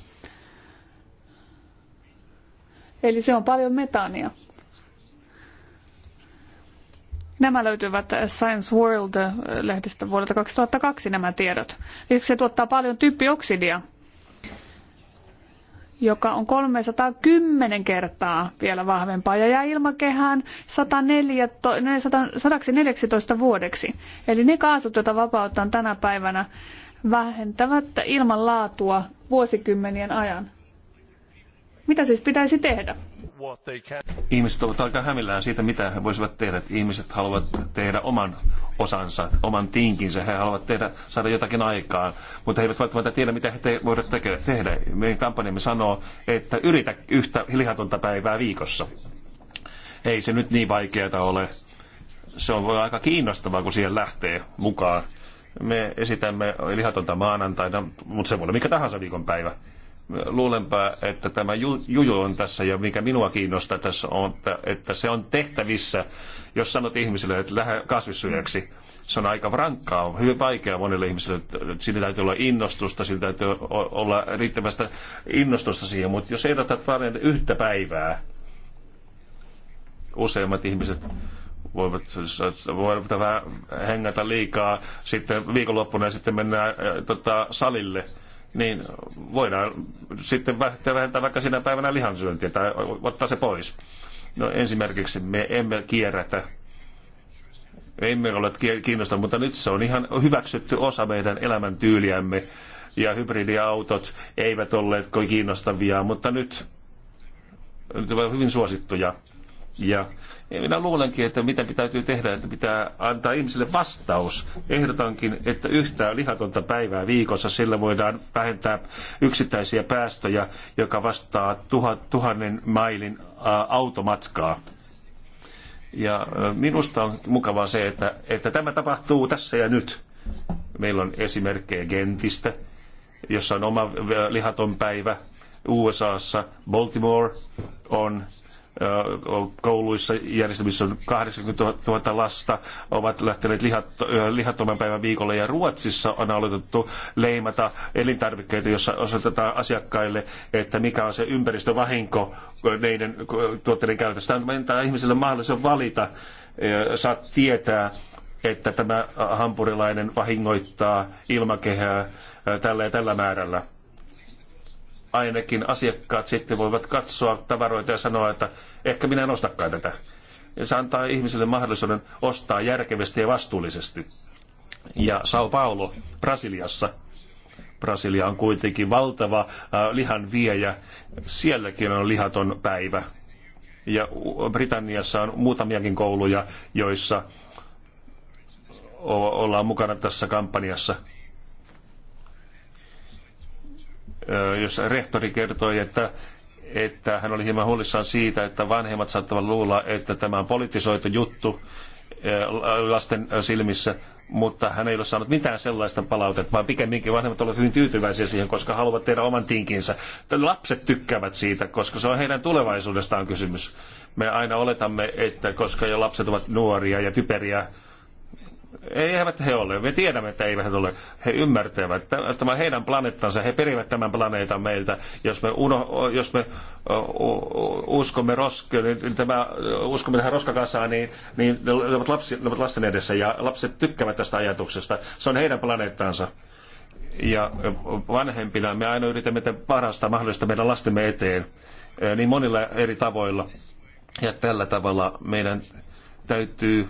Eli se on paljon metania. Nämä löytyvät Science World-lehdistä vuodelta 2002 nämä tiedot. se tuottaa paljon typpioksidia, joka on 310 kertaa vielä vahvempaa ja jää ilmakehään 104, 114 vuodeksi. Eli ne kaasut, joita vapautetaan tänä päivänä, vähentävät ilmanlaatua vuosikymmenien ajan. Mitä siis pitäisi tehdä? Ihmiset ovat aika hämillään siitä, mitä he voisivat tehdä. Ihmiset haluavat tehdä oman osansa, oman tinkinsä. He haluavat tehdä, saada jotakin aikaan, mutta he eivät välttämättä tiedä, mitä he te- voivat tehdä. Meidän kampanjamme sanoo, että yritä yhtä lihatonta päivää viikossa. Ei se nyt niin vaikeaa ole. Se on aika kiinnostavaa, kun siihen lähtee mukaan. Me esitämme lihatonta maanantaina, mutta se voi olla mikä tahansa viikonpäivä luulenpa, että tämä juju on tässä ja mikä minua kiinnostaa tässä on, että, se on tehtävissä, jos sanot ihmisille, että lähde kasvissyöjäksi. Se on aika rankkaa, on hyvin vaikeaa monille ihmisille. Siinä täytyy olla innostusta, siinä täytyy olla riittävästä innostusta siihen, mutta jos ehdotat vain yhtä päivää, useimmat ihmiset voivat, voivat vähän hengätä liikaa sitten viikonloppuna ja sitten mennään tota, salille – niin voidaan sitten vähentää vaikka sinä päivänä lihansyöntiä tai ottaa se pois. No ensimmäiseksi me emme kierrätä emme ole kiinnostunut, mutta nyt se on ihan hyväksytty osa meidän elämäntyyliämme. Ja hybridiautot eivät olleet kiinnostavia, mutta nyt, nyt ovat hyvin suosittuja. Ja minä luulenkin, että mitä täytyy tehdä, että pitää antaa ihmisille vastaus. Ehdotankin, että yhtään lihatonta päivää viikossa sillä voidaan vähentää yksittäisiä päästöjä, joka vastaa tuhat, tuhannen mailin automatkaa. Ja minusta on mukavaa se, että, että tämä tapahtuu tässä ja nyt. Meillä on esimerkkejä Gentistä, jossa on oma lihaton päivä. USAssa Baltimore on kouluissa järjestelmissä on 80 000 lasta, ovat lähteneet lihat, lihattoman päivän viikolle ja Ruotsissa on aloitettu leimata elintarvikkeita, jossa osoitetaan asiakkaille, että mikä on se ympäristövahinko neiden tuotteiden käytöstä. Tämä antaa ihmisille mahdollisuuden valita, saat tietää, että tämä hampurilainen vahingoittaa ilmakehää tällä ja tällä määrällä ainakin asiakkaat sitten voivat katsoa tavaroita ja sanoa, että ehkä minä en ostakaan tätä. Ja se antaa ihmisille mahdollisuuden ostaa järkevästi ja vastuullisesti. Ja Sao Paulo Brasiliassa, Brasilia on kuitenkin valtava äh, lihan viejä, sielläkin on lihaton päivä. Ja Britanniassa on muutamiakin kouluja, joissa ollaan mukana tässä kampanjassa jos rehtori kertoi, että että hän oli hieman huolissaan siitä, että vanhemmat saattavat luulla, että tämä on politisoitu juttu lasten silmissä, mutta hän ei ole saanut mitään sellaista palautetta, vaan pikemminkin vanhemmat ovat hyvin tyytyväisiä siihen, koska haluavat tehdä oman tinkinsä. Lapset tykkäävät siitä, koska se on heidän tulevaisuudestaan kysymys. Me aina oletamme, että koska jo lapset ovat nuoria ja typeriä, eivät he ole. Me tiedämme, että eivät he ole. He ymmärtävät. Tämä heidän planeettansa. He perivät tämän planeetan meiltä. Jos me, uno, jos me uskomme roske, niin tämä, uskomme tähän roskakasaan, niin, niin ne, ovat lapsi, ne ovat lasten edessä. Ja lapset tykkäävät tästä ajatuksesta. Se on heidän planeettansa ja vanhempina me aina yritämme tehdä parasta mahdollista meidän lastemme eteen niin monilla eri tavoilla. Ja tällä tavalla meidän täytyy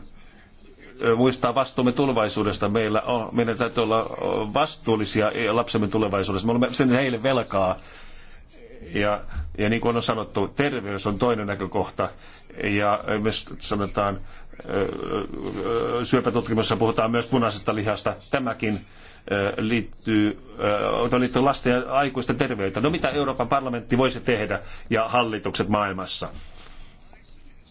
muistaa vastuumme tulevaisuudesta. Meillä on, meidän täytyy olla vastuullisia lapsemme tulevaisuudesta. Me olemme sen heille velkaa. Ja, ja niin kuin on sanottu, terveys on toinen näkökohta. Ja myös sanotaan, syöpätutkimuksessa puhutaan myös punaisesta lihasta. Tämäkin liittyy, liittyy lasten ja aikuisten terveyteen. No mitä Euroopan parlamentti voisi tehdä ja hallitukset maailmassa?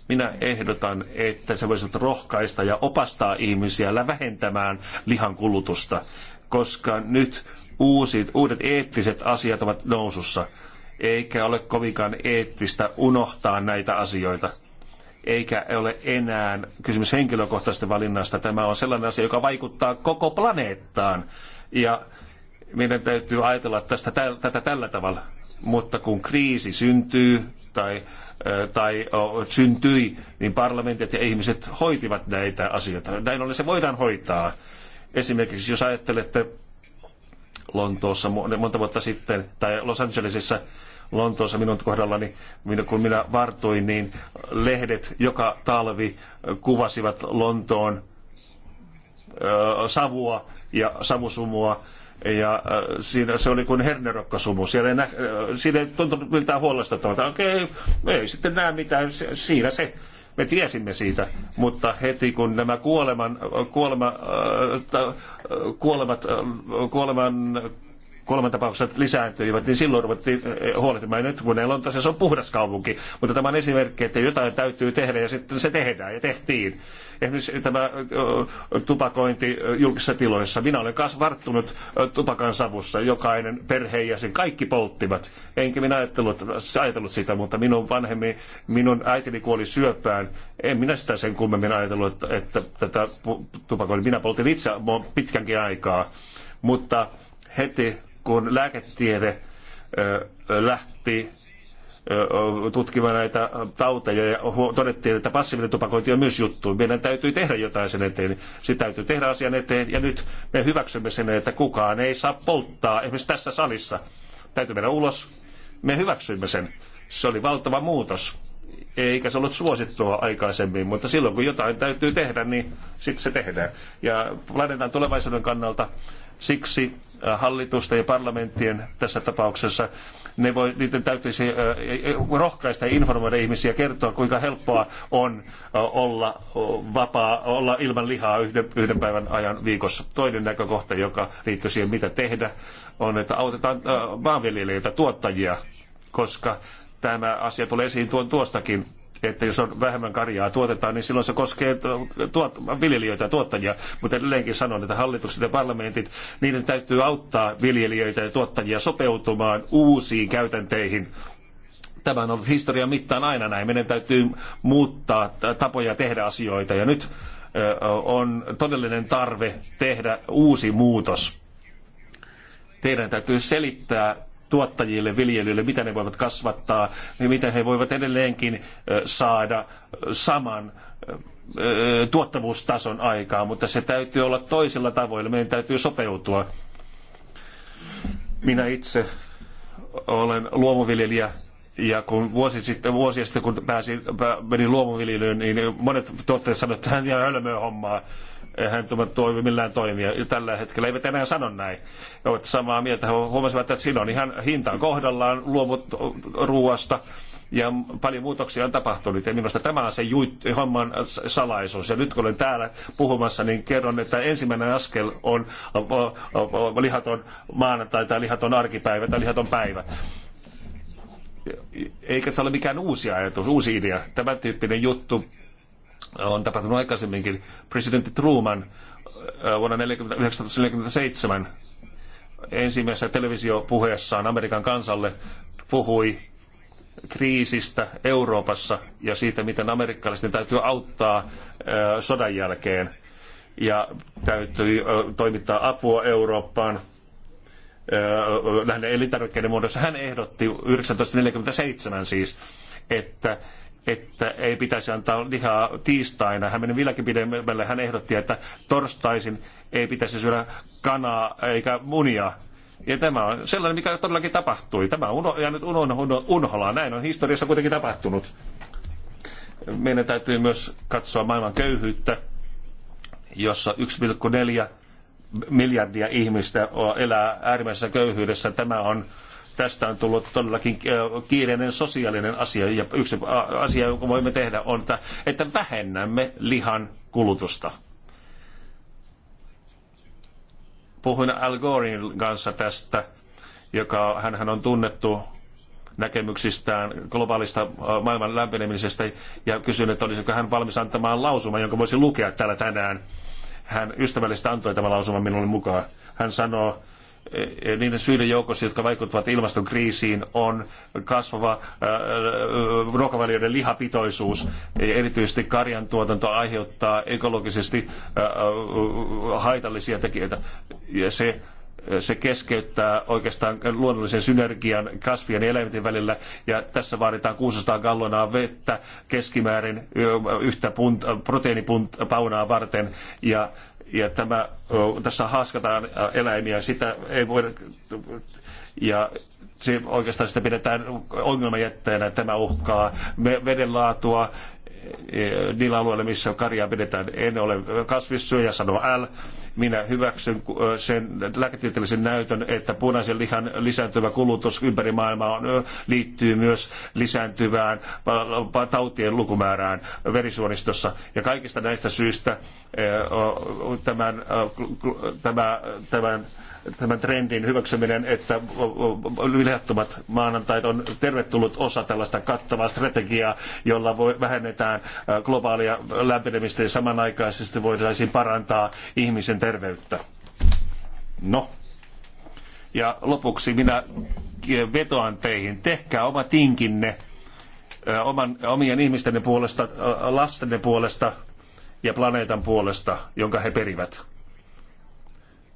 Minä ehdotan, että sä voisit rohkaista ja opastaa ihmisiä vähentämään lihan kulutusta, koska nyt uusit, uudet eettiset asiat ovat nousussa, eikä ole kovinkaan eettistä unohtaa näitä asioita eikä ole enää kysymys henkilökohtaisesta valinnasta. Tämä on sellainen asia, joka vaikuttaa koko planeettaan. Ja meidän täytyy ajatella tästä, tätä tällä tavalla. Mutta kun kriisi syntyy, tai, tai syntyi, niin parlamentit ja ihmiset hoitivat näitä asioita. Näin ollen se voidaan hoitaa. Esimerkiksi jos ajattelette Lontoossa monta vuotta sitten tai Los Angelesissa Lontoossa minun kohdallani, kun minä vartuin, niin lehdet joka talvi kuvasivat Lontoon savua ja savusumua ja äh, siinä se oli kuin hernerokkasumu. Siellä ei, nä, äh, siinä ei tuntunut miltään huolestuttavalta. Okei, ei sitten näe mitään. Siinä se me tiesimme siitä, mutta heti kun nämä kuoleman, kuolema, äh, kuolemat, kuoleman kuolemantapaukset lisääntyivät, niin silloin ruvettiin eh, huolehtimaan. Nyt kun Lontoossa se on puhdas kaupunki, mutta tämä on esimerkki, että jotain täytyy tehdä ja sitten se tehdään ja tehtiin. Esimerkiksi tämä eh, tupakointi eh, julkisissa tiloissa. Minä olen kasvarttunut tupakan savussa. Jokainen perheenjäsen, kaikki polttivat. Enkä minä ajatellut, ajatellut sitä, mutta minun vanhemmi, minun äitini kuoli syöpään. En minä sitä sen kummemmin ajatellut, että, että tätä tupakointia. Minä poltin itse pitkänkin aikaa. Mutta heti kun lääketiede lähti tutkimaan näitä tauteja ja todettiin, että passiivinen tupakointi on myös juttu. Meidän täytyy tehdä jotain sen eteen. Se täytyy tehdä asian eteen ja nyt me hyväksymme sen, että kukaan ei saa polttaa esimerkiksi tässä salissa. Täytyy mennä ulos. Me hyväksyimme sen. Se oli valtava muutos eikä se ollut suosittua aikaisemmin, mutta silloin kun jotain täytyy tehdä, niin sitten se tehdään. Ja planeetan tulevaisuuden kannalta siksi äh, hallitusten ja parlamenttien tässä tapauksessa ne voi, niiden täytyisi äh, rohkaista ja informoida ihmisiä ja kertoa, kuinka helppoa on äh, olla vapaa, olla ilman lihaa yhden, yhden päivän ajan viikossa. Toinen näkökohta, joka liittyy siihen, mitä tehdä, on, että autetaan maanviljelijöitä, tuottajia, koska tämä asia tulee esiin tuon tuostakin että jos on vähemmän karjaa tuotetaan, niin silloin se koskee tuot, viljelijöitä ja tuottajia. Mutta edelleenkin sanon, että hallitukset ja parlamentit, niiden täytyy auttaa viljelijöitä ja tuottajia sopeutumaan uusiin käytänteihin. Tämä on ollut historian mittaan aina näin. Meidän täytyy muuttaa tapoja tehdä asioita ja nyt on todellinen tarve tehdä uusi muutos. Teidän täytyy selittää tuottajille, viljelijöille, mitä ne voivat kasvattaa, niin miten he voivat edelleenkin saada saman tuottavuustason aikaa, mutta se täytyy olla toisilla tavoilla. Meidän täytyy sopeutua. Minä itse olen luomuviljelijä ja kun vuosi sitten, vuosia sitten, kun pääsin, menin luomuviljelyyn, niin monet tuottajat sanoivat, että hän ihan hölmöä hommaa eihän toimi millään toimia tällä hetkellä. Eivät enää sano näin. He ovat samaa mieltä. He huomasivat, että siinä on ihan hintaan kohdallaan luovut ruuasta ja paljon muutoksia on tapahtunut. Ja minusta tämä on se juit, homman salaisuus. Ja nyt kun olen täällä puhumassa, niin kerron, että ensimmäinen askel on lihaton maanantai tai lihaton arkipäivä tai lihaton päivä eikä se ole mikään uusi ajatus, uusi idea. Tämän tyyppinen juttu on tapahtunut aikaisemminkin. Presidentti Truman äh, vuonna 1947 ensimmäisessä televisiopuheessaan Amerikan kansalle puhui kriisistä Euroopassa ja siitä, miten amerikkalaisten täytyy auttaa äh, sodan jälkeen ja täytyy äh, toimittaa apua Eurooppaan lähinnä elintarvikkeiden muodossa. Hän ehdotti 1947 siis, että että ei pitäisi antaa lihaa tiistaina. Hän meni vieläkin pidemmälle. Hän ehdotti, että torstaisin ei pitäisi syödä kanaa eikä munia. Ja tämä on sellainen, mikä todellakin tapahtui. Tämä on jäänyt unon, unholaan. Näin on historiassa kuitenkin tapahtunut. Meidän täytyy myös katsoa maailman köyhyyttä, jossa 1,4 miljardia ihmistä elää äärimmäisessä köyhyydessä. Tämä on Tästä on tullut todellakin äh, kiireinen sosiaalinen asia, ja yksi äh, asia, jonka voimme tehdä, on, että vähennämme lihan kulutusta. Puhuin Al Gorein kanssa tästä, joka hän on tunnettu näkemyksistään globaalista äh, maailman lämpenemisestä ja kysyin, että olisiko hän valmis antamaan lausuman, jonka voisi lukea täällä tänään. Hän ystävällisesti antoi tämän lausuman minulle mukaan. Hän sanoo, niiden syiden joukossa, jotka vaikuttavat ilmaston kriisiin, on kasvava ruokavalioiden lihapitoisuus. Erityisesti karjan tuotanto aiheuttaa ekologisesti haitallisia tekijöitä. Ja se se keskeyttää oikeastaan luonnollisen synergian kasvien ja eläinten välillä. Ja tässä vaaditaan 600 gallonaa vettä keskimäärin yhtä punt, proteiinipaunaa varten. Ja ja tämä, tässä haaskataan eläimiä, sitä ei voida, ja oikeastaan sitä pidetään ongelmajätteenä, tämä uhkaa laatua, niillä alueilla, missä karjaa pidetään. En ole kasvissyöjä, sanoo L. Minä hyväksyn sen lääketieteellisen näytön, että punaisen lihan lisääntyvä kulutus ympäri maailmaa on, liittyy myös lisääntyvään tautien lukumäärään verisuonistossa. Ja kaikista näistä syistä tämän, tämän, tämän tämän trendin hyväksyminen, että viljattomat maanantait on tervetullut osa tällaista kattavaa strategiaa, jolla voi, vähennetään globaalia lämpenemistä ja samanaikaisesti voitaisiin parantaa ihmisen terveyttä. No. Ja lopuksi minä vetoan teihin, tehkää oma tinkinne oman, omien ihmistenne puolesta, lastenne puolesta ja planeetan puolesta, jonka he perivät.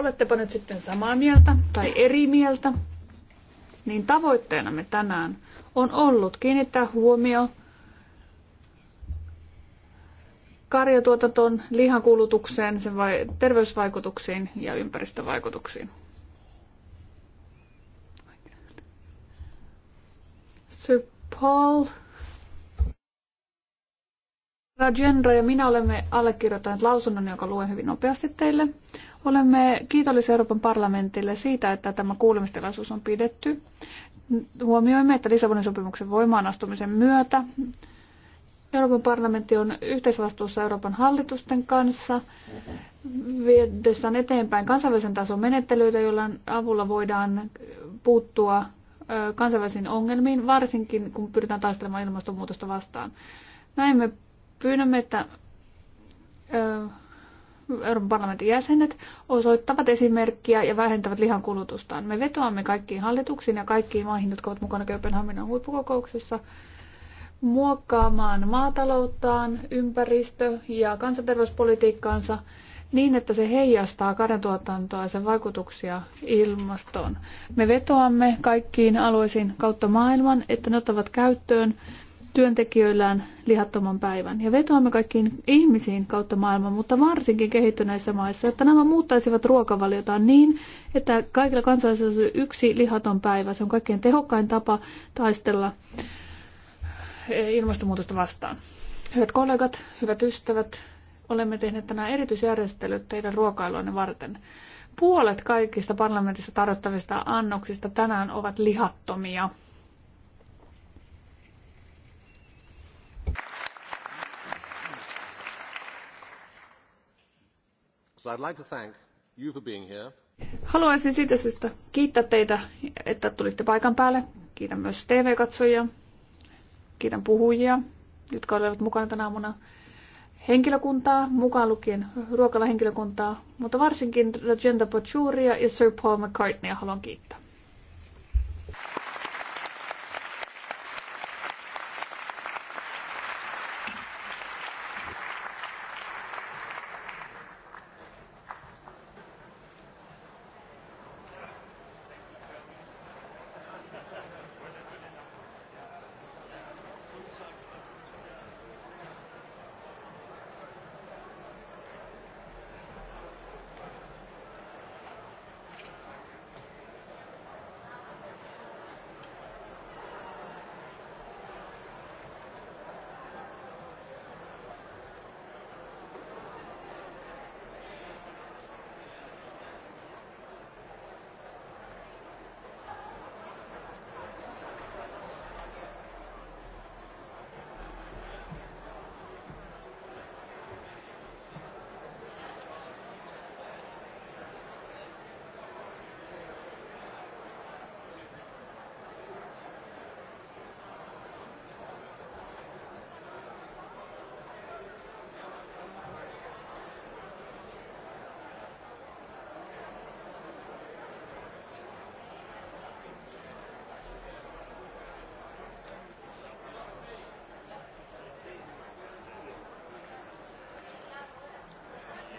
Olettepa nyt sitten samaa mieltä tai eri mieltä, niin tavoitteenamme tänään on ollut kiinnittää huomio karjatuotanton lihankulutukseen, sen vai- terveysvaikutuksiin ja ympäristövaikutuksiin. Sir Paul Rajendra ja minä olemme allekirjoittaneet lausunnon, jonka luen hyvin nopeasti teille. Olemme kiitollisia Euroopan parlamentille siitä, että tämä kuulemistilaisuus on pidetty. Huomioimme, että Lissabonin sopimuksen voimaan astumisen myötä Euroopan parlamentti on yhteisvastuussa Euroopan hallitusten kanssa viedessään eteenpäin kansainvälisen tason menettelyitä, joilla avulla voidaan puuttua kansainvälisiin ongelmiin, varsinkin kun pyritään taistelemaan ilmastonmuutosta vastaan. Näin me pyydämme, että Euroopan parlamentin jäsenet osoittavat esimerkkiä ja vähentävät lihan kulutustaan. Me vetoamme kaikkiin hallituksiin ja kaikkiin maihin, jotka ovat mukana Kööpenhaminan huippukokouksessa, muokkaamaan maatalouttaan, ympäristö- ja kansanterveyspolitiikkaansa niin, että se heijastaa karjatuotantoa ja sen vaikutuksia ilmastoon. Me vetoamme kaikkiin alueisiin kautta maailman, että ne ottavat käyttöön työntekijöillään lihattoman päivän. Ja vetoamme kaikkiin ihmisiin kautta maailman, mutta varsinkin kehittyneissä maissa, että nämä muuttaisivat ruokavaliotaan niin, että kaikilla kansalaisilla on yksi lihaton päivä. Se on kaikkein tehokkain tapa taistella eh, ilmastonmuutosta vastaan. Hyvät kollegat, hyvät ystävät, olemme tehneet tänään erityisjärjestelyt teidän ruokailuanne varten. Puolet kaikista parlamentissa tarjottavista annoksista tänään ovat lihattomia. So I'd like to thank you for being here. Haluaisin siitä syystä kiittää teitä, että tulitte paikan päälle. Kiitän myös TV-katsojia. Kiitän puhujia, jotka olivat mukana tänä aamuna. Henkilökuntaa, mukaan lukien ruokalahenkilökuntaa, mutta varsinkin Rajendra Pochuria ja Sir Paul McCartneya haluan kiittää.